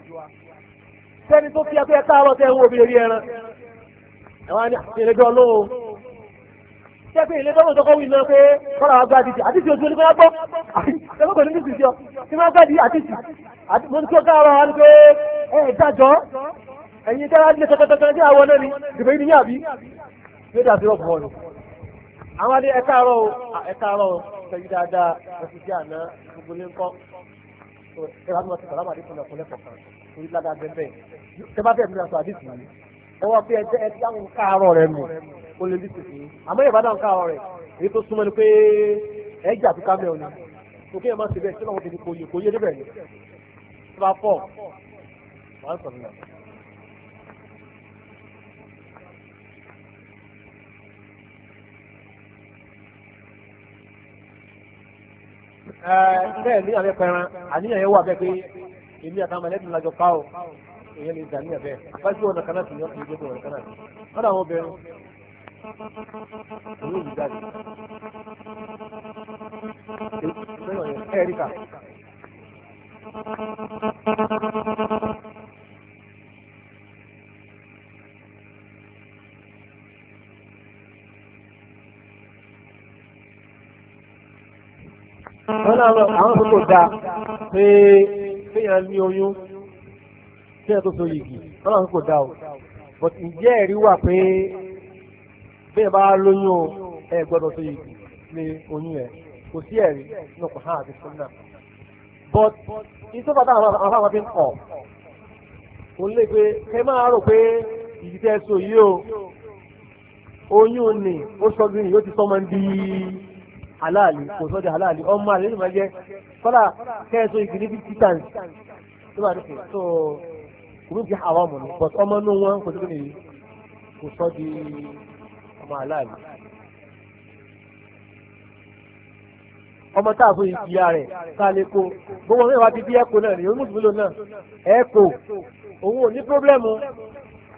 S1: sẹ́ni tó fi ẹgbẹ́ káàárọ̀ tẹ́ ń wo obìnrin rí ẹran ẹ̀wọ̀n ni ìrẹ́jọ́ ọlọ́run jẹ́ pé ilé tọ́wọ́ tọ́kọ́ wí náà pé kọ́ra wa gbá dìtì àti ti ojú oníkọ́yà gbọ́ ẹgbẹ́ kò ní ní ìsìnkú tí wọ́n gbá di àti ti mo ní kí ó káàárọ̀ wa ni pé ẹ dájọ́ ẹ̀yin dára ní tọ́tọ́tọ́tọ́ ní àwọn náà ni ìbẹ̀ yìí ni yàbí tẹ bá fẹ́ fi aṣọ àdìsí yìí ẹ wá pé ẹjẹ àwọn káàárọ̀ rẹ nù ó lè ní sèké àmọ́ èyí tó súnmọ́ ni pé àti òkè yẹn máa ṣe bẹ́ẹ̀ ti kò yé kò yé débẹ̀ ni èèyàn lè dà ní ẹ̀fẹ́ àkájú ọ̀nà kan láti yàn kìí ọ̀nà kan láti kọ́dà àwọn obìnrin òun yóò jáde
S2: lẹ́yìn ọ̀yẹ́ ẹ̀ríkà
S1: wọ́n náà àwọn tó kò dáa pé kéèyàn ní oyún kí ẹ tó so yìgì ọlọ́run kò dá o but ǹjẹ́ ẹ̀rí wà pé bẹ́ẹ̀ bá lóyún o ẹ gbọ́dọ̀ so yìgì ní oyún ẹ̀ kò sí ẹ̀rí ní ọkọ̀ hàn àti sunna but ìtọ́ba táwọn afáwọn fi ń kọ̀ òun lè pé kẹ́ máa rò pé ìdí tẹ́ so yìí o oyún ni ó sọ bí yóò ti sọ máa ń kò sọ di aláàlì ọmọ àlè ló máa jẹ kọ́lá kẹ́ẹ̀sọ ìgbìlẹ̀ fifty times kùrú kì í haram ni but ọmọ inú wọn kò tó nìyí kò sọ di ọmọ aláàbí. ọmọ tá a fún ìyá rẹ̀ tá a lè kó gbogbo ọmọ ìwà ti bí ẹ̀kọ́ náà nìyí onímùsùlùmí lò náà ẹ̀kọ́ òun ò ní pírọ́blẹ́mù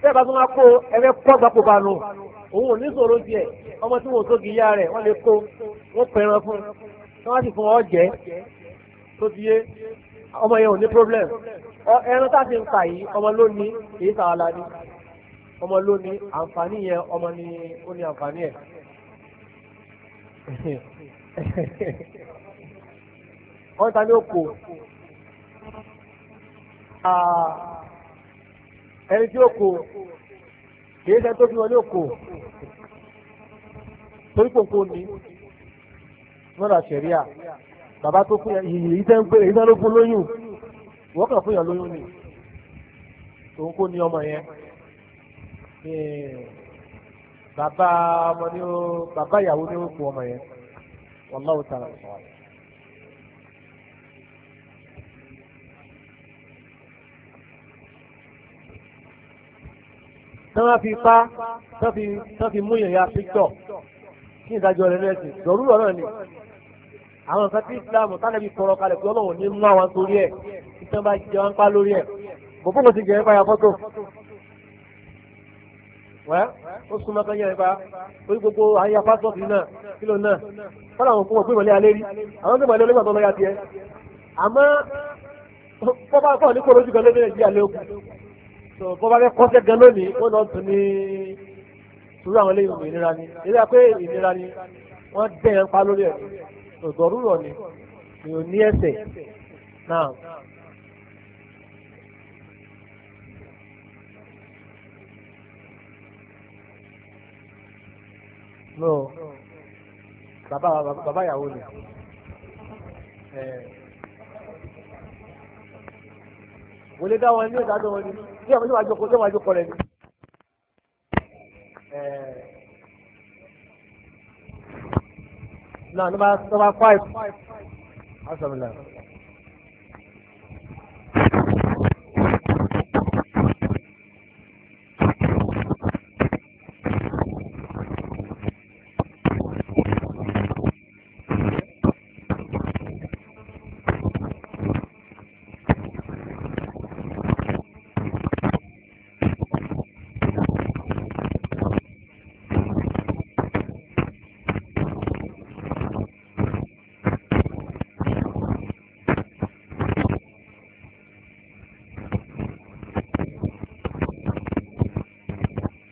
S1: tẹ́ẹ̀ bá tún wá kó ẹgbẹ́ pọ́gbàpọ̀ bá nù òun ò ní sọ̀rọ̀ díẹ̀ ọmọ tí wọn ò sógi ìyá rẹ̀ wọ́n lè kó wọ́n pẹran fún wọ́n sì fún ọ jẹ́ tó ti yé ọmọ yẹn ò ní pírọ́blẹ́mù ẹran tá a ti ń ta yìí ọmọ èyí tàwa la ní ọmọ lónìí àǹfààní yẹn ọmọ ni ó ní àǹfààní *laughs* wọ́n ta ní òkò ẹni tí òkò kì í ṣe tó fi wọn ní òkò torí kò kò ní lọ́dà ṣẹ̀ríà bàbá tó fún yìí ìtẹ́ ń pè é ló wọ́n kàn fún yàn lóyún ni òun kò ní ọmọ yẹn bàbá ọmọ ni ó bàbá ìyàwó ni ó kú ọmọ yẹn wallahu ta'ala sọ̀rọ̀. tán wá fi pa tán fi mú yẹn ya píktọ̀ kí ìdájọ́ rẹ̀ lẹ́sìn lọ́rùrọ̀ náà ni àwọn nǹkan tí islam tánàbí sọ̀rọ̀ kalẹ̀ pé ọlọ́run ní mú àwọn torí ẹ̀ ìtàn bá jẹ wọn pa lórí ẹ̀
S2: bòbó kò ti jẹ nípa ya fọ́tò
S1: wẹ́ ó súnmọ́ kan yẹ nípa orí gbogbo àwọn ya pásọ̀tì náà kílò náà fọ́nà àwọn òkúmọ̀ pé ìmọ̀lẹ́ alẹ́ rí àwọn tó ìmọ̀lẹ́ olóògbà tó lọ́ya tiẹ̀ àmọ́ bọ́bá kọ́ ní kórojú gan lóde nàìjíríà lé ogun tó bọ́bá fẹ́ kọ́sẹ́ gan lónìí ó lọ tún ní sùúrù àwọn ilé ìnira ni
S2: ilé òdòrúrọ̀ ni mi ò ní ẹsẹ̀ náà.
S1: no bàbá bàbá ìyàwó ni.
S2: mo lè dá wọn ní ìdájọ́ wọn ni bí àwọn ìjọba
S1: àjọkọ rẹ̀ ni. náà ní bá tó bá five.